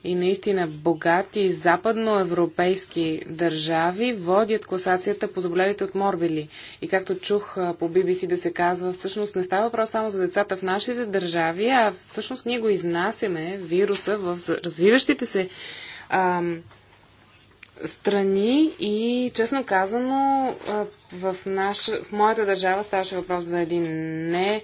и наистина богати западноевропейски държави водят класацията по заболелите от морбили. И както чух по BBC да се казва, всъщност не става въпрос само за децата в нашите държави, а всъщност ние го изнасяме, вируса, в развиващите се ам, страни и честно казано в, наш, в моята държава ставаше въпрос за един не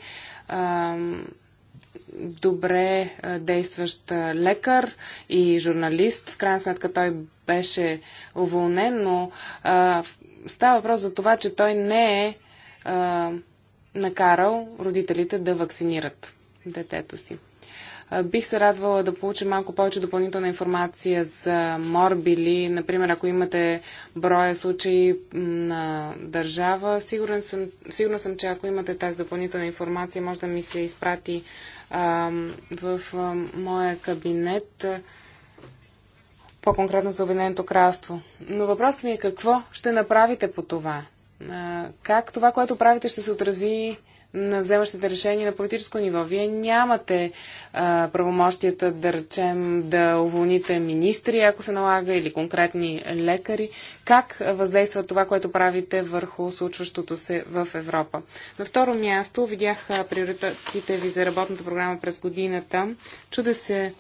добре действащ лекар и журналист. В крайна сметка той беше уволнен, но а, става въпрос за това, че той не е а, накарал родителите да вакцинират детето си. Бих се радвала да получа малко повече допълнителна информация за морбили. Например, ако имате броя случаи на държава, сигурен съм, сигурна съм, че ако имате тази допълнителна информация, може да ми се изпрати а, в а, моя кабинет по-конкретно за Обединеното кралство. Но въпросът ми е какво ще направите по това? А, как това, което правите, ще се отрази на вземащите решения на политическо ниво. Вие нямате а, правомощията да речем да уволните министри, ако се налага, или конкретни лекари. Как въздейства това, което правите върху случващото се в Европа? На второ място видях приоритетите ви за работната програма през годината. Чуда се,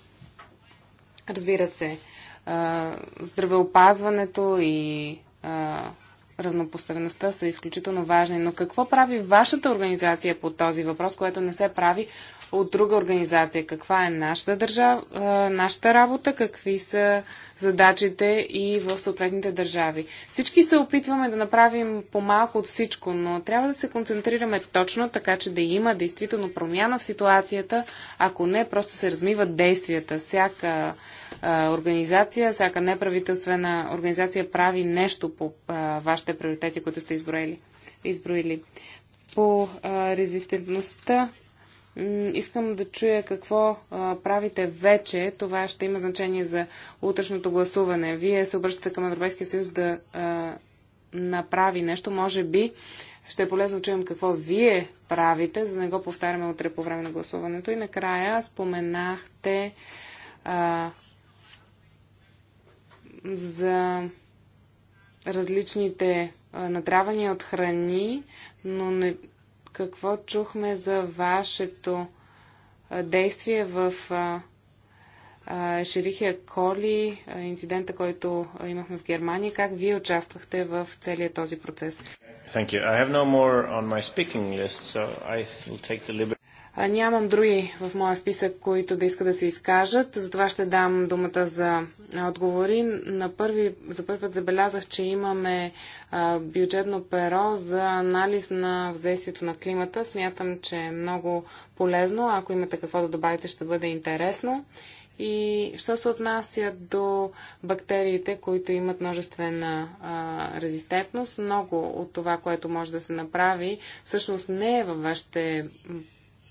разбира се, а, здравеопазването и а, равнопоставеността са изключително важни. Но какво прави вашата организация по този въпрос, което не се прави от друга организация? Каква е нашата, държава, нашата работа? Какви са задачите и в съответните държави? Всички се опитваме да направим по-малко от всичко, но трябва да се концентрираме точно така, че да има действително промяна в ситуацията. Ако не, просто се размиват действията. Всяка организация, всяка неправителствена организация прави нещо по а, вашите приоритети, които сте изброили. изброили. По а, резистентността Искам да чуя какво а, правите вече. Това ще има значение за утрешното гласуване. Вие се обръщате към Европейския съюз да а, направи нещо. Може би ще е полезно да чуем какво вие правите, за да не го повтаряме утре по време на гласуването. И накрая споменахте а, за различните натравания от храни, но не, какво чухме за вашето действие в Шерихия Коли, инцидента, който имахме в Германия, как вие участвахте в целия този процес? Thank you. I have no more on my speaking list, so I will take the liberty. Нямам други в моя списък, които да искат да се изкажат, затова ще дам думата за отговори. На първи, за първи път забелязах, че имаме бюджетно перо за анализ на въздействието на климата. Смятам, че е много полезно. Ако имате какво да добавите, ще бъде интересно. И що се отнася до бактериите, които имат множествена а, резистентност, много от това, което може да се направи, всъщност не е във вашите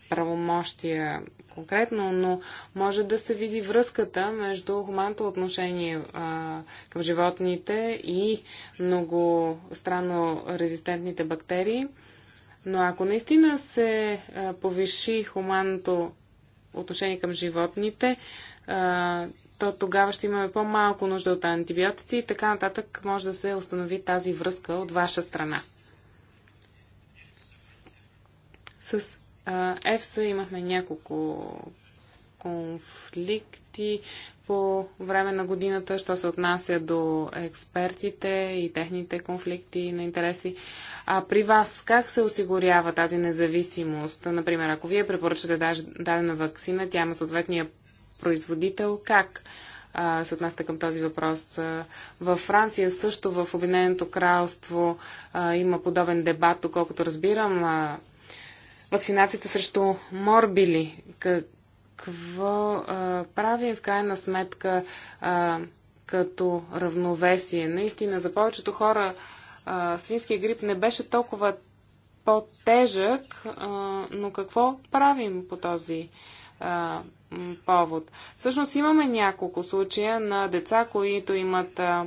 правомощия конкретно, но може да се види връзката между хуманното отношение а, към животните и многостранно резистентните бактерии. Но ако наистина се а, повиши хуманното отношение към животните, а, то тогава ще имаме по-малко нужда от антибиотици и така нататък може да се установи тази връзка от ваша страна. С ЕФСА имахме няколко конфликти по време на годината, що се отнася до експертите и техните конфликти на интереси. А при вас как се осигурява тази независимост? Например, ако вие препоръчате дадена вакцина, тя има съответния производител, как а, се отнасяте към този въпрос? Във Франция също, в Обединеното кралство а, има подобен дебат, доколкото разбирам. А, вакцинацията срещу морбили. Какво а, правим в крайна сметка а, като равновесие? Наистина, за повечето хора а, свинския грип не беше толкова по-тежък, но какво правим по този а, повод? Всъщност имаме няколко случая на деца, които имат а,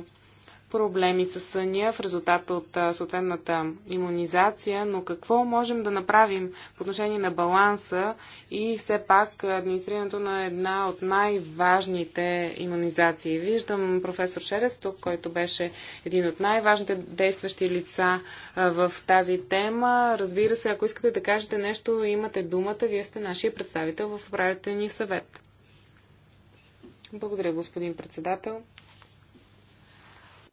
проблеми с съня в резултат от съответната иммунизация, но какво можем да направим по отношение на баланса и все пак администрирането на една от най-важните иммунизации. Виждам професор Шерес тук, който беше един от най-важните действащи лица в тази тема. Разбира се, ако искате да кажете нещо, имате думата, вие сте нашия представител в управителния съвет. Благодаря, господин председател.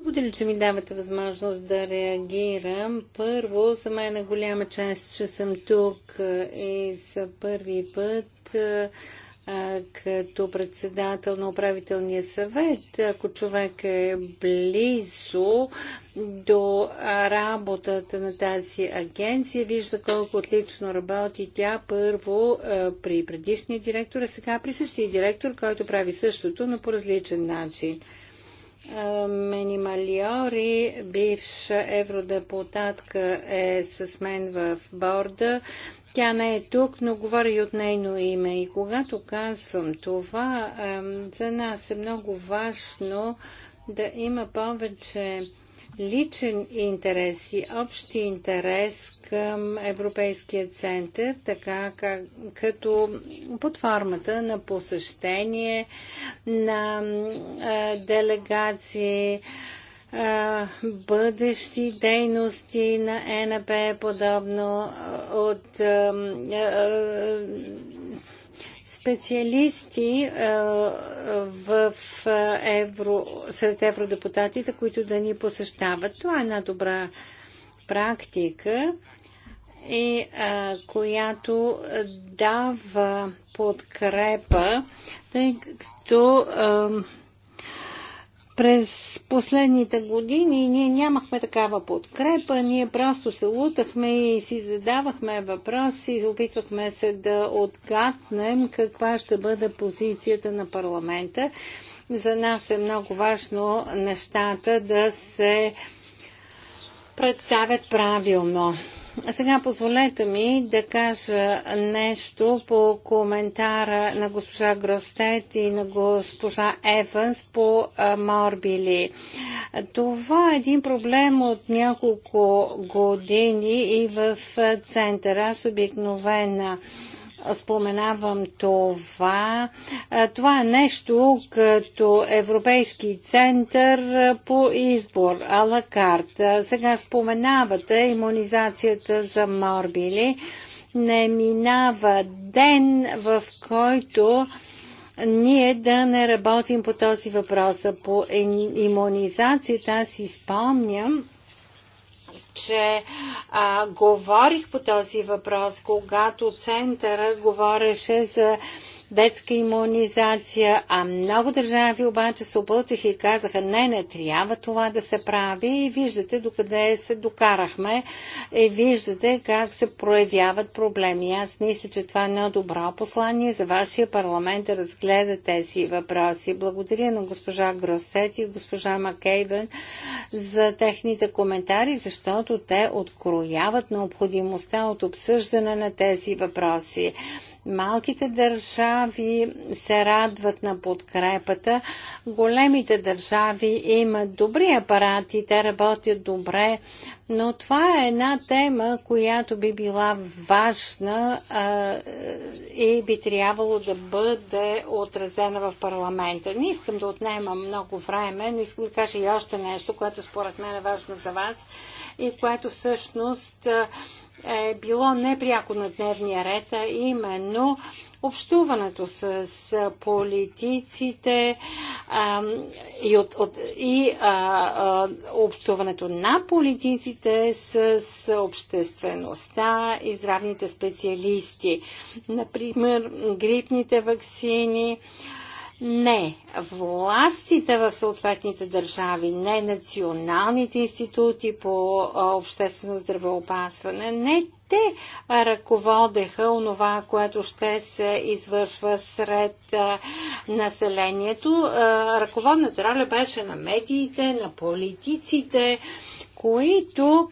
Благодаря, че ми давате възможност да реагирам. Първо, за мен е голяма част, че съм тук е, и за първи път е, е, като председател на управителния съвет, ако човек е близо до работата на тази агенция, вижда колко отлично работи тя първо при предишния директор, а сега при същия директор, който прави същото, но по различен начин. Мени Малиори, бивша евродепутатка е с мен в борда. Тя не е тук, но говори и от нейно име. И когато казвам това, за нас е много важно да има повече личен интерес и общи интерес към Европейския център, така как, като под формата на посещение на е, делегации, бъдещи дейности на ЕНП подобно от специалисти в евро, сред евродепутатите, които да ни посещават. Това е една добра практика и а, която дава подкрепа, тъй като а, през последните години ние нямахме такава подкрепа, ние просто се лутахме и си задавахме въпроси, опитвахме се да отгаднем каква ще бъде позицията на парламента. За нас е много важно нещата да се представят правилно. Сега позволете ми да кажа нещо по коментара на госпожа Гростет и на госпожа Еванс по морбили. Това е един проблем от няколко години и в центъра. Аз обикновена споменавам това. Това е нещо като Европейски център по избор, ала карта. Сега споменавате иммунизацията за морбили. Не минава ден, в който ние да не работим по този въпрос. По иммунизацията аз си спомням, че а, говорих по този въпрос, когато центъра говореше за детска иммунизация, а много държави обаче се опълтиха и казаха не, не трябва това да се прави и виждате докъде се докарахме и виждате как се проявяват проблеми. Аз мисля, че това е добро послание за вашия парламент да разгледа тези въпроси. Благодаря на госпожа Гростет и госпожа Макейвен за техните коментари, защото те открояват необходимостта от обсъждане на тези въпроси. Малките държави се радват на подкрепата. Големите държави имат добри апарати, те работят добре, но това е една тема, която би била важна а, и би трябвало да бъде отразена в парламента. Не искам да отнема много време, но искам да кажа и още нещо, което според мен е важно за вас и което всъщност а, е било непряко на дневния ред, а именно общуването с политиците а, и, от, от, и а, а, общуването на политиците с, с обществеността и здравните специалисти. Например, грипните вакцини. А, не, властите в съответните държави, не националните институти по обществено здравеопазване, не те ръководеха онова, което ще се извършва сред населението. Ръководната роля беше на медиите, на политиците, които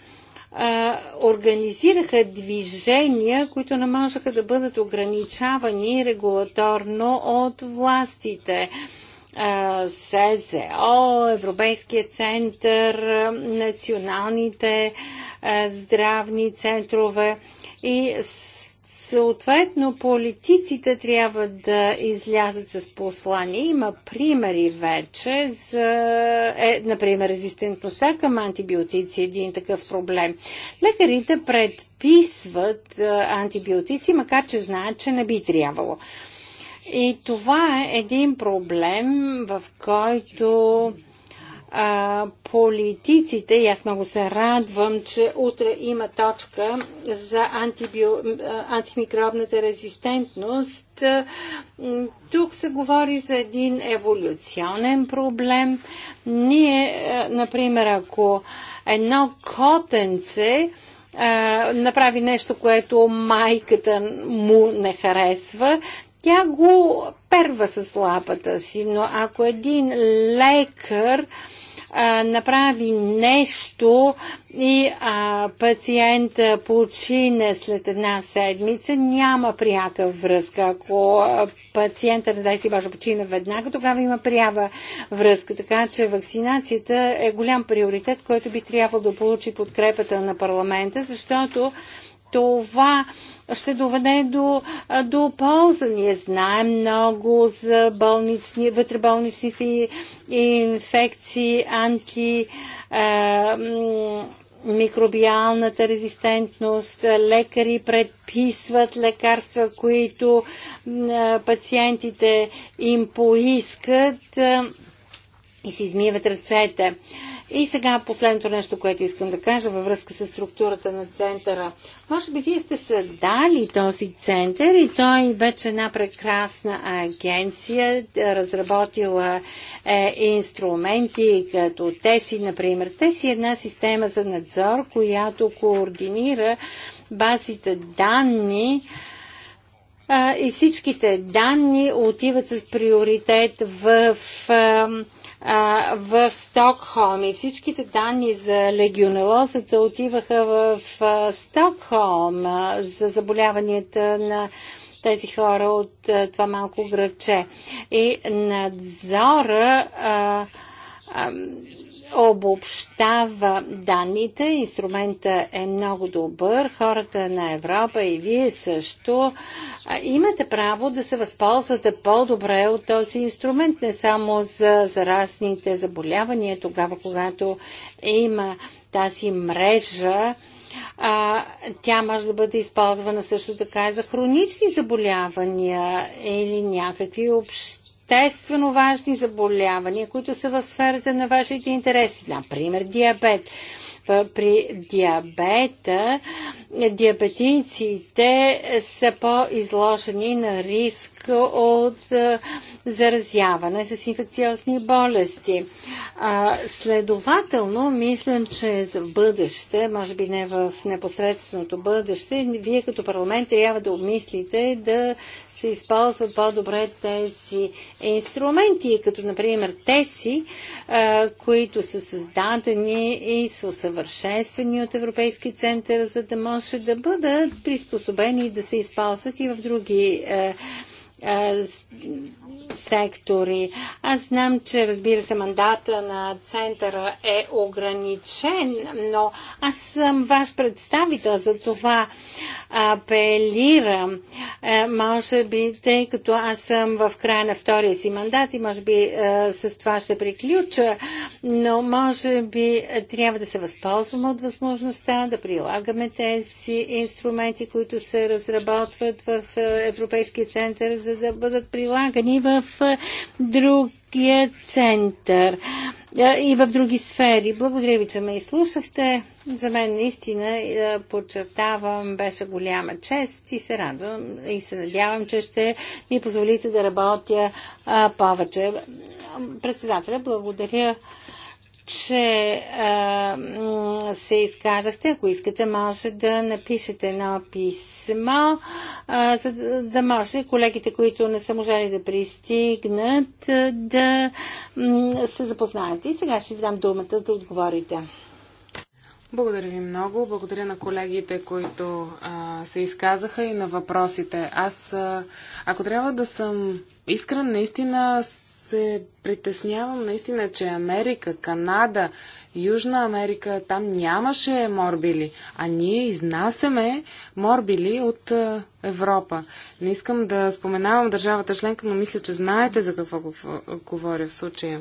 организираха движения, които не можеха да бъдат ограничавани регулаторно от властите. СЗО, Европейския център, националните здравни центрове и Съответно, политиците трябва да излязат с послание. Има примери вече за, е, например, резистентността към антибиотици, един такъв проблем. Лекарите предписват е, антибиотици, макар че знаят, че не би трябвало. И това е един проблем, в който а, политиците, и аз много се радвам, че утре има точка за антибио, антимикробната резистентност. Тук се говори за един еволюционен проблем. Ние, например, ако едно котенце направи нещо, което майката му не харесва, тя го перва с лапата си, но ако един лекар а, направи нещо и а, пациента почине след една седмица, няма пряка връзка. Ако пациента, не дай си бажа, почина веднага, тогава има прява връзка. Така че вакцинацията е голям приоритет, който би трябвало да получи подкрепата на парламента, защото това ще доведе до, до полза. Ние знаем много за болнични, вътреболничните инфекции, анти микробиалната резистентност. Лекари предписват лекарства, които пациентите им поискат и си измиват ръцете. И сега последното нещо, което искам да кажа във връзка с структурата на центъра. Може би вие сте създали този център и той вече е една прекрасна агенция, е, разработила е, инструменти като ТЕСИ, например. ТЕСИ е една система за надзор, която координира базите данни, е, и всичките данни отиват с приоритет в в Стокхолм и всичките данни за легионелозата отиваха в Стокхолм за заболяванията на тези хора от това малко граче. И надзора обобщава данните. Инструмента е много добър. Хората на Европа и вие също имате право да се възползвате по-добре от този инструмент, не само за заразните заболявания, тогава когато има тази мрежа. А, тя може да бъде използвана също така за хронични заболявания или някакви общи естествено важни заболявания, които са в сферата на вашите интереси. Например, диабет. При диабета диабетиците са по-изложени на риск от заразяване с инфекциозни болести. Следователно, мислям, че за бъдеще, може би не в непосредственото бъдеще, вие като парламент трябва да обмислите да се използват по-добре тези инструменти, като например тези, които са създадени и са усъвършенствани от Европейски център, за да може да бъдат приспособени и да се използват и в други е, сектори. Аз знам, че разбира се, мандата на центъра е ограничен, но аз съм ваш представител, за това апелирам. Е, може би, тъй като аз съм в края на втория си мандат и може би е, с това ще приключа, но може би е, трябва да се възползваме от възможността да прилагаме тези инструменти, които се разработват в Европейския център за за да бъдат прилагани в другия център и в други сфери. Благодаря ви, че ме изслушахте. За мен наистина, подчертавам, беше голяма чест и се радвам и се надявам, че ще ми позволите да работя повече. Председателя, благодаря че а, се изказахте. Ако искате, може да напишете едно писмо, а, за да може колегите, които не са можали да пристигнат, да се запознаят. И сега ще ви дам думата да отговорите. Благодаря ви много. Благодаря на колегите, които а, се изказаха и на въпросите. Аз, а, ако трябва да съм искрен, наистина се притеснявам наистина, че Америка, Канада, Южна Америка, там нямаше морбили, а ние изнасяме морбили от Европа. Не искам да споменавам държавата членка, но мисля, че знаете за какво говоря в случая.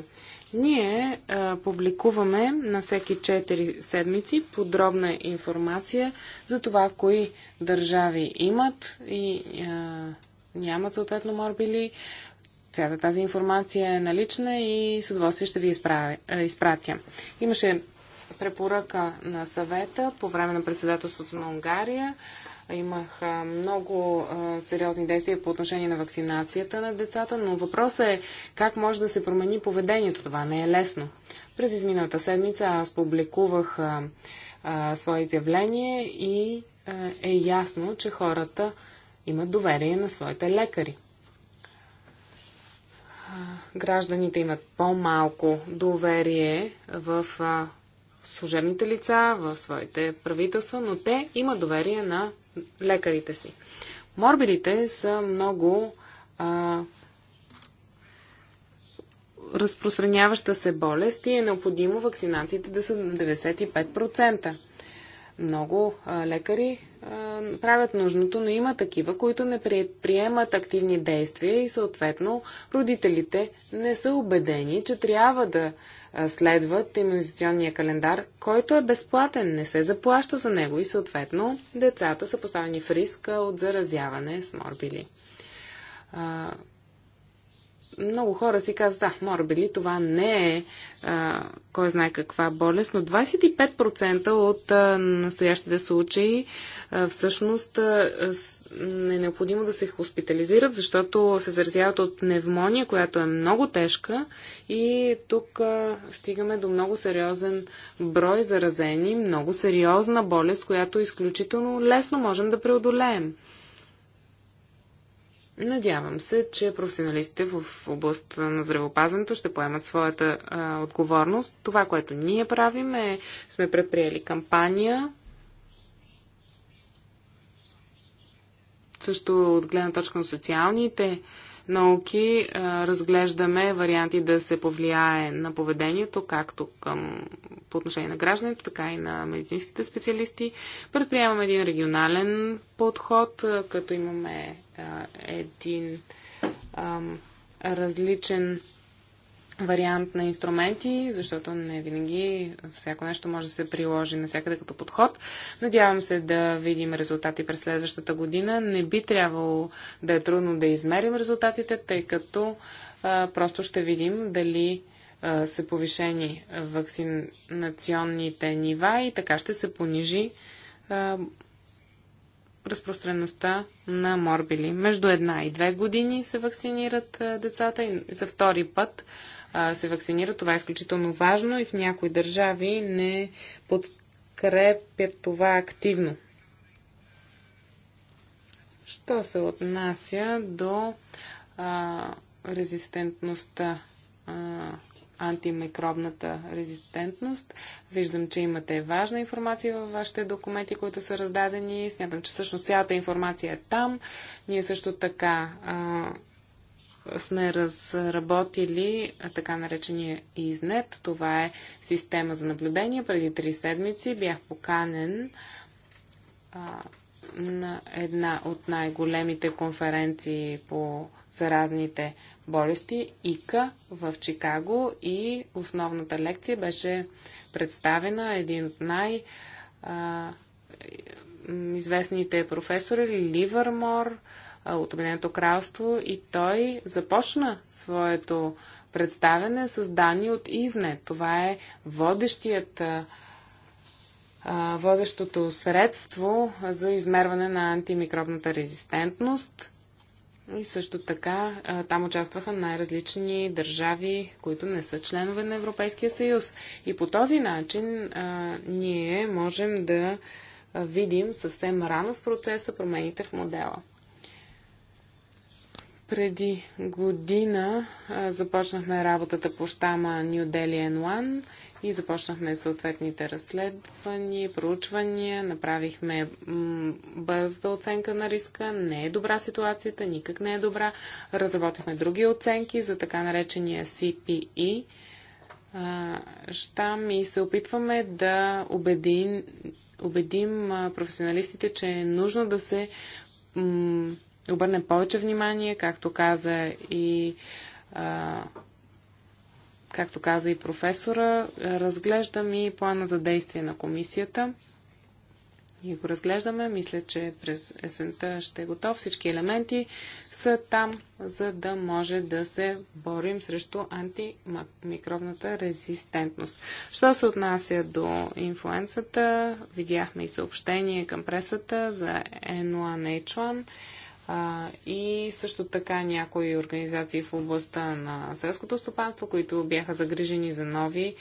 Ние а, публикуваме на всеки 4 седмици подробна информация за това, кои държави имат и а, нямат съответно морбили, Цялата тази информация е налична и с удоволствие ще ви изправя, е, изпратя. Имаше препоръка на съвета по време на председателството на Унгария. Имах много а, сериозни действия по отношение на вакцинацията на децата, но въпросът е как може да се промени поведението. Това не е лесно. През изминалата седмица аз публикувах а, а, свое изявление и е ясно, че хората имат доверие на своите лекари гражданите имат по-малко доверие в служебните лица, в своите правителства, но те имат доверие на лекарите си. Морбидите са много а, разпространяваща се болест и е необходимо вакцинациите да са 95%. Много лекари правят нужното, но има такива, които не приемат активни действия и съответно родителите не са убедени, че трябва да следват иммунизационния календар, който е безплатен, не се заплаща за него и съответно децата са поставени в риск от заразяване с морбили много хора си казват, а, морбили, това не е а, кой знае каква болест, но 25% от а, настоящите случаи а, всъщност а, с, е необходимо да се хоспитализират, защото се заразяват от невмония, която е много тежка и тук а, стигаме до много сериозен брой заразени, много сериозна болест, която е изключително лесно можем да преодолеем. Надявам се, че професионалистите в областта на здравеопазването ще поемат своята а, отговорност. Това, което ние правим е, сме предприели кампания. Също от гледна точка на социалните науки разглеждаме варианти да се повлияе на поведението, както към, по отношение на гражданите, така и на медицинските специалисти. Предприемаме един регионален подход, като имаме един различен вариант на инструменти, защото не винаги всяко нещо може да се приложи навсякъде като подход. Надявам се да видим резултати през следващата година. Не би трябвало да е трудно да измерим резултатите, тъй като а, просто ще видим дали а, са повишени вакцинационните нива и така ще се понижи а, разпространеността на морбили. Между една и две години се вакцинират децата и за втори път се вакцинират. Това е изключително важно и в някои държави не подкрепят това активно. Що се отнася до а, резистентността, а, антимикробната резистентност. Виждам, че имате важна информация във вашите документи, които са раздадени. Смятам, че всъщност цялата информация е там. Ние също така а, сме разработили така наречения изнет. Това е система за наблюдение. Преди три седмици бях поканен а, на една от най-големите конференции по заразните болести ИКА в Чикаго и основната лекция беше представена един от най- а, известните професори Ливърмор, от Обединеното кралство и той започна своето представяне с данни от Изне. Това е водещият водещото средство за измерване на антимикробната резистентност. И също така там участваха най-различни държави, които не са членове на Европейския съюз. И по този начин ние можем да видим съвсем рано в процеса промените в модела. Преди година а, започнахме работата по щама New Delhi N1 и започнахме съответните разследвания, проучвания, направихме бърза оценка на риска. Не е добра ситуацията, никак не е добра. Разработихме други оценки за така наречения CPE а, щам и се опитваме да убедим, убедим професионалистите, че е нужно да се обърнем повече внимание, както каза и а, както каза и професора, разглеждам и плана за действие на комисията. И го разглеждаме. Мисля, че през есента ще е готов. Всички елементи са там, за да може да се борим срещу антимикробната резистентност. Що се отнася до инфлуенцата, видяхме и съобщение към пресата за N1H1 и също така някои организации в областта на селското стопанство, които бяха загрижени за нови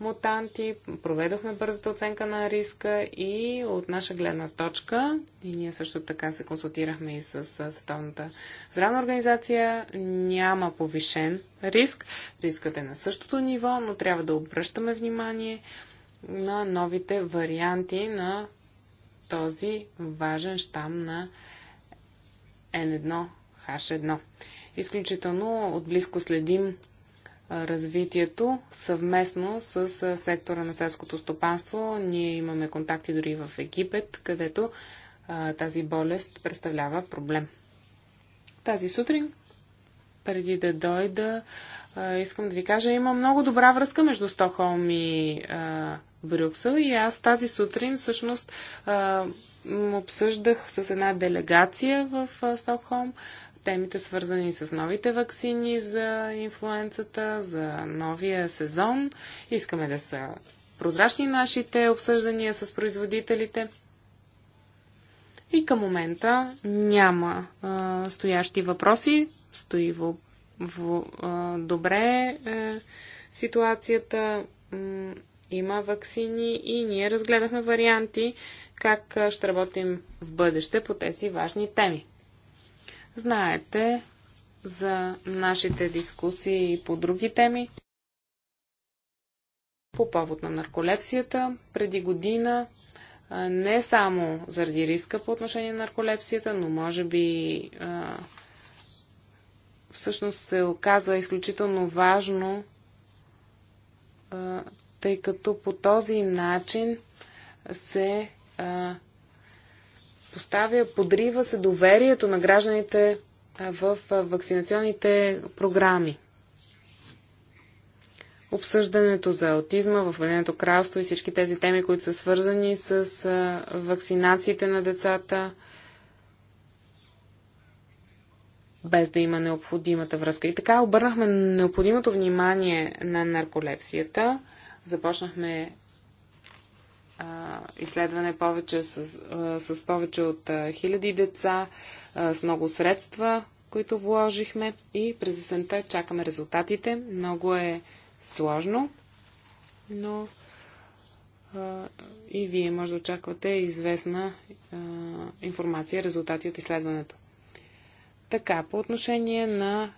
мутанти. Проведохме бързата оценка на риска и от наша гледна точка, и ние също така се консултирахме и с, с Световната здравна организация, няма повишен риск. Рискът е на същото ниво, но трябва да обръщаме внимание на новите варианти на този важен щам на N1, H1. Изключително отблизко следим развитието съвместно с сектора на селското стопанство. Ние имаме контакти дори в Египет, където тази болест представлява проблем. Тази сутрин, преди да дойда, искам да ви кажа, има много добра връзка между Стокхолм и Брюксел и аз тази сутрин всъщност обсъждах с една делегация в Стокхолм темите свързани с новите вакцини за инфлуенцата, за новия сезон. Искаме да са прозрачни нашите обсъждания с производителите. И към момента няма а, стоящи въпроси. Стои в, в, а, добре е, ситуацията има вакцини и ние разгледахме варианти как ще работим в бъдеще по тези важни теми. Знаете за нашите дискусии по други теми. По повод на нарколепсията, преди година не само заради риска по отношение на нарколепсията, но може би всъщност се оказа изключително важно тъй като по този начин се а, поставя, подрива се доверието на гражданите в вакцинационните програми. Обсъждането за аутизма в Обединеното кралство и всички тези теми, които са свързани с а, вакцинациите на децата, без да има необходимата връзка. И така обърнахме необходимото внимание на нарколепсията Започнахме а, изследване повече с, а, с повече от а, хиляди деца, а, с много средства, които вложихме и през есента чакаме резултатите. Много е сложно, но а, и вие може да очаквате известна а, информация, резултати от изследването. Така, по отношение на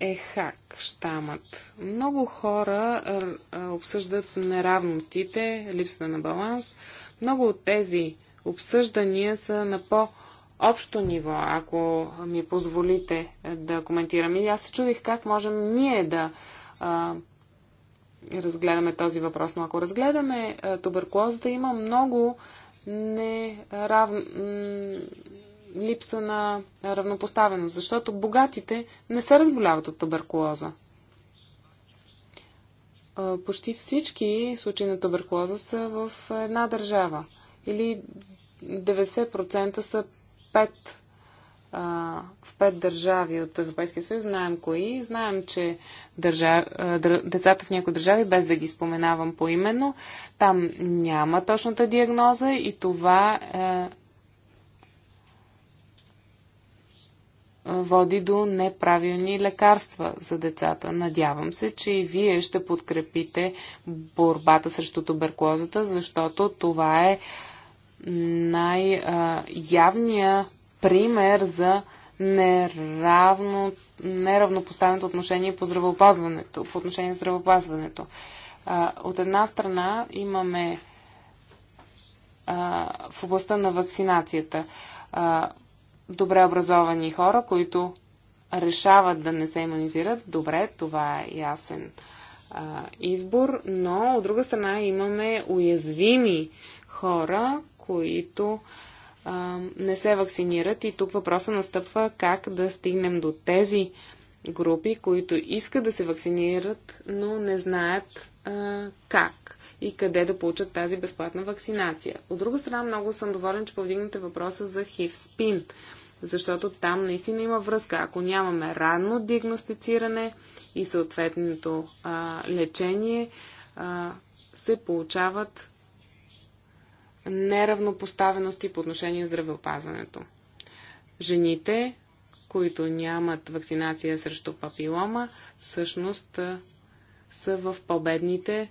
е хак, штамът. Много хора обсъждат неравностите, липсата на баланс. Много от тези обсъждания са на по- общо ниво, ако ми позволите да коментирам. И аз се чудих как можем ние да а, разгледаме този въпрос. Но ако разгледаме туберкулозата, има много нерав липса на равнопоставеност, защото богатите не се разболяват от туберкулоза. Почти всички случаи на туберкулоза са в една държава. Или 90% са 5, в 5 държави от Европейския съюз. Знаем кои. Знаем, че държа... децата в някои държави, без да ги споменавам поименно, там няма точната диагноза и това е води до неправилни лекарства за децата. Надявам се, че и вие ще подкрепите борбата срещу туберкулозата, защото това е най-явният пример за неравно, неравнопоставеното отношение по здравеопазването, по отношение на здравеопазването. от една страна имаме в областта на вакцинацията добре образовани хора, които решават да не се иммунизират. Добре, това е ясен а, избор, но от друга страна имаме уязвими хора, които а, не се вакцинират и тук въпроса настъпва как да стигнем до тези групи, които искат да се вакцинират, но не знаят а, как и къде да получат тази безплатна вакцинация. От друга страна, много съм доволен, че повдигнате въпроса за HIV-спин, защото там наистина има връзка. Ако нямаме ранно диагностициране и съответното а, лечение, а, се получават неравнопоставености по отношение на здравеопазването. Жените, които нямат вакцинация срещу папилома, всъщност са в победните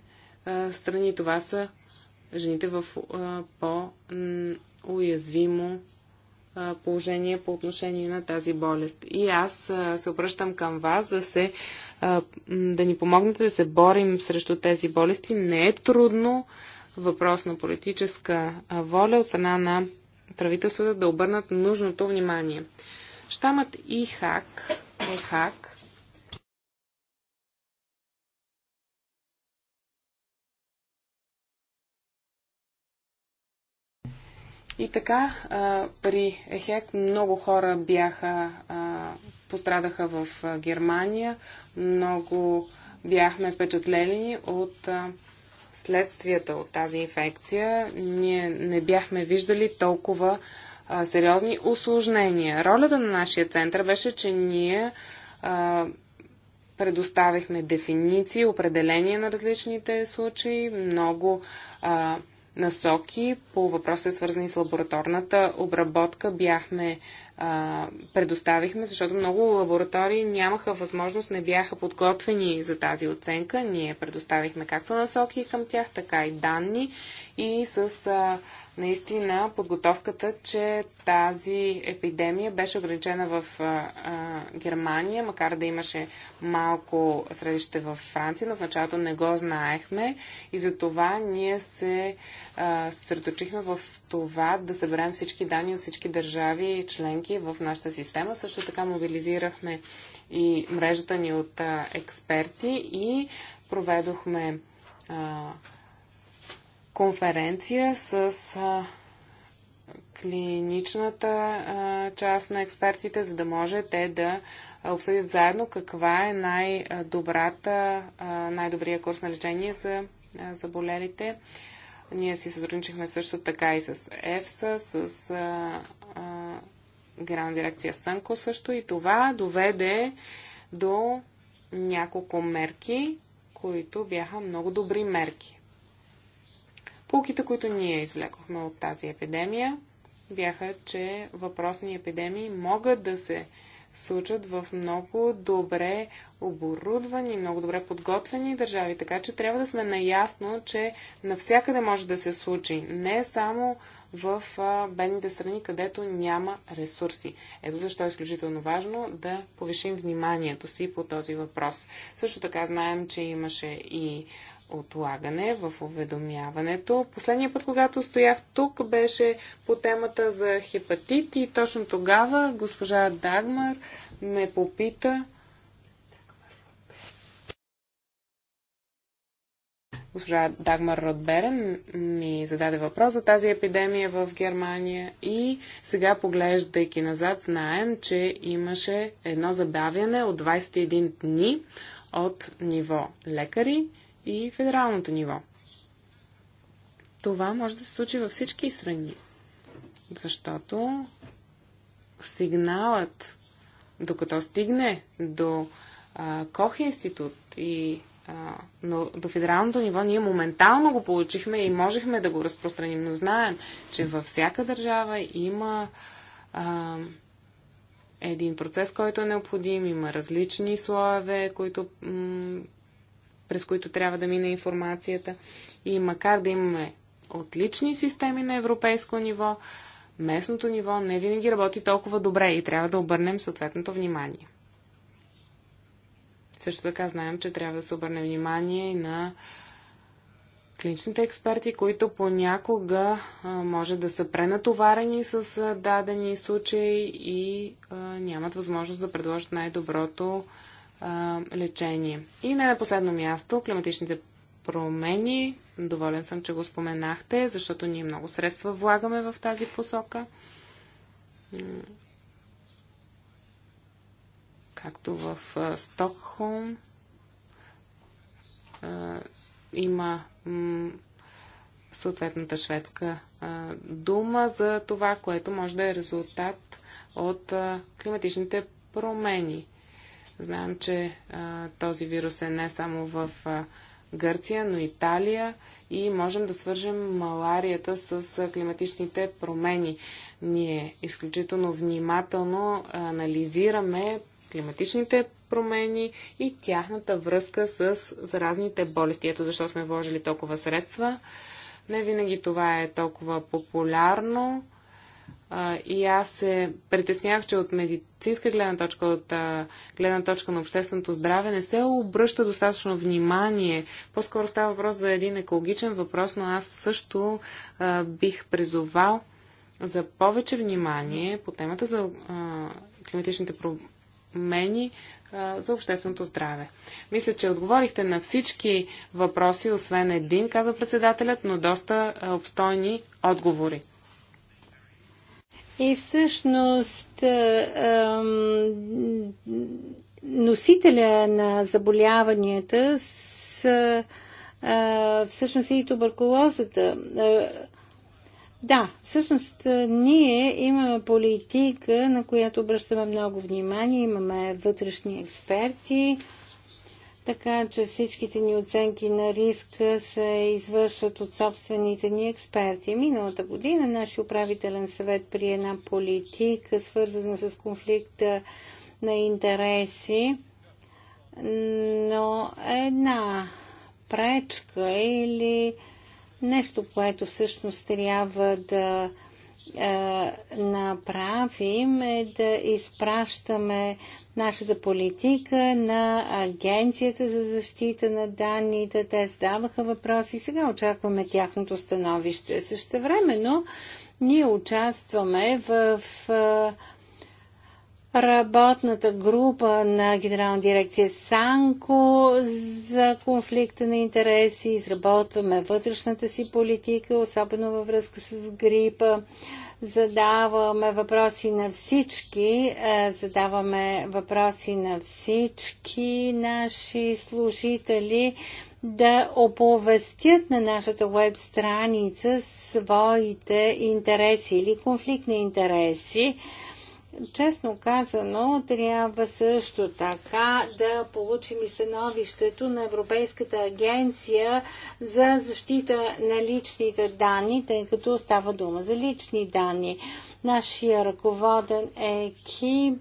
страни. Това са жените в по-уязвимо положение по отношение на тази болест. И аз се обръщам към вас да се да ни помогнете да се борим срещу тези болести. Не е трудно въпрос на политическа воля от страна на правителството да обърнат нужното внимание. Штамът ИХАК, хак. И така, а, при ЕХЕК много хора бяха, а, пострадаха в Германия, много бяхме впечатлени от а, следствията от тази инфекция. Ние не бяхме виждали толкова а, сериозни осложнения. Ролята на нашия център беше, че ние а, предоставихме дефиниции, определения на различните случаи, много а, насоки по въпроси, свързани с лабораторната обработка. Бяхме а, предоставихме, защото много лаборатории нямаха възможност, не бяха подготвени за тази оценка. Ние предоставихме както насоки към тях, така и данни и с а, наистина подготовката, че тази епидемия беше ограничена в а, а, Германия, макар да имаше малко средище в Франция, но в началото не го знаехме и за това ние се съсредоточихме в това да съберем всички данни от всички държави и членки членки в нашата система. Също така мобилизирахме и мрежата ни от а, експерти и проведохме а, конференция с а, клиничната а, част на експертите, за да може те да обсъдят заедно каква е най-добрата, най-добрия курс на лечение за заболелите. Ние си сътрудничихме също така и с ЕФСА, с а, а, Гран дирекция Сънко също и това доведе до няколко мерки, които бяха много добри мерки. Пулките, които ние извлекохме от тази епидемия, бяха, че въпросни епидемии могат да се случат в много добре оборудвани, много добре подготвени държави. Така че трябва да сме наясно, че навсякъде може да се случи. Не само в бедните страни, където няма ресурси. Ето защо е изключително важно да повишим вниманието си по този въпрос. Също така знаем, че имаше и отлагане в уведомяването. Последния път, когато стоях тук, беше по темата за хепатит и точно тогава госпожа Дагмар ме попита Госпожа Дагмар Ротберен ми зададе въпрос за тази епидемия в Германия и сега поглеждайки назад знаем, че имаше едно забавяне от 21 дни от ниво лекари и федералното ниво. Това може да се случи във всички страни, защото сигналът, докато стигне до а, Кох институт и но до федералното ниво ние моментално го получихме и можехме да го разпространим, но знаем, че във всяка държава има а, един процес, който е необходим, има различни слоеве, които, през които трябва да мине информацията. И макар да имаме отлични системи на европейско ниво, местното ниво не винаги работи толкова добре и трябва да обърнем съответното внимание. Също така знаем, че трябва да се обърне внимание и на клиничните експерти, които понякога а, може да са пренатоварени с а, дадени случаи и а, нямат възможност да предложат най-доброто лечение. И не на последно място, климатичните промени. Доволен съм, че го споменахте, защото ние много средства влагаме в тази посока както в Стокхолм. Има съответната шведска дума за това, което може да е резултат от климатичните промени. Знаем, че този вирус е не само в Гърция, но и Италия и можем да свържем маларията с климатичните промени. Ние изключително внимателно анализираме климатичните промени и тяхната връзка с заразните болести. Ето защо сме вложили толкова средства. Не винаги това е толкова популярно. и аз се притеснявах, че от медицинска гледна точка, от гледна точка на общественото здраве не се обръща достатъчно внимание. По-скоро става въпрос за един екологичен въпрос, но аз също бих призовал за повече внимание по темата за климатичните промени за общественото здраве. Мисля, че отговорихте на всички въпроси, освен един, каза председателят, но доста обстойни отговори. И всъщност носителя на заболяванията с всъщност и туберкулозата. Да, всъщност ние имаме политика, на която обръщаме много внимание, имаме вътрешни експерти, така че всичките ни оценки на риска се извършват от собствените ни експерти. Миналата година нашия управителен съвет при една политика, свързана с конфликта на интереси, но една пречка или нещо, което всъщност трябва да е, направим е да изпращаме нашата политика на Агенцията за защита на данните. Те задаваха въпроси и сега очакваме тяхното становище. Същевременно ние участваме в, в е, работната група на Генерална дирекция Санко за конфликта на интереси. Изработваме вътрешната си политика, особено във връзка с грипа. Задаваме въпроси на всички, е, задаваме въпроси на всички наши служители да оповестят на нашата веб страница своите интереси или конфликтни интереси Честно казано, трябва също така да получим и становището на Европейската агенция за защита на личните данни, тъй като става дума за лични данни. Нашия ръководен екип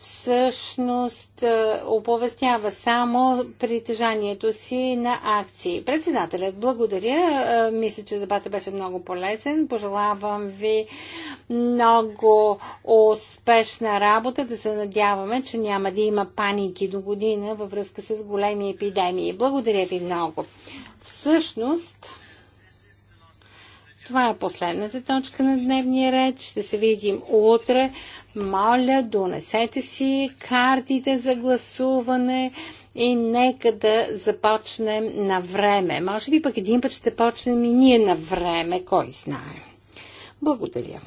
всъщност оповестява само притежанието си на акции. Председателят, благодаря. Мисля, че дебата беше много полезен. Пожелавам ви много успешна работа. Да се надяваме, че няма да има паники до година във връзка с големи епидемии. Благодаря ви много. Всъщност, това е последната точка на дневния ред. Ще се видим утре моля, донесете си картите за гласуване и нека да започнем на време. Може би пък един път ще почнем и ние на време, кой знае. Благодаря.